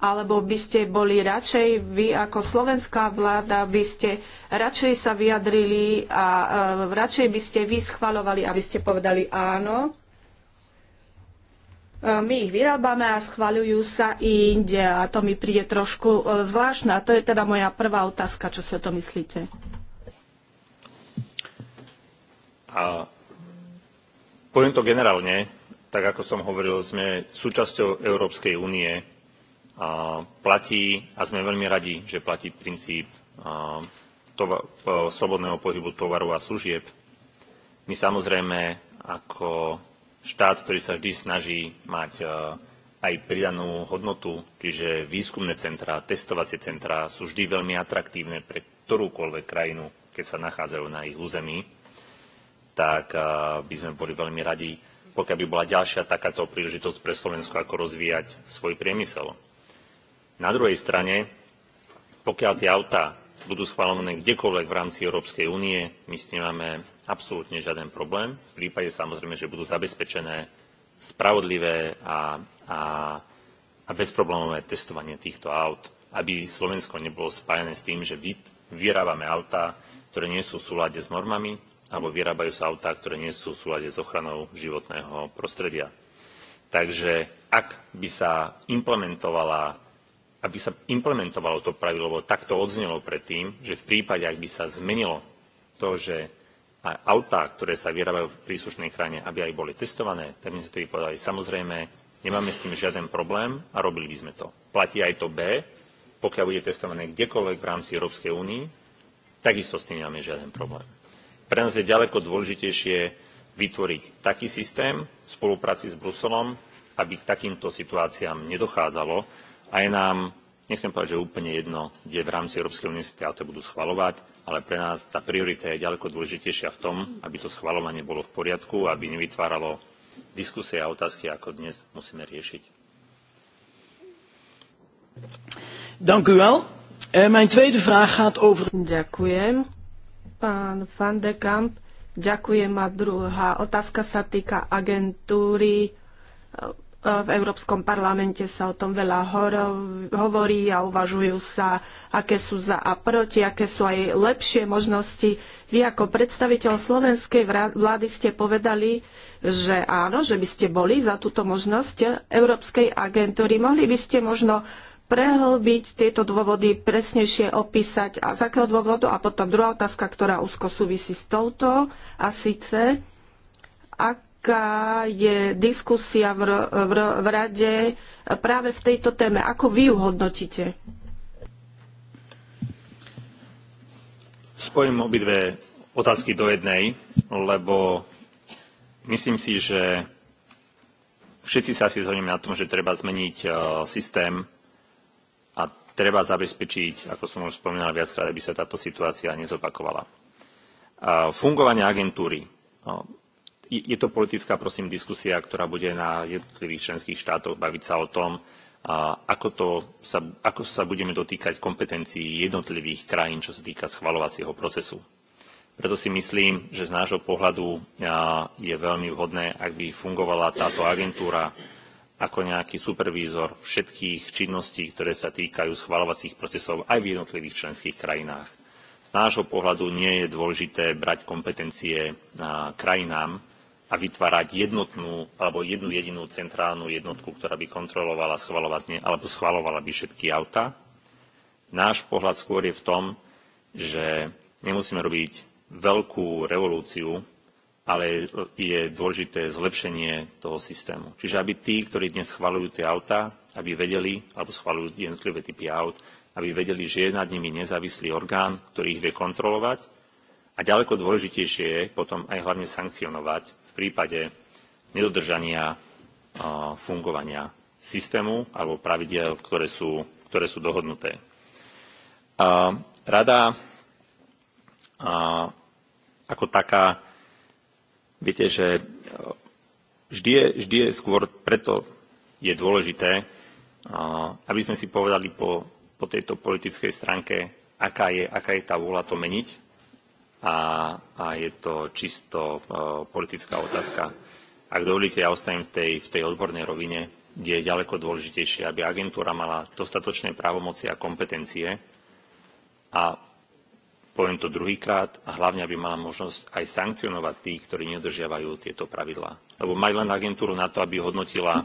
alebo by ste boli radšej, vy ako slovenská vláda, by ste radšej sa vyjadrili a uh, radšej by ste vy schvalovali, aby ste povedali áno. E, my ich vyrábame a schvaľujú sa inde a to mi príde trošku e, zvláštne. A to je teda moja prvá otázka, čo si o to myslíte. A poviem to generálne, tak ako som hovoril, sme súčasťou Európskej únie platí, a sme veľmi radi, že platí princíp tovar, e, slobodného pohybu tovarov a služieb. My samozrejme ako štát, ktorý sa vždy snaží mať e, aj pridanú hodnotu, čiže výskumné centrá, testovacie centrá sú vždy veľmi atraktívne pre ktorúkoľvek krajinu, keď sa nachádzajú na ich území, tak e, by sme boli veľmi radi, pokiaľ by bola ďalšia takáto príležitosť pre Slovensko, ako rozvíjať svoj priemysel. Na druhej strane, pokiaľ tie autá budú schválené kdekoľvek v rámci Európskej únie, my s tým máme absolútne žiaden problém, v prípade samozrejme, že budú zabezpečené spravodlivé a, a, a bezproblémové testovanie týchto aut, aby Slovensko nebolo spájane s tým, že vyrábame autá, ktoré nie sú v súlade s normami, alebo vyrábajú sa autá, ktoré nie sú v súlade s ochranou životného prostredia. Takže ak by sa implementovala aby sa implementovalo to pravidlo, lebo takto odznelo predtým, že v prípade, ak by sa zmenilo to, že aj autá, ktoré sa vyrábajú v príslušnej krajine, aby aj boli testované, tak my sme tedy povedali, samozrejme, nemáme s tým žiaden problém a robili by sme to. Platí aj to B, pokiaľ bude testované kdekoľvek v rámci Európskej únii, takisto s tým nemáme žiaden problém. Pre nás je ďaleko dôležitejšie vytvoriť taký systém v spolupráci s Bruselom, aby k takýmto situáciám nedochádzalo, a je nám, nechcem povedať, že úplne jedno, kde v rámci Európskej únie sa tie budú schvalovať, ale pre nás tá priorita je ďaleko dôležitejšia v tom, aby to schvalovanie bolo v poriadku, aby nevytváralo diskusie a otázky, ako dnes musíme riešiť. Eh, ďakujem. Pán Van de Kamp, ďakujem. A druhá otázka sa týka agentúry eh, v Európskom parlamente sa o tom veľa hovorí a uvažujú sa, aké sú za a proti, aké sú aj lepšie možnosti. Vy ako predstaviteľ slovenskej vlády ste povedali, že áno, že by ste boli za túto možnosť Európskej agentúry. Mohli by ste možno prehlbiť tieto dôvody, presnejšie opísať a z akého dôvodu. A potom druhá otázka, ktorá úzko súvisí s touto, a síce, ak aká je diskusia v, v, v rade práve v tejto téme. Ako vy ju hodnotíte? Spojím obidve otázky do jednej, lebo myslím si, že všetci sa asi zhodneme na tom, že treba zmeniť e, systém a treba zabezpečiť, ako som už spomínal viackrát, aby sa táto situácia nezopakovala. E, fungovanie agentúry. No, je to politická, prosím, diskusia, ktorá bude na jednotlivých členských štátoch baviť sa o tom, ako, to sa, ako sa budeme dotýkať kompetencií jednotlivých krajín, čo sa týka schvalovacieho procesu. Preto si myslím, že z nášho pohľadu je veľmi vhodné, ak by fungovala táto agentúra ako nejaký supervízor všetkých činností, ktoré sa týkajú schvalovacích procesov aj v jednotlivých členských krajinách. Z nášho pohľadu nie je dôležité brať kompetencie krajinám, a vytvárať jednotnú alebo jednu jedinú centrálnu jednotku, ktorá by kontrolovala schvalovať alebo schvalovala by všetky auta. Náš pohľad skôr je v tom, že nemusíme robiť veľkú revolúciu, ale je dôležité zlepšenie toho systému. Čiže aby tí, ktorí dnes schvalujú tie auta, aby vedeli, alebo schvalujú jednotlivé typy aut, aby vedeli, že je nad nimi nezávislý orgán, ktorý ich vie kontrolovať. A ďaleko dôležitejšie je potom aj hlavne sankcionovať v prípade nedodržania fungovania systému alebo pravidiel, ktoré sú, ktoré sú dohodnuté. Rada ako taká, viete, že e, vždy je, vždy je skôr preto je dôležité, aby sme si povedali po, po tejto politickej stránke, aká je, aká je tá vôľa to meniť a, a je to čisto e, politická otázka. Ak dovolíte, ja ostanem v tej, v tej odbornej rovine, kde je ďaleko dôležitejšie, aby agentúra mala dostatočné právomoci a kompetencie a poviem to druhýkrát a hlavne, aby mala možnosť aj sankcionovať tých, ktorí nedržiavajú tieto pravidlá. Lebo mať len agentúru na to, aby hodnotila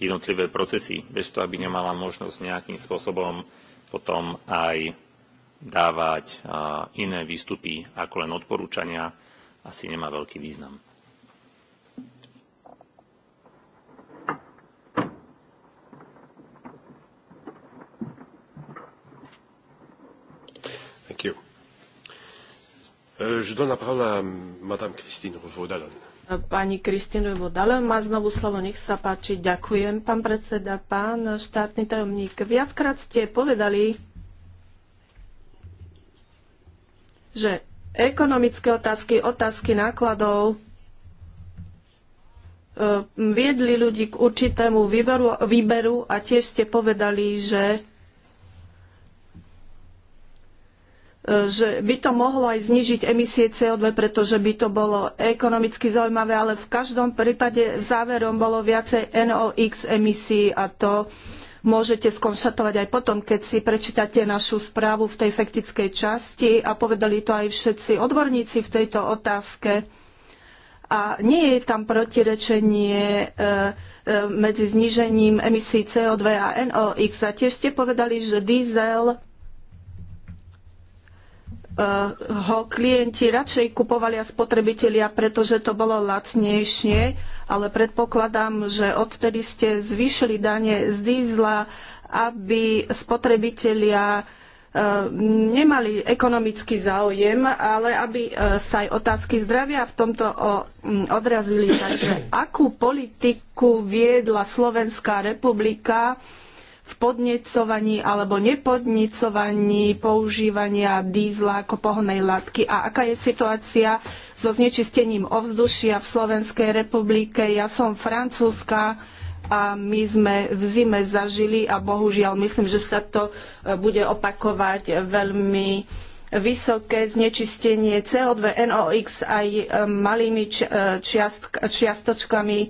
jednotlivé procesy, bez toho, aby nemala možnosť nejakým spôsobom potom aj dávať iné výstupy ako len odporúčania asi nemá veľký význam. E, e, pani Vodalen má znovu slovo, nech sa páči. Ďakujem, pán predseda, pán štátny tajomník. Viackrát ste povedali, že ekonomické otázky, otázky nákladov e, viedli ľudí k určitému výberu, výberu a tiež ste povedali, že, e, že by to mohlo aj znižiť emisie CO2, pretože by to bolo ekonomicky zaujímavé, ale v každom prípade záverom bolo viacej NOx emisí a to môžete skonštatovať aj potom, keď si prečítate našu správu v tej faktickej časti a povedali to aj všetci odborníci v tejto otázke. A nie je tam protirečenie e, e, medzi znížením emisí CO2 a NOx. A tiež ste povedali, že diesel Eh, ho klienti radšej kupovali a spotrebitelia, pretože to bolo lacnejšie, ale predpokladám, že odtedy ste zvýšili dane z dízla, aby spotrebitelia eh, nemali ekonomický záujem, ale aby eh, sa aj otázky zdravia v tomto mm, odrazili. Takže akú politiku viedla Slovenská republika v podnecovaní alebo nepodnecovaní používania dízla ako pohnej látky a aká je situácia so znečistením ovzdušia v Slovenskej republike. Ja som francúzska a my sme v zime zažili a bohužiaľ myslím, že sa to e, bude opakovať veľmi vysoké znečistenie CO2, NOx aj e, malými e, čiastočkami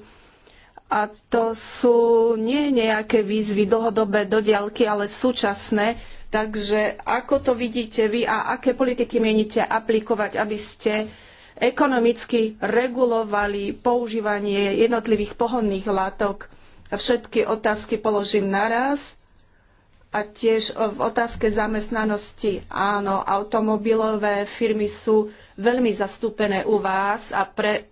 a to sú nie nejaké výzvy dlhodobé do diaľky, ale súčasné. Takže ako to vidíte vy a aké politiky mienite aplikovať, aby ste ekonomicky regulovali používanie jednotlivých pohonných látok? Všetky otázky položím naraz. A tiež v otázke zamestnanosti, áno, automobilové firmy sú veľmi zastúpené u vás a pre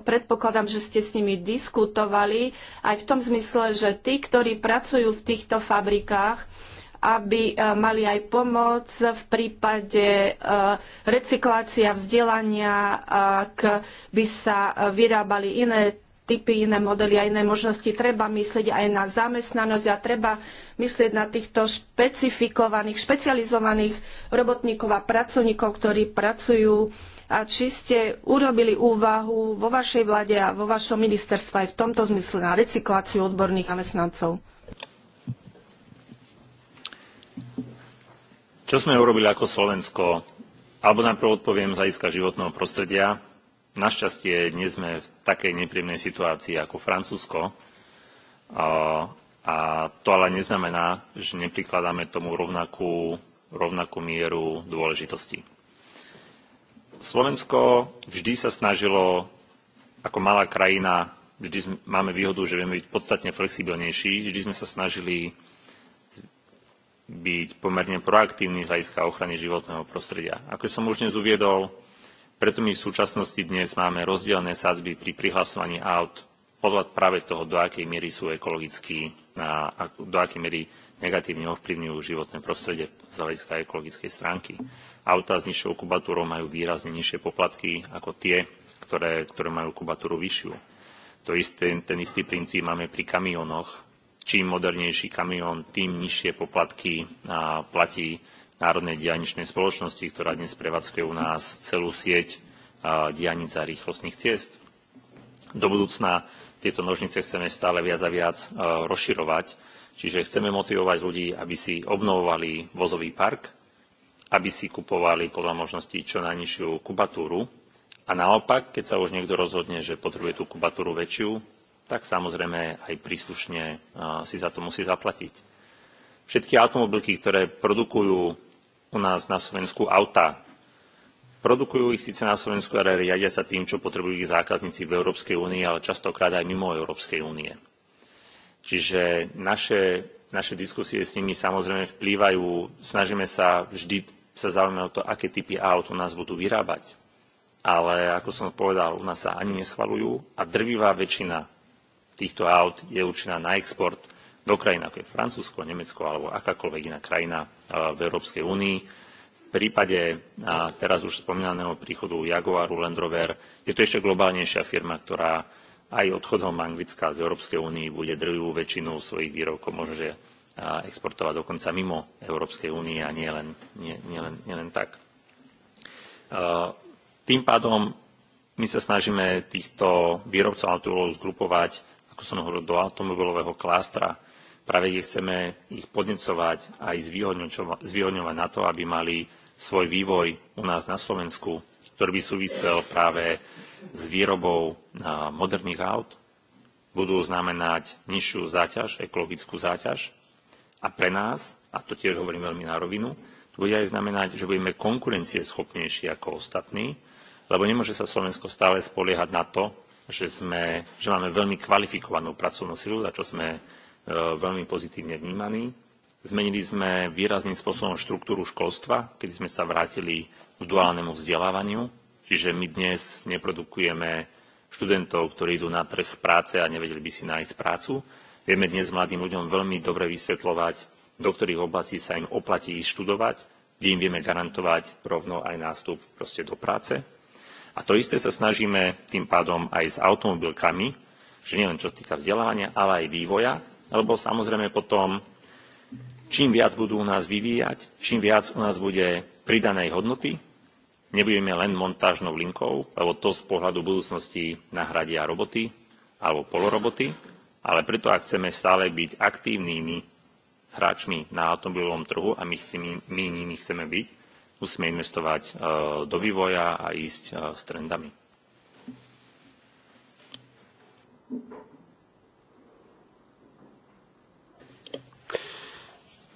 predpokladám, že ste s nimi diskutovali aj v tom zmysle, že tí, ktorí pracujú v týchto fabrikách, aby e, mali aj pomoc v prípade e, recyklácia vzdelania, ak by sa e, vyrábali iné typy, iné modely a iné možnosti. Treba myslieť aj na zamestnanosť a treba myslieť na týchto špecifikovaných, špecializovaných robotníkov a pracovníkov, ktorí pracujú a či ste urobili úvahu vo vašej vláde a vo vašom ministerstve aj v tomto zmysle na recykláciu odborných zamestnancov. Čo sme urobili ako Slovensko? Alebo najprv odpoviem z hľadiska životného prostredia. Našťastie dnes sme v takej nepríjemnej situácii ako Francúzsko. A to ale neznamená, že neprikladáme tomu rovnakú, rovnakú mieru dôležitosti Slovensko vždy sa snažilo, ako malá krajina, vždy máme výhodu, že vieme byť podstatne flexibilnejší, vždy sme sa snažili byť pomerne proaktívny z hľadiska ochrany životného prostredia. Ako som už dnes uviedol, preto my v súčasnosti dnes máme rozdielne sadzby pri prihlasovaní aut podľa práve toho, do akej miery sú ekologicky, do akej miery negatívne ovplyvňujú životné prostredie z hľadiska ekologickej stránky autá s nižšou kubatúrou majú výrazne nižšie poplatky ako tie, ktoré, ktoré majú kubatúru vyššiu. To istý ten istý princíp máme pri kamionoch. Čím modernejší kamión, tým nižšie poplatky platí Národnej dianičnej spoločnosti, ktorá dnes prevádzkuje u nás celú sieť diaľnic a rýchlostných ciest. Do budúcna tieto nožnice chceme stále viac a viac rozširovať, čiže chceme motivovať ľudí, aby si obnovovali vozový park, aby si kupovali podľa možností čo najnižšiu kubatúru. A naopak, keď sa už niekto rozhodne, že potrebuje tú kubatúru väčšiu, tak samozrejme aj príslušne si za to musí zaplatiť. Všetky automobilky, ktoré produkujú u nás na Slovensku auta, Produkujú ich síce na Slovensku, ale riadia sa tým, čo potrebujú ich zákazníci v Európskej únii, ale častokrát aj mimo Európskej únie. Čiže naše, naše diskusie s nimi samozrejme vplývajú, snažíme sa vždy sa zaujímajú o to, aké typy aut u nás budú vyrábať. Ale ako som povedal, u nás sa ani neschvalujú a drvivá väčšina týchto aut je určená na export do krajín ako je Francúzsko, Nemecko alebo akákoľvek iná krajina e, v Európskej únii. V prípade e, teraz už spomínaného príchodu Jaguaru Land Rover je to ešte globálnejšia firma, ktorá aj odchodom Anglická z Európskej únie bude drvivú väčšinu svojich výrobkov možno, že exportovať dokonca mimo Európskej únie a nielen nie, nie len, nie len tak. Tým pádom my sa snažíme týchto výrobcov automobilov zgrupovať, ako som hovoril, do automobilového klástra. Práve kde chceme ich podnecovať aj zvýhodňovať na to, aby mali svoj vývoj u nás na Slovensku, ktorý by súvisel práve s výrobou moderných aut. Budú znamenať nižšiu záťaž, ekologickú záťaž a pre nás, a to tiež hovorím veľmi na rovinu, to bude aj znamenať, že budeme konkurencieschopnejší ako ostatní, lebo nemôže sa Slovensko stále spoliehať na to, že, sme, že máme veľmi kvalifikovanú pracovnú silu, za čo sme e, veľmi pozitívne vnímaní. Zmenili sme výrazným spôsobom štruktúru školstva, keď sme sa vrátili k duálnemu vzdelávaniu, čiže my dnes neprodukujeme študentov, ktorí idú na trh práce a nevedeli by si nájsť prácu, Vieme dnes mladým ľuďom veľmi dobre vysvetľovať, do ktorých oblastí sa im oplatí ísť študovať, kde im vieme garantovať rovno aj nástup proste do práce. A to isté sa snažíme tým pádom aj s automobilkami, že nielen čo sa týka vzdelávania, ale aj vývoja, lebo samozrejme potom, čím viac budú u nás vyvíjať, čím viac u nás bude pridanej hodnoty, nebudeme len montážnou linkou, lebo to z pohľadu budúcnosti nahradia roboty alebo poloroboty, ale preto ak chceme stále byť aktívnymi hráčmi na automobilovom trhu a my, chceme, my nimi chceme byť, musíme investovať e, do vývoja a ísť e, s trendami.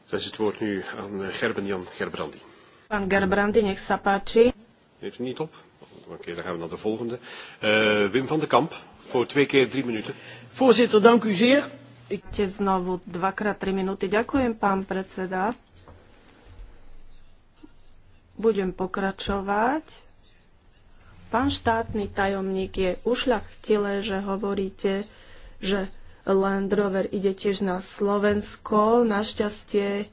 Zes het woord nu aan eh, Gerben-Jan Gerbrandi. Pán Gerbrandi, nech sa páči. Heeft u niet op? Oké, okay, dan gaan we naar de volgende. Uh, Wim van de Kamp, voor twee keer drie minuten. Voorzitter, dank u zeer. Znovu dvakrát tri minúty. Ďakujem, pán predseda. Budem pokračovať. Pán štátny tajomník je ušľachtilé, že hovoríte, že Land Rover ide tiež na Slovensko. Našťastie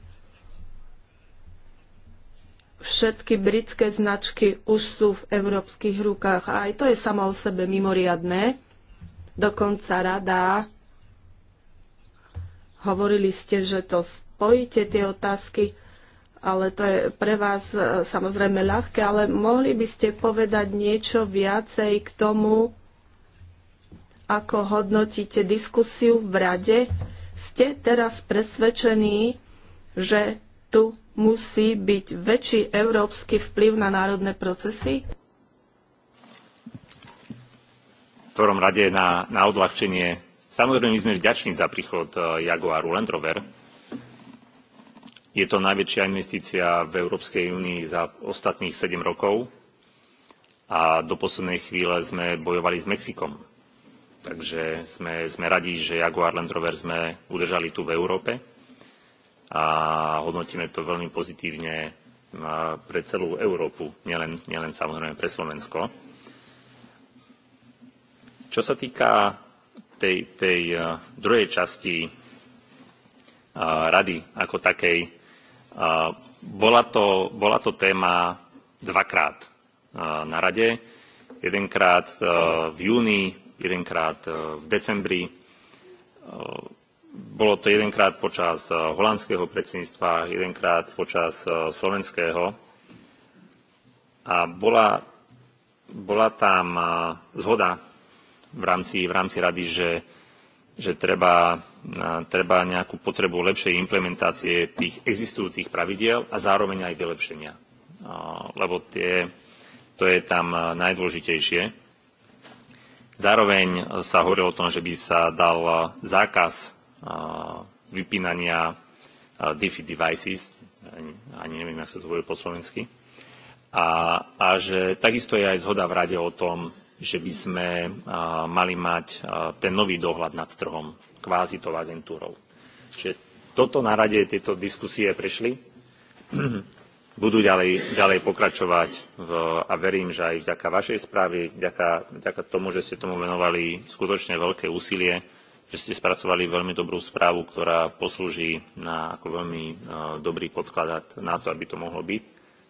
všetky britské značky už sú v európskych rukách. A aj to je samo o sebe mimoriadné. Dokonca rada, hovorili ste, že to spojíte, tie otázky, ale to je pre vás e, samozrejme ľahké, ale mohli by ste povedať niečo viacej k tomu, ako hodnotíte diskusiu v rade. Ste teraz presvedčení, že tu musí byť väčší európsky vplyv na národné procesy? prvom rade na, na odľahčenie. Samozrejme, my sme vďační za príchod eh, Jaguaru Land Rover. Je to najväčšia investícia v Európskej únii za ostatných 7 rokov a do poslednej chvíle sme bojovali s Mexikom. Takže sme, sme radi, že Jaguar Land Rover sme udržali tu v Európe a hodnotíme to veľmi pozitívne eh, pre celú Európu, nielen, nielen samozrejme pre Slovensko čo sa týka tej, tej eh, druhej časti eh, rady ako takej, eh, bola to, bola to téma dvakrát na rade. Jedenkrát v júni, jedenkrát v decembri. bolo to jedenkrát počas holandského predsedníctva, jedenkrát počas slovenského. A bola, bola tam zhoda v rámci, v rámci rady, že, že treba, treba nejakú potrebu lepšej implementácie tých existujúcich pravidiel a zároveň aj vylepšenia. Lebo tie, to je tam najdôležitejšie. Zároveň sa hovorilo o tom, že by sa dal zákaz vypínania DeFi devices, ani neviem, ak sa to hovorí po slovensky, a, a že takisto je aj zhoda v rade o tom, že by sme mali mať ten nový dohľad nad trhom kvázi tou agentúrou. Čiže toto na rade tieto diskusie prešli, budú ďalej, ďalej pokračovať v, a verím, že aj vďaka vašej správy, vďaka, vďaka tomu, že ste tomu venovali skutočne veľké úsilie, že ste spracovali veľmi dobrú správu, ktorá poslúži na, ako veľmi e, dobrý podklad na to, aby to mohlo byť.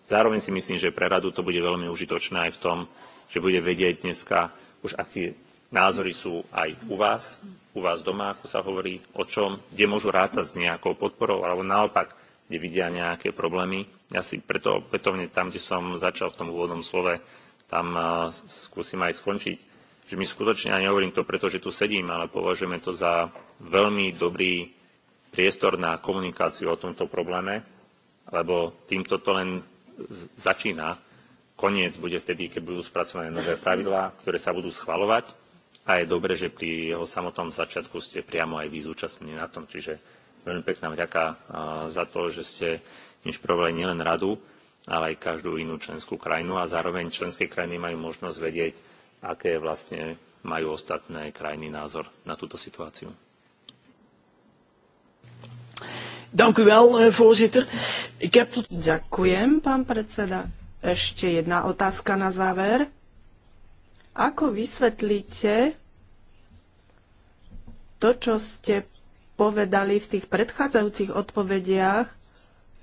Zároveň si myslím, že pre radu to bude veľmi užitočné aj v tom, že bude vedieť dneska už, aký názory sú aj u vás, u vás doma, ako sa hovorí, o čom, kde môžu rátať s nejakou podporou, alebo naopak, kde vidia nejaké problémy. Ja si preto opätovne tam, kde som začal v tom úvodnom slove, tam uh, skúsim aj skončiť, že my skutočne, ja nehovorím to preto, že tu sedím, ale považujeme to za veľmi dobrý priestor na komunikáciu o tomto probléme, lebo týmto to len začína koniec bude vtedy, keď budú spracované nové pravidlá, ktoré sa budú schvalovať a je dobre, že pri jeho samotnom začiatku ste priamo aj vy zúčastnení na tom, čiže veľmi pekná vďaka za to, že ste inšpirovali nielen radu, ale aj každú inú členskú krajinu a zároveň členské krajiny majú možnosť vedieť, aké vlastne majú ostatné krajiny názor na túto situáciu. Eh, Ďakujem, pán predseda. Ešte jedna otázka na záver. Ako vysvetlíte to, čo ste povedali v tých predchádzajúcich odpovediach,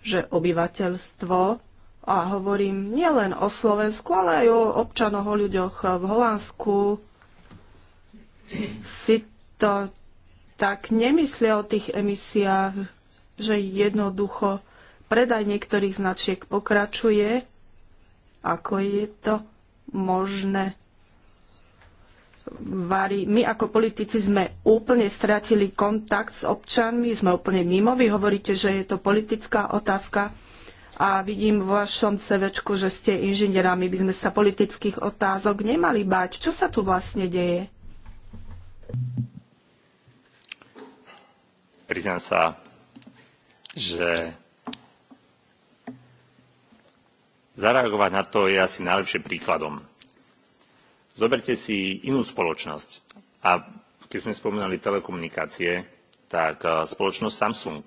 že obyvateľstvo, a hovorím nielen o Slovensku, ale aj o občanoch, o ľuďoch v Holandsku, si to tak nemyslia o tých emisiách, že jednoducho predaj niektorých značiek pokračuje ako je to možné? Vary. my ako politici sme úplne stratili kontakt s občanmi, sme úplne mimo. Vy hovoríte, že je to politická otázka a vidím vo vašom CVčku, že ste inžinierami, by sme sa politických otázok nemali báť. Čo sa tu vlastne deje? Priznám sa, že Zareagovať na to je asi najlepším príkladom. Zoberte si inú spoločnosť. A keď sme spomínali telekomunikácie, tak e, spoločnosť Samsung,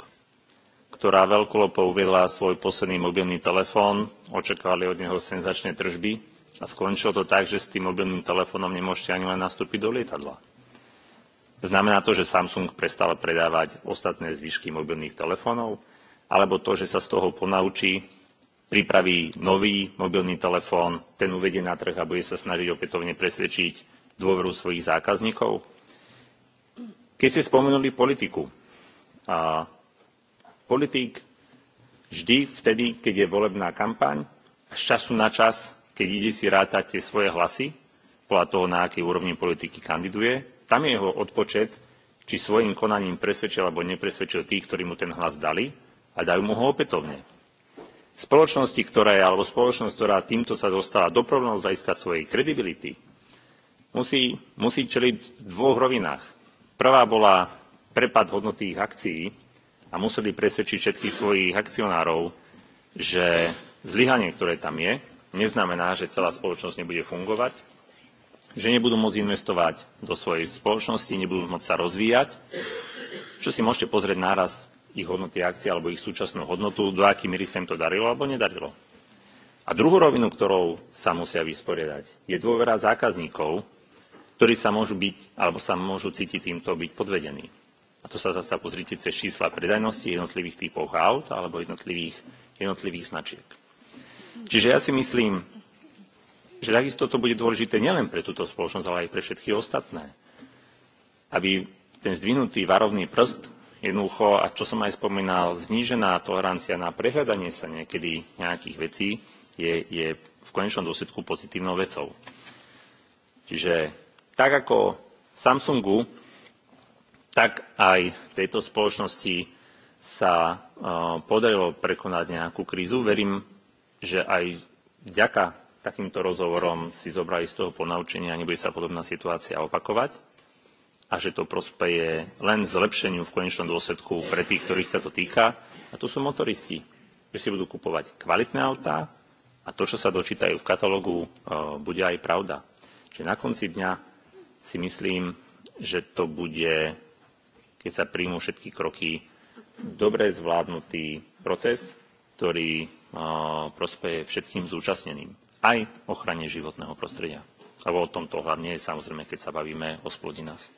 ktorá veľkolopo uviedla svoj posledný mobilný telefón, očakávali od neho senzačné tržby a skončilo to tak, že s tým mobilným telefónom nemôžete ani len nastúpiť do lietadla. Znamená to, že Samsung prestal predávať ostatné zvyšky mobilných telefónov, alebo to, že sa z toho ponaučí pripraví nový mobilný telefón, ten uvedie na trh a bude sa snažiť opätovne presvedčiť dôveru svojich zákazníkov? Keď ste spomenuli politiku, a politik vždy vtedy, keď je volebná kampaň, z času na čas, keď ide si rátať tie svoje hlasy, podľa toho, na akej úrovni politiky kandiduje, tam je jeho odpočet, či svojim konaním presvedčil alebo nepresvedčil tých, ktorí mu ten hlas dali a dajú mu ho opätovne spoločnosti, ktorá je, alebo spoločnosť, ktorá týmto sa dostala do problémov z hľadiska svojej kredibility, musí, musí čeliť v dvoch rovinách. Prvá bola prepad hodnoty ich akcií a museli presvedčiť všetkých svojich akcionárov, že zlyhanie, ktoré tam je, neznamená, že celá spoločnosť nebude fungovať, že nebudú môcť investovať do svojej spoločnosti, nebudú môcť sa rozvíjať, čo si môžete pozrieť náraz ich hodnoty akcie alebo ich súčasnú hodnotu, do aký miery sa im to darilo alebo nedarilo. A druhú rovinu, ktorou sa musia vysporiadať, je dôvera zákazníkov, ktorí sa môžu byť, alebo sa môžu cítiť týmto byť podvedení. A to sa zase pozrite cez čísla predajnosti jednotlivých typov aut alebo jednotlivých, jednotlivých značiek. Čiže ja si myslím, že takisto to bude dôležité nielen pre túto spoločnosť, ale aj pre všetky ostatné. Aby ten zdvinutý varovný prst Jednoducho, a čo som aj spomínal, znížená tolerancia na prehľadanie sa niekedy nejakých vecí je, je v konečnom dôsledku pozitívnou vecou. Čiže tak ako Samsungu, tak aj tejto spoločnosti sa e, podarilo prekonať nejakú krízu. Verím, že aj vďaka takýmto rozhovorom si zobrali z toho ponaučenie a nebude sa podobná situácia opakovať a že to prospeje len zlepšeniu v konečnom dôsledku pre tých, ktorých sa to týka. A to sú motoristi, že si budú kupovať kvalitné autá a to, čo sa dočítajú v katalógu, e, bude aj pravda. Čiže na konci dňa si myslím, že to bude, keď sa príjmú všetky kroky, dobre zvládnutý proces, ktorý e, prospeje všetkým zúčastneným. Aj ochrane životného prostredia. Lebo o tomto hlavne je samozrejme, keď sa bavíme o splodinách.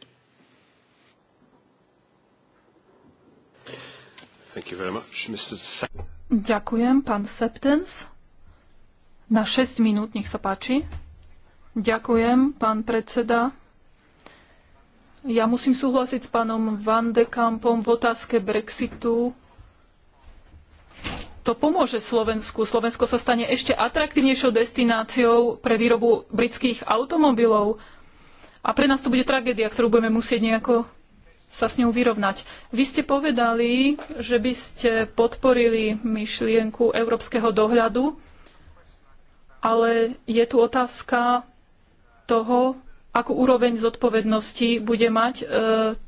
Thank you very much, Mr. Sa- Ďakujem, pán Septens. Na 6 minút, nech sa páči. Ďakujem, pán predseda. Ja musím súhlasiť s pánom Van de Kampom v otázke Brexitu. To pomôže Slovensku. Slovensko sa stane ešte atraktívnejšou destináciou pre výrobu britských automobilov. A pre nás to bude tragédia, ktorú budeme musieť nejako sa s ňou vyrovnať. Vy ste povedali, že by ste podporili myšlienku európskeho dohľadu, ale je tu otázka toho, akú úroveň zodpovednosti bude mať e,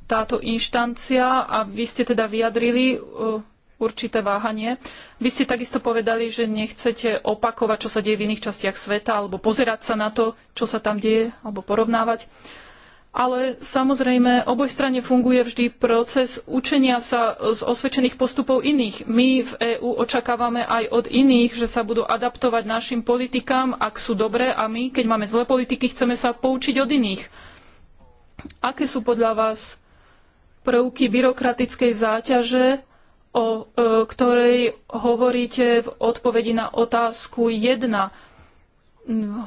táto inštancia a vy ste teda vyjadrili e, určité váhanie. Vy ste takisto povedali, že nechcete opakovať, čo sa deje v iných častiach sveta, alebo pozerať sa na to, čo sa tam deje, alebo porovnávať. E, ale samozrejme obojstranne funguje vždy proces učenia sa z osvedčených postupov iných. My v EÚ očakávame aj od iných, že sa budú adaptovať našim politikám, ak sú dobré a my, keď máme zlé politiky, chceme sa poučiť od iných. Aké sú podľa vás prvky byrokratickej záťaže, o e, ktorej hovoríte v odpovedi na otázku 1?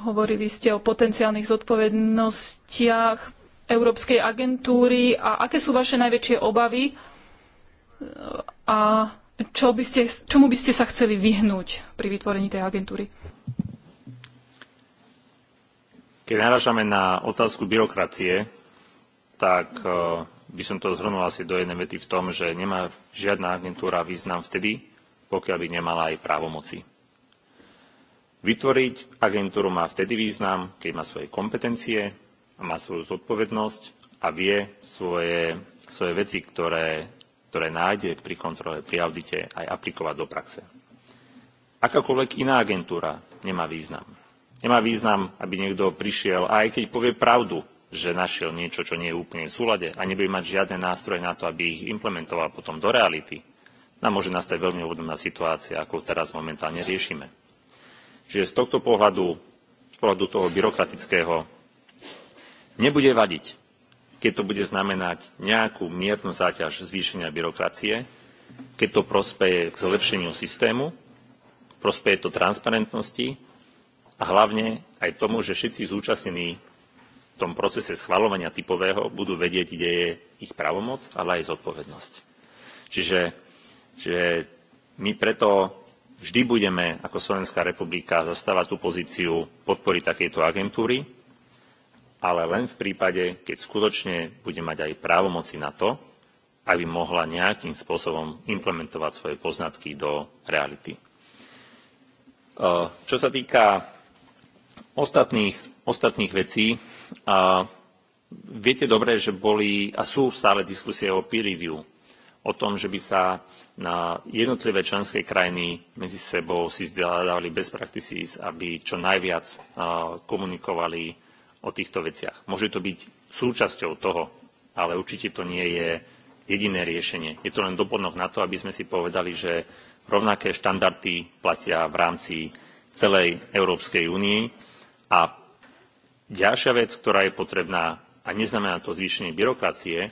Hovorili ste o potenciálnych zodpovednostiach Európskej agentúry a aké sú vaše najväčšie obavy e, a čo by ste, čomu by ste sa chceli vyhnúť pri vytvorení tej agentúry? Keď narážame na otázku byrokracie, tak e, by som to zhrnul asi do jednej vety v tom, že nemá žiadna agentúra význam vtedy, pokiaľ by nemala aj právomoci. Vytvoriť agentúru má vtedy význam, keď má svoje kompetencie, má svoju zodpovednosť a vie svoje, svoje veci, ktoré, ktoré nájde pri kontrole, pri audite, aj aplikovať do praxe. Akákoľvek iná agentúra nemá význam. Nemá význam, aby niekto prišiel aj keď povie pravdu, že našiel niečo, čo nie je úplne v súlade a nebude mať žiadne nástroje na to, aby ich implementoval potom do reality, nám môže nastať veľmi obdobná situácia, ako teraz momentálne riešime. Čiže z tohto pohľadu, z pohľadu toho byrokratického, nebude vadiť, keď to bude znamenať nejakú miernu záťaž zvýšenia byrokracie, keď to prospeje k zlepšeniu systému, prospeje to transparentnosti a hlavne aj tomu, že všetci zúčastnení v tom procese schvaľovania typového budú vedieť, kde je ich pravomoc, ale aj zodpovednosť. Čiže, že my preto vždy budeme ako Slovenská republika zastávať tú pozíciu podpory takejto agentúry ale len v prípade, keď skutočne bude mať aj právomoci na to, aby mohla nejakým spôsobom implementovať svoje poznatky do reality. E, čo sa týka ostatných, ostatných vecí, a e, viete dobre, že boli a sú stále diskusie o peer review, o tom, že by sa na jednotlivé členské krajiny medzi sebou si zdávali best practices, aby čo najviac e, komunikovali o týchto veciach. Môže to byť súčasťou toho, ale určite to nie je jediné riešenie. Je to len doplnok na to, aby sme si povedali, že rovnaké štandardy platia v rámci celej Európskej únii. A ďalšia vec, ktorá je potrebná, a neznamená to zvýšenie byrokracie,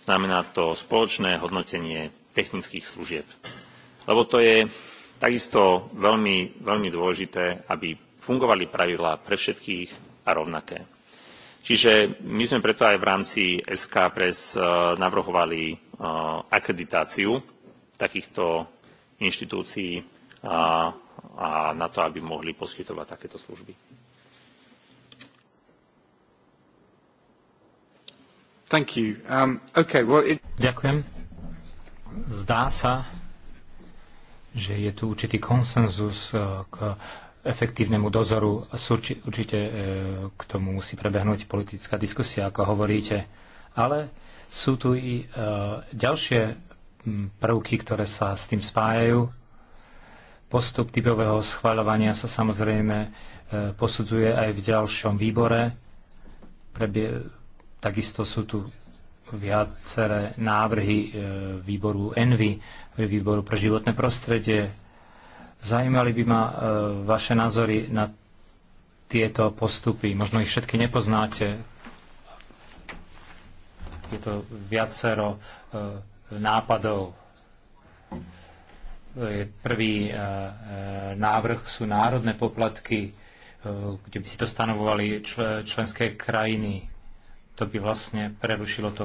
znamená to spoločné hodnotenie technických služieb. Lebo to je takisto veľmi, veľmi dôležité, aby fungovali pravidlá pre všetkých a rovnaké. Čiže my sme preto aj v rámci SK Press e, navrhovali e, akreditáciu takýchto inštitúcií a, e, a na to, aby mohli poskytovať takéto služby. Thank you. Um, okay, well it... Ďakujem. Zdá sa, že je tu určitý konsenzus k efektívnemu dozoru a určite e, k tomu musí prebehnúť politická diskusia, ako hovoríte. Ale sú tu i e, ďalšie prvky, ktoré sa s tým spájajú. Postup typového schváľovania sa samozrejme e, posudzuje aj v ďalšom výbore. takisto sú tu viaceré návrhy výboru ENVY, výboru pre životné prostredie, Zajímali by ma e, vaše názory na tieto postupy. Možno ich všetky nepoznáte. Je to viacero e, nápadov. E, prvý návrh sú národné poplatky, kde by si to stanovovali členské krajiny. To by vlastne prerušilo to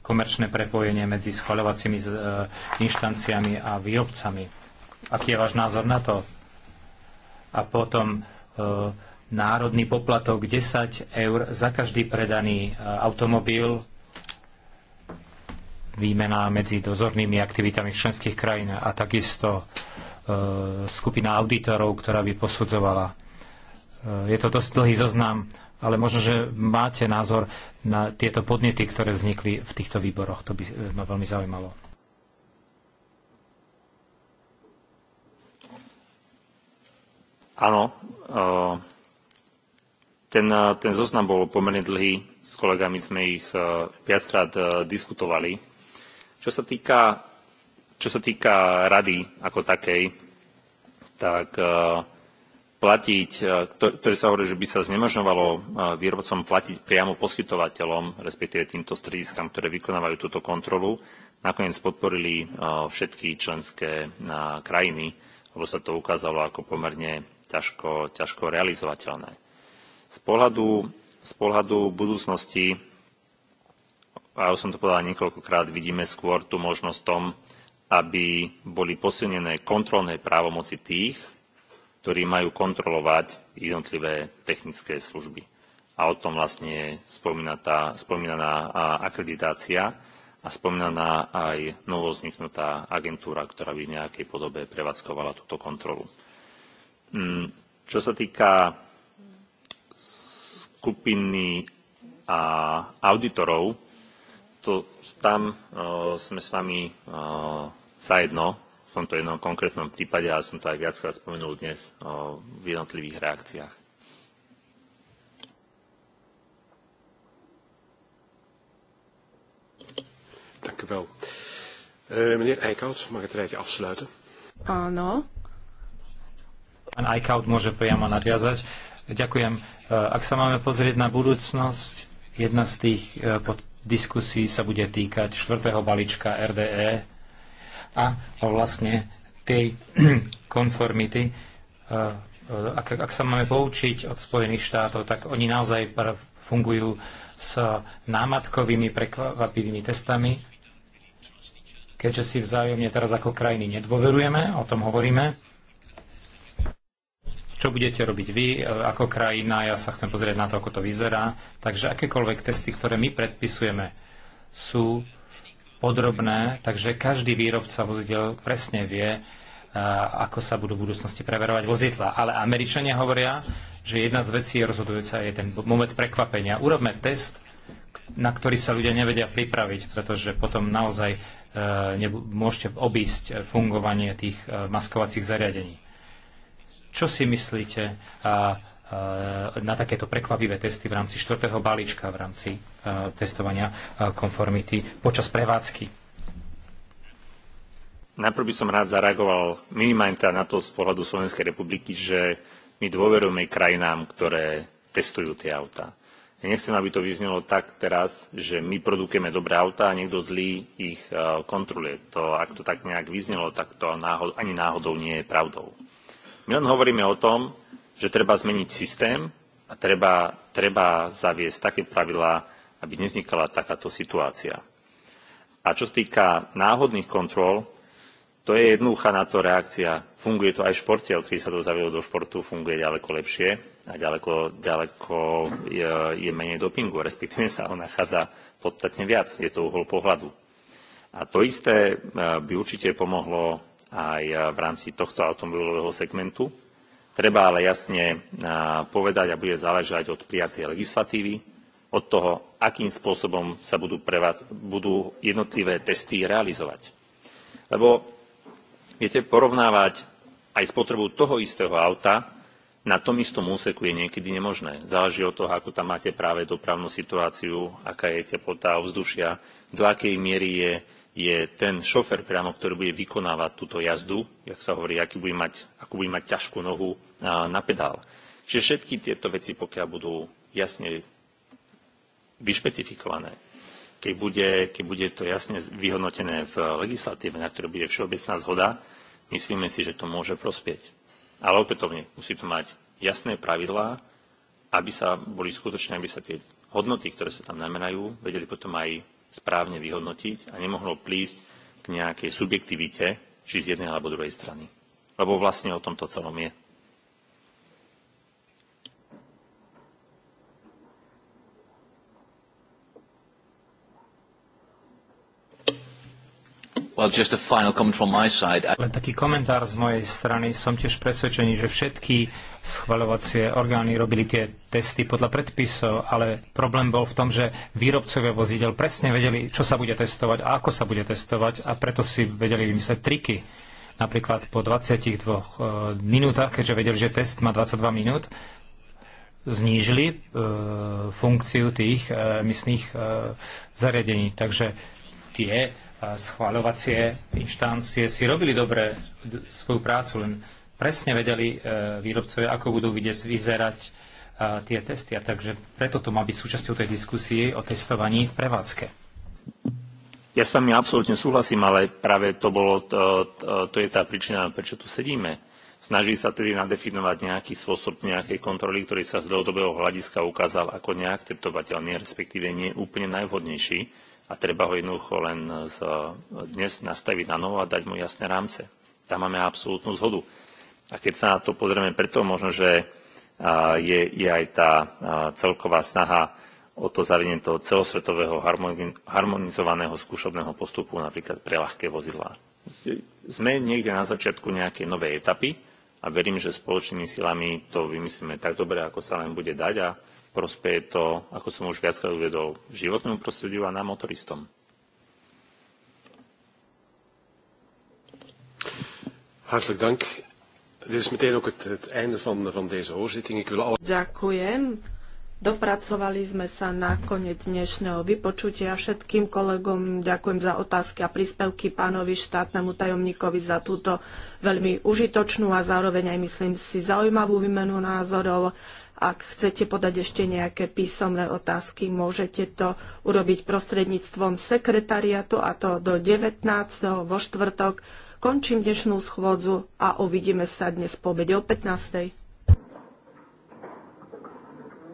komerčné prepojenie medzi schvaľovacími inštanciami a výrobcami Aký je váš názor na to? A potom e, národný poplatok 10 eur za každý predaný e, automobil výmena medzi dozornými aktivitami v členských krajín a takisto e, skupina auditorov, ktorá by posudzovala. E, je to dosť dlhý zoznam, ale možno, že máte názor na tieto podnety, ktoré vznikli v týchto výboroch. To by e, ma veľmi zaujímalo. Áno, eh, ten, eh, ten zoznam bol pomerne dlhý, s kolegami sme ich eh, viackrát diskutovali. Čo sa týka, čo sa týka rady ako takej, tak platiť, ktoré sa hovorí, že by sa znemožňovalo výrobcom platiť priamo poskytovateľom, respektíve týmto strediskám, ktoré vykonávajú túto kontrolu, nakoniec podporili všetky členské krajiny, lebo sa to ukázalo ako pomerne ťažko, ťažko realizovateľné. Z pohľadu, z pohľadu budúcnosti, a už som to povedal niekoľkokrát, vidíme skôr tú možnosť tom, aby boli posilnené kontrolné právomoci tých, ktorí majú kontrolovať jednotlivé technické služby. A o tom vlastne spomínaná, spomínaná akreditácia a spomínaná aj novozniknutá agentúra, ktorá by v nejakej podobe prevádzkovala túto kontrolu. Mm, čo sa týka skupiny a auditorov, to tam sme s vami zajedno v tomto jednom konkrétnom prípade, ale som to aj viackrát spomenul dnes v jednotlivých reakciách. Dank u wel. Uh, meneer Eickhout, mag het rijtje afsluiten? Áno, ICAUT môže priamo nadviazať. Ďakujem. E, ak sa máme pozrieť na budúcnosť, jedna z tých e, diskusí sa bude týkať štvrtého balíčka RDE a vlastne tej konformity. E, ak, ak sa máme poučiť od Spojených štátov, tak oni naozaj fungujú s námatkovými, prekvapivými testami, keďže si vzájomne teraz ako krajiny nedôverujeme, o tom hovoríme, čo budete robiť vy e, ako krajina, ja sa chcem pozrieť na to, ako to vyzerá. Takže akékoľvek testy, ktoré my predpisujeme, sú podrobné, takže každý výrobca vozidel presne vie, e, ako sa budú v budúcnosti preverovať vozidla. Ale Američania hovoria, že jedna z vecí je rozhodujúca je ten moment prekvapenia. Urobme test, na ktorý sa ľudia nevedia pripraviť, pretože potom naozaj e, môžete obísť fungovanie tých maskovacích zariadení. Čo si myslíte na takéto prekvapivé testy v rámci štvrtého balíčka, v rámci testovania konformity počas prevádzky? Najprv by som rád zareagoval minimálne teda na to z pohľadu Slovenskej republiky, že my dôverujeme krajinám, ktoré testujú tie autá. Ja nechcem, aby to vyznelo tak teraz, že my produkujeme dobré autá a niekto zlý ich kontroluje. To, ak to tak nejak vyznelo, tak to náhod, ani náhodou nie je pravdou my len hovoríme o tom že treba zmeniť systém a treba, treba zaviesť také pravidlá aby nevznikala takáto situácia. a čo sa týka náhodných kontrol to je jednoduchá na to reakcia. Funguje to aj v športe, odkedy sa to zaviedlo do športu, funguje ďaleko lepšie a ďaleko, ďaleko je, je menej dopingu, respektíve sa ho nachádza podstatne viac. Je to uhol pohľadu. A to isté eh, by určite pomohlo aj eh, v rámci tohto automobilového segmentu. Treba ale jasne eh, povedať a bude záležať od prijatej legislatívy, od toho, akým spôsobom sa budú, prevádz- budú jednotlivé testy realizovať. Lebo viete, porovnávať aj spotrebu toho istého auta na tom istom úseku je niekedy nemožné. Záleží od toho, ako tam máte práve dopravnú situáciu, aká je teplota ovzdušia, do akej miery je je ten šofer priamo, ktorý bude vykonávať túto jazdu, jak sa hovorí, aký bude mať, akú bude mať ťažkú nohu na pedál. Čiže všetky tieto veci, pokiaľ budú jasne vyšpecifikované, keď bude, keď bude to jasne vyhodnotené v legislatíve, na ktorej bude všeobecná zhoda, myslíme si, že to môže prospieť. Ale opätovne, musí to mať jasné pravidlá, aby sa boli skutočné, aby sa tie hodnoty, ktoré sa tam namerajú, vedeli potom aj správne vyhodnotiť a nemohlo plísť k nejakej subjektivite, či z jednej alebo druhej strany. Lebo vlastne o tomto celom je. Well, just a final comment from my side. Len taký komentár z mojej strany. Som tiež presvedčený, že všetky schvaľovacie orgány robili tie testy podľa predpisov, ale problém bol v tom, že výrobcovia vozidel presne vedeli, čo sa bude testovať a ako sa bude testovať a preto si vedeli vymyslieť triky. Napríklad po 22 e, minútach, keďže vedeli, že test má 22 minút, znížili e, funkciu tých e, emisných e, zariadení. Takže tie e, schváľovacie inštancie si robili dobre svoju prácu, len presne vedeli e, výrobcovia, ako budú vidieť, vyzerať e, tie testy. A takže preto to má byť súčasťou tej diskusie o testovaní v prevádzke. Ja s vami absolútne súhlasím, ale práve to, bolo, to, e, to, to je tá príčina, prečo tu sedíme. Snaží sa tedy nadefinovať nejaký spôsob nejakej kontroly, ktorý sa z dlhodobého hľadiska ukázal ako neakceptovateľný, respektíve nie úplne najvhodnejší a treba ho jednoducho len z, dnes nastaviť na novo a dať mu jasné rámce. Tam máme absolútnu zhodu. A keď sa na to pozrieme, preto možno, že je, je aj tá celková snaha o to zavedenie toho celosvetového harmonizovaného skúšobného postupu napríklad pre ľahké vozidlá. Sme niekde na začiatku nejakej novej etapy a verím, že spoločnými silami to vymyslíme tak dobre, ako sa len bude dať a prospeje to, ako som už viackrát uvedol, životnému prostrediu a nám motoristom. Hartelijk dank. Dit is meteen ook het, het einde van, van deze hoorzitting. Ik wil al... Ďakujem. Dopracovali sme sa na koniec dnešného vypočutia. Všetkým kolegom ďakujem za otázky a príspevky pánovi štátnemu tajomníkovi za túto veľmi užitočnú a zároveň aj myslím si zaujímavú výmenu názorov. Ak chcete podať ešte nejaké písomné otázky, môžete to urobiť prostredníctvom sekretariatu a to do 19. vo štvrtok Končím dnešnú schôdzu a uvidíme sa dnes po obede o 15.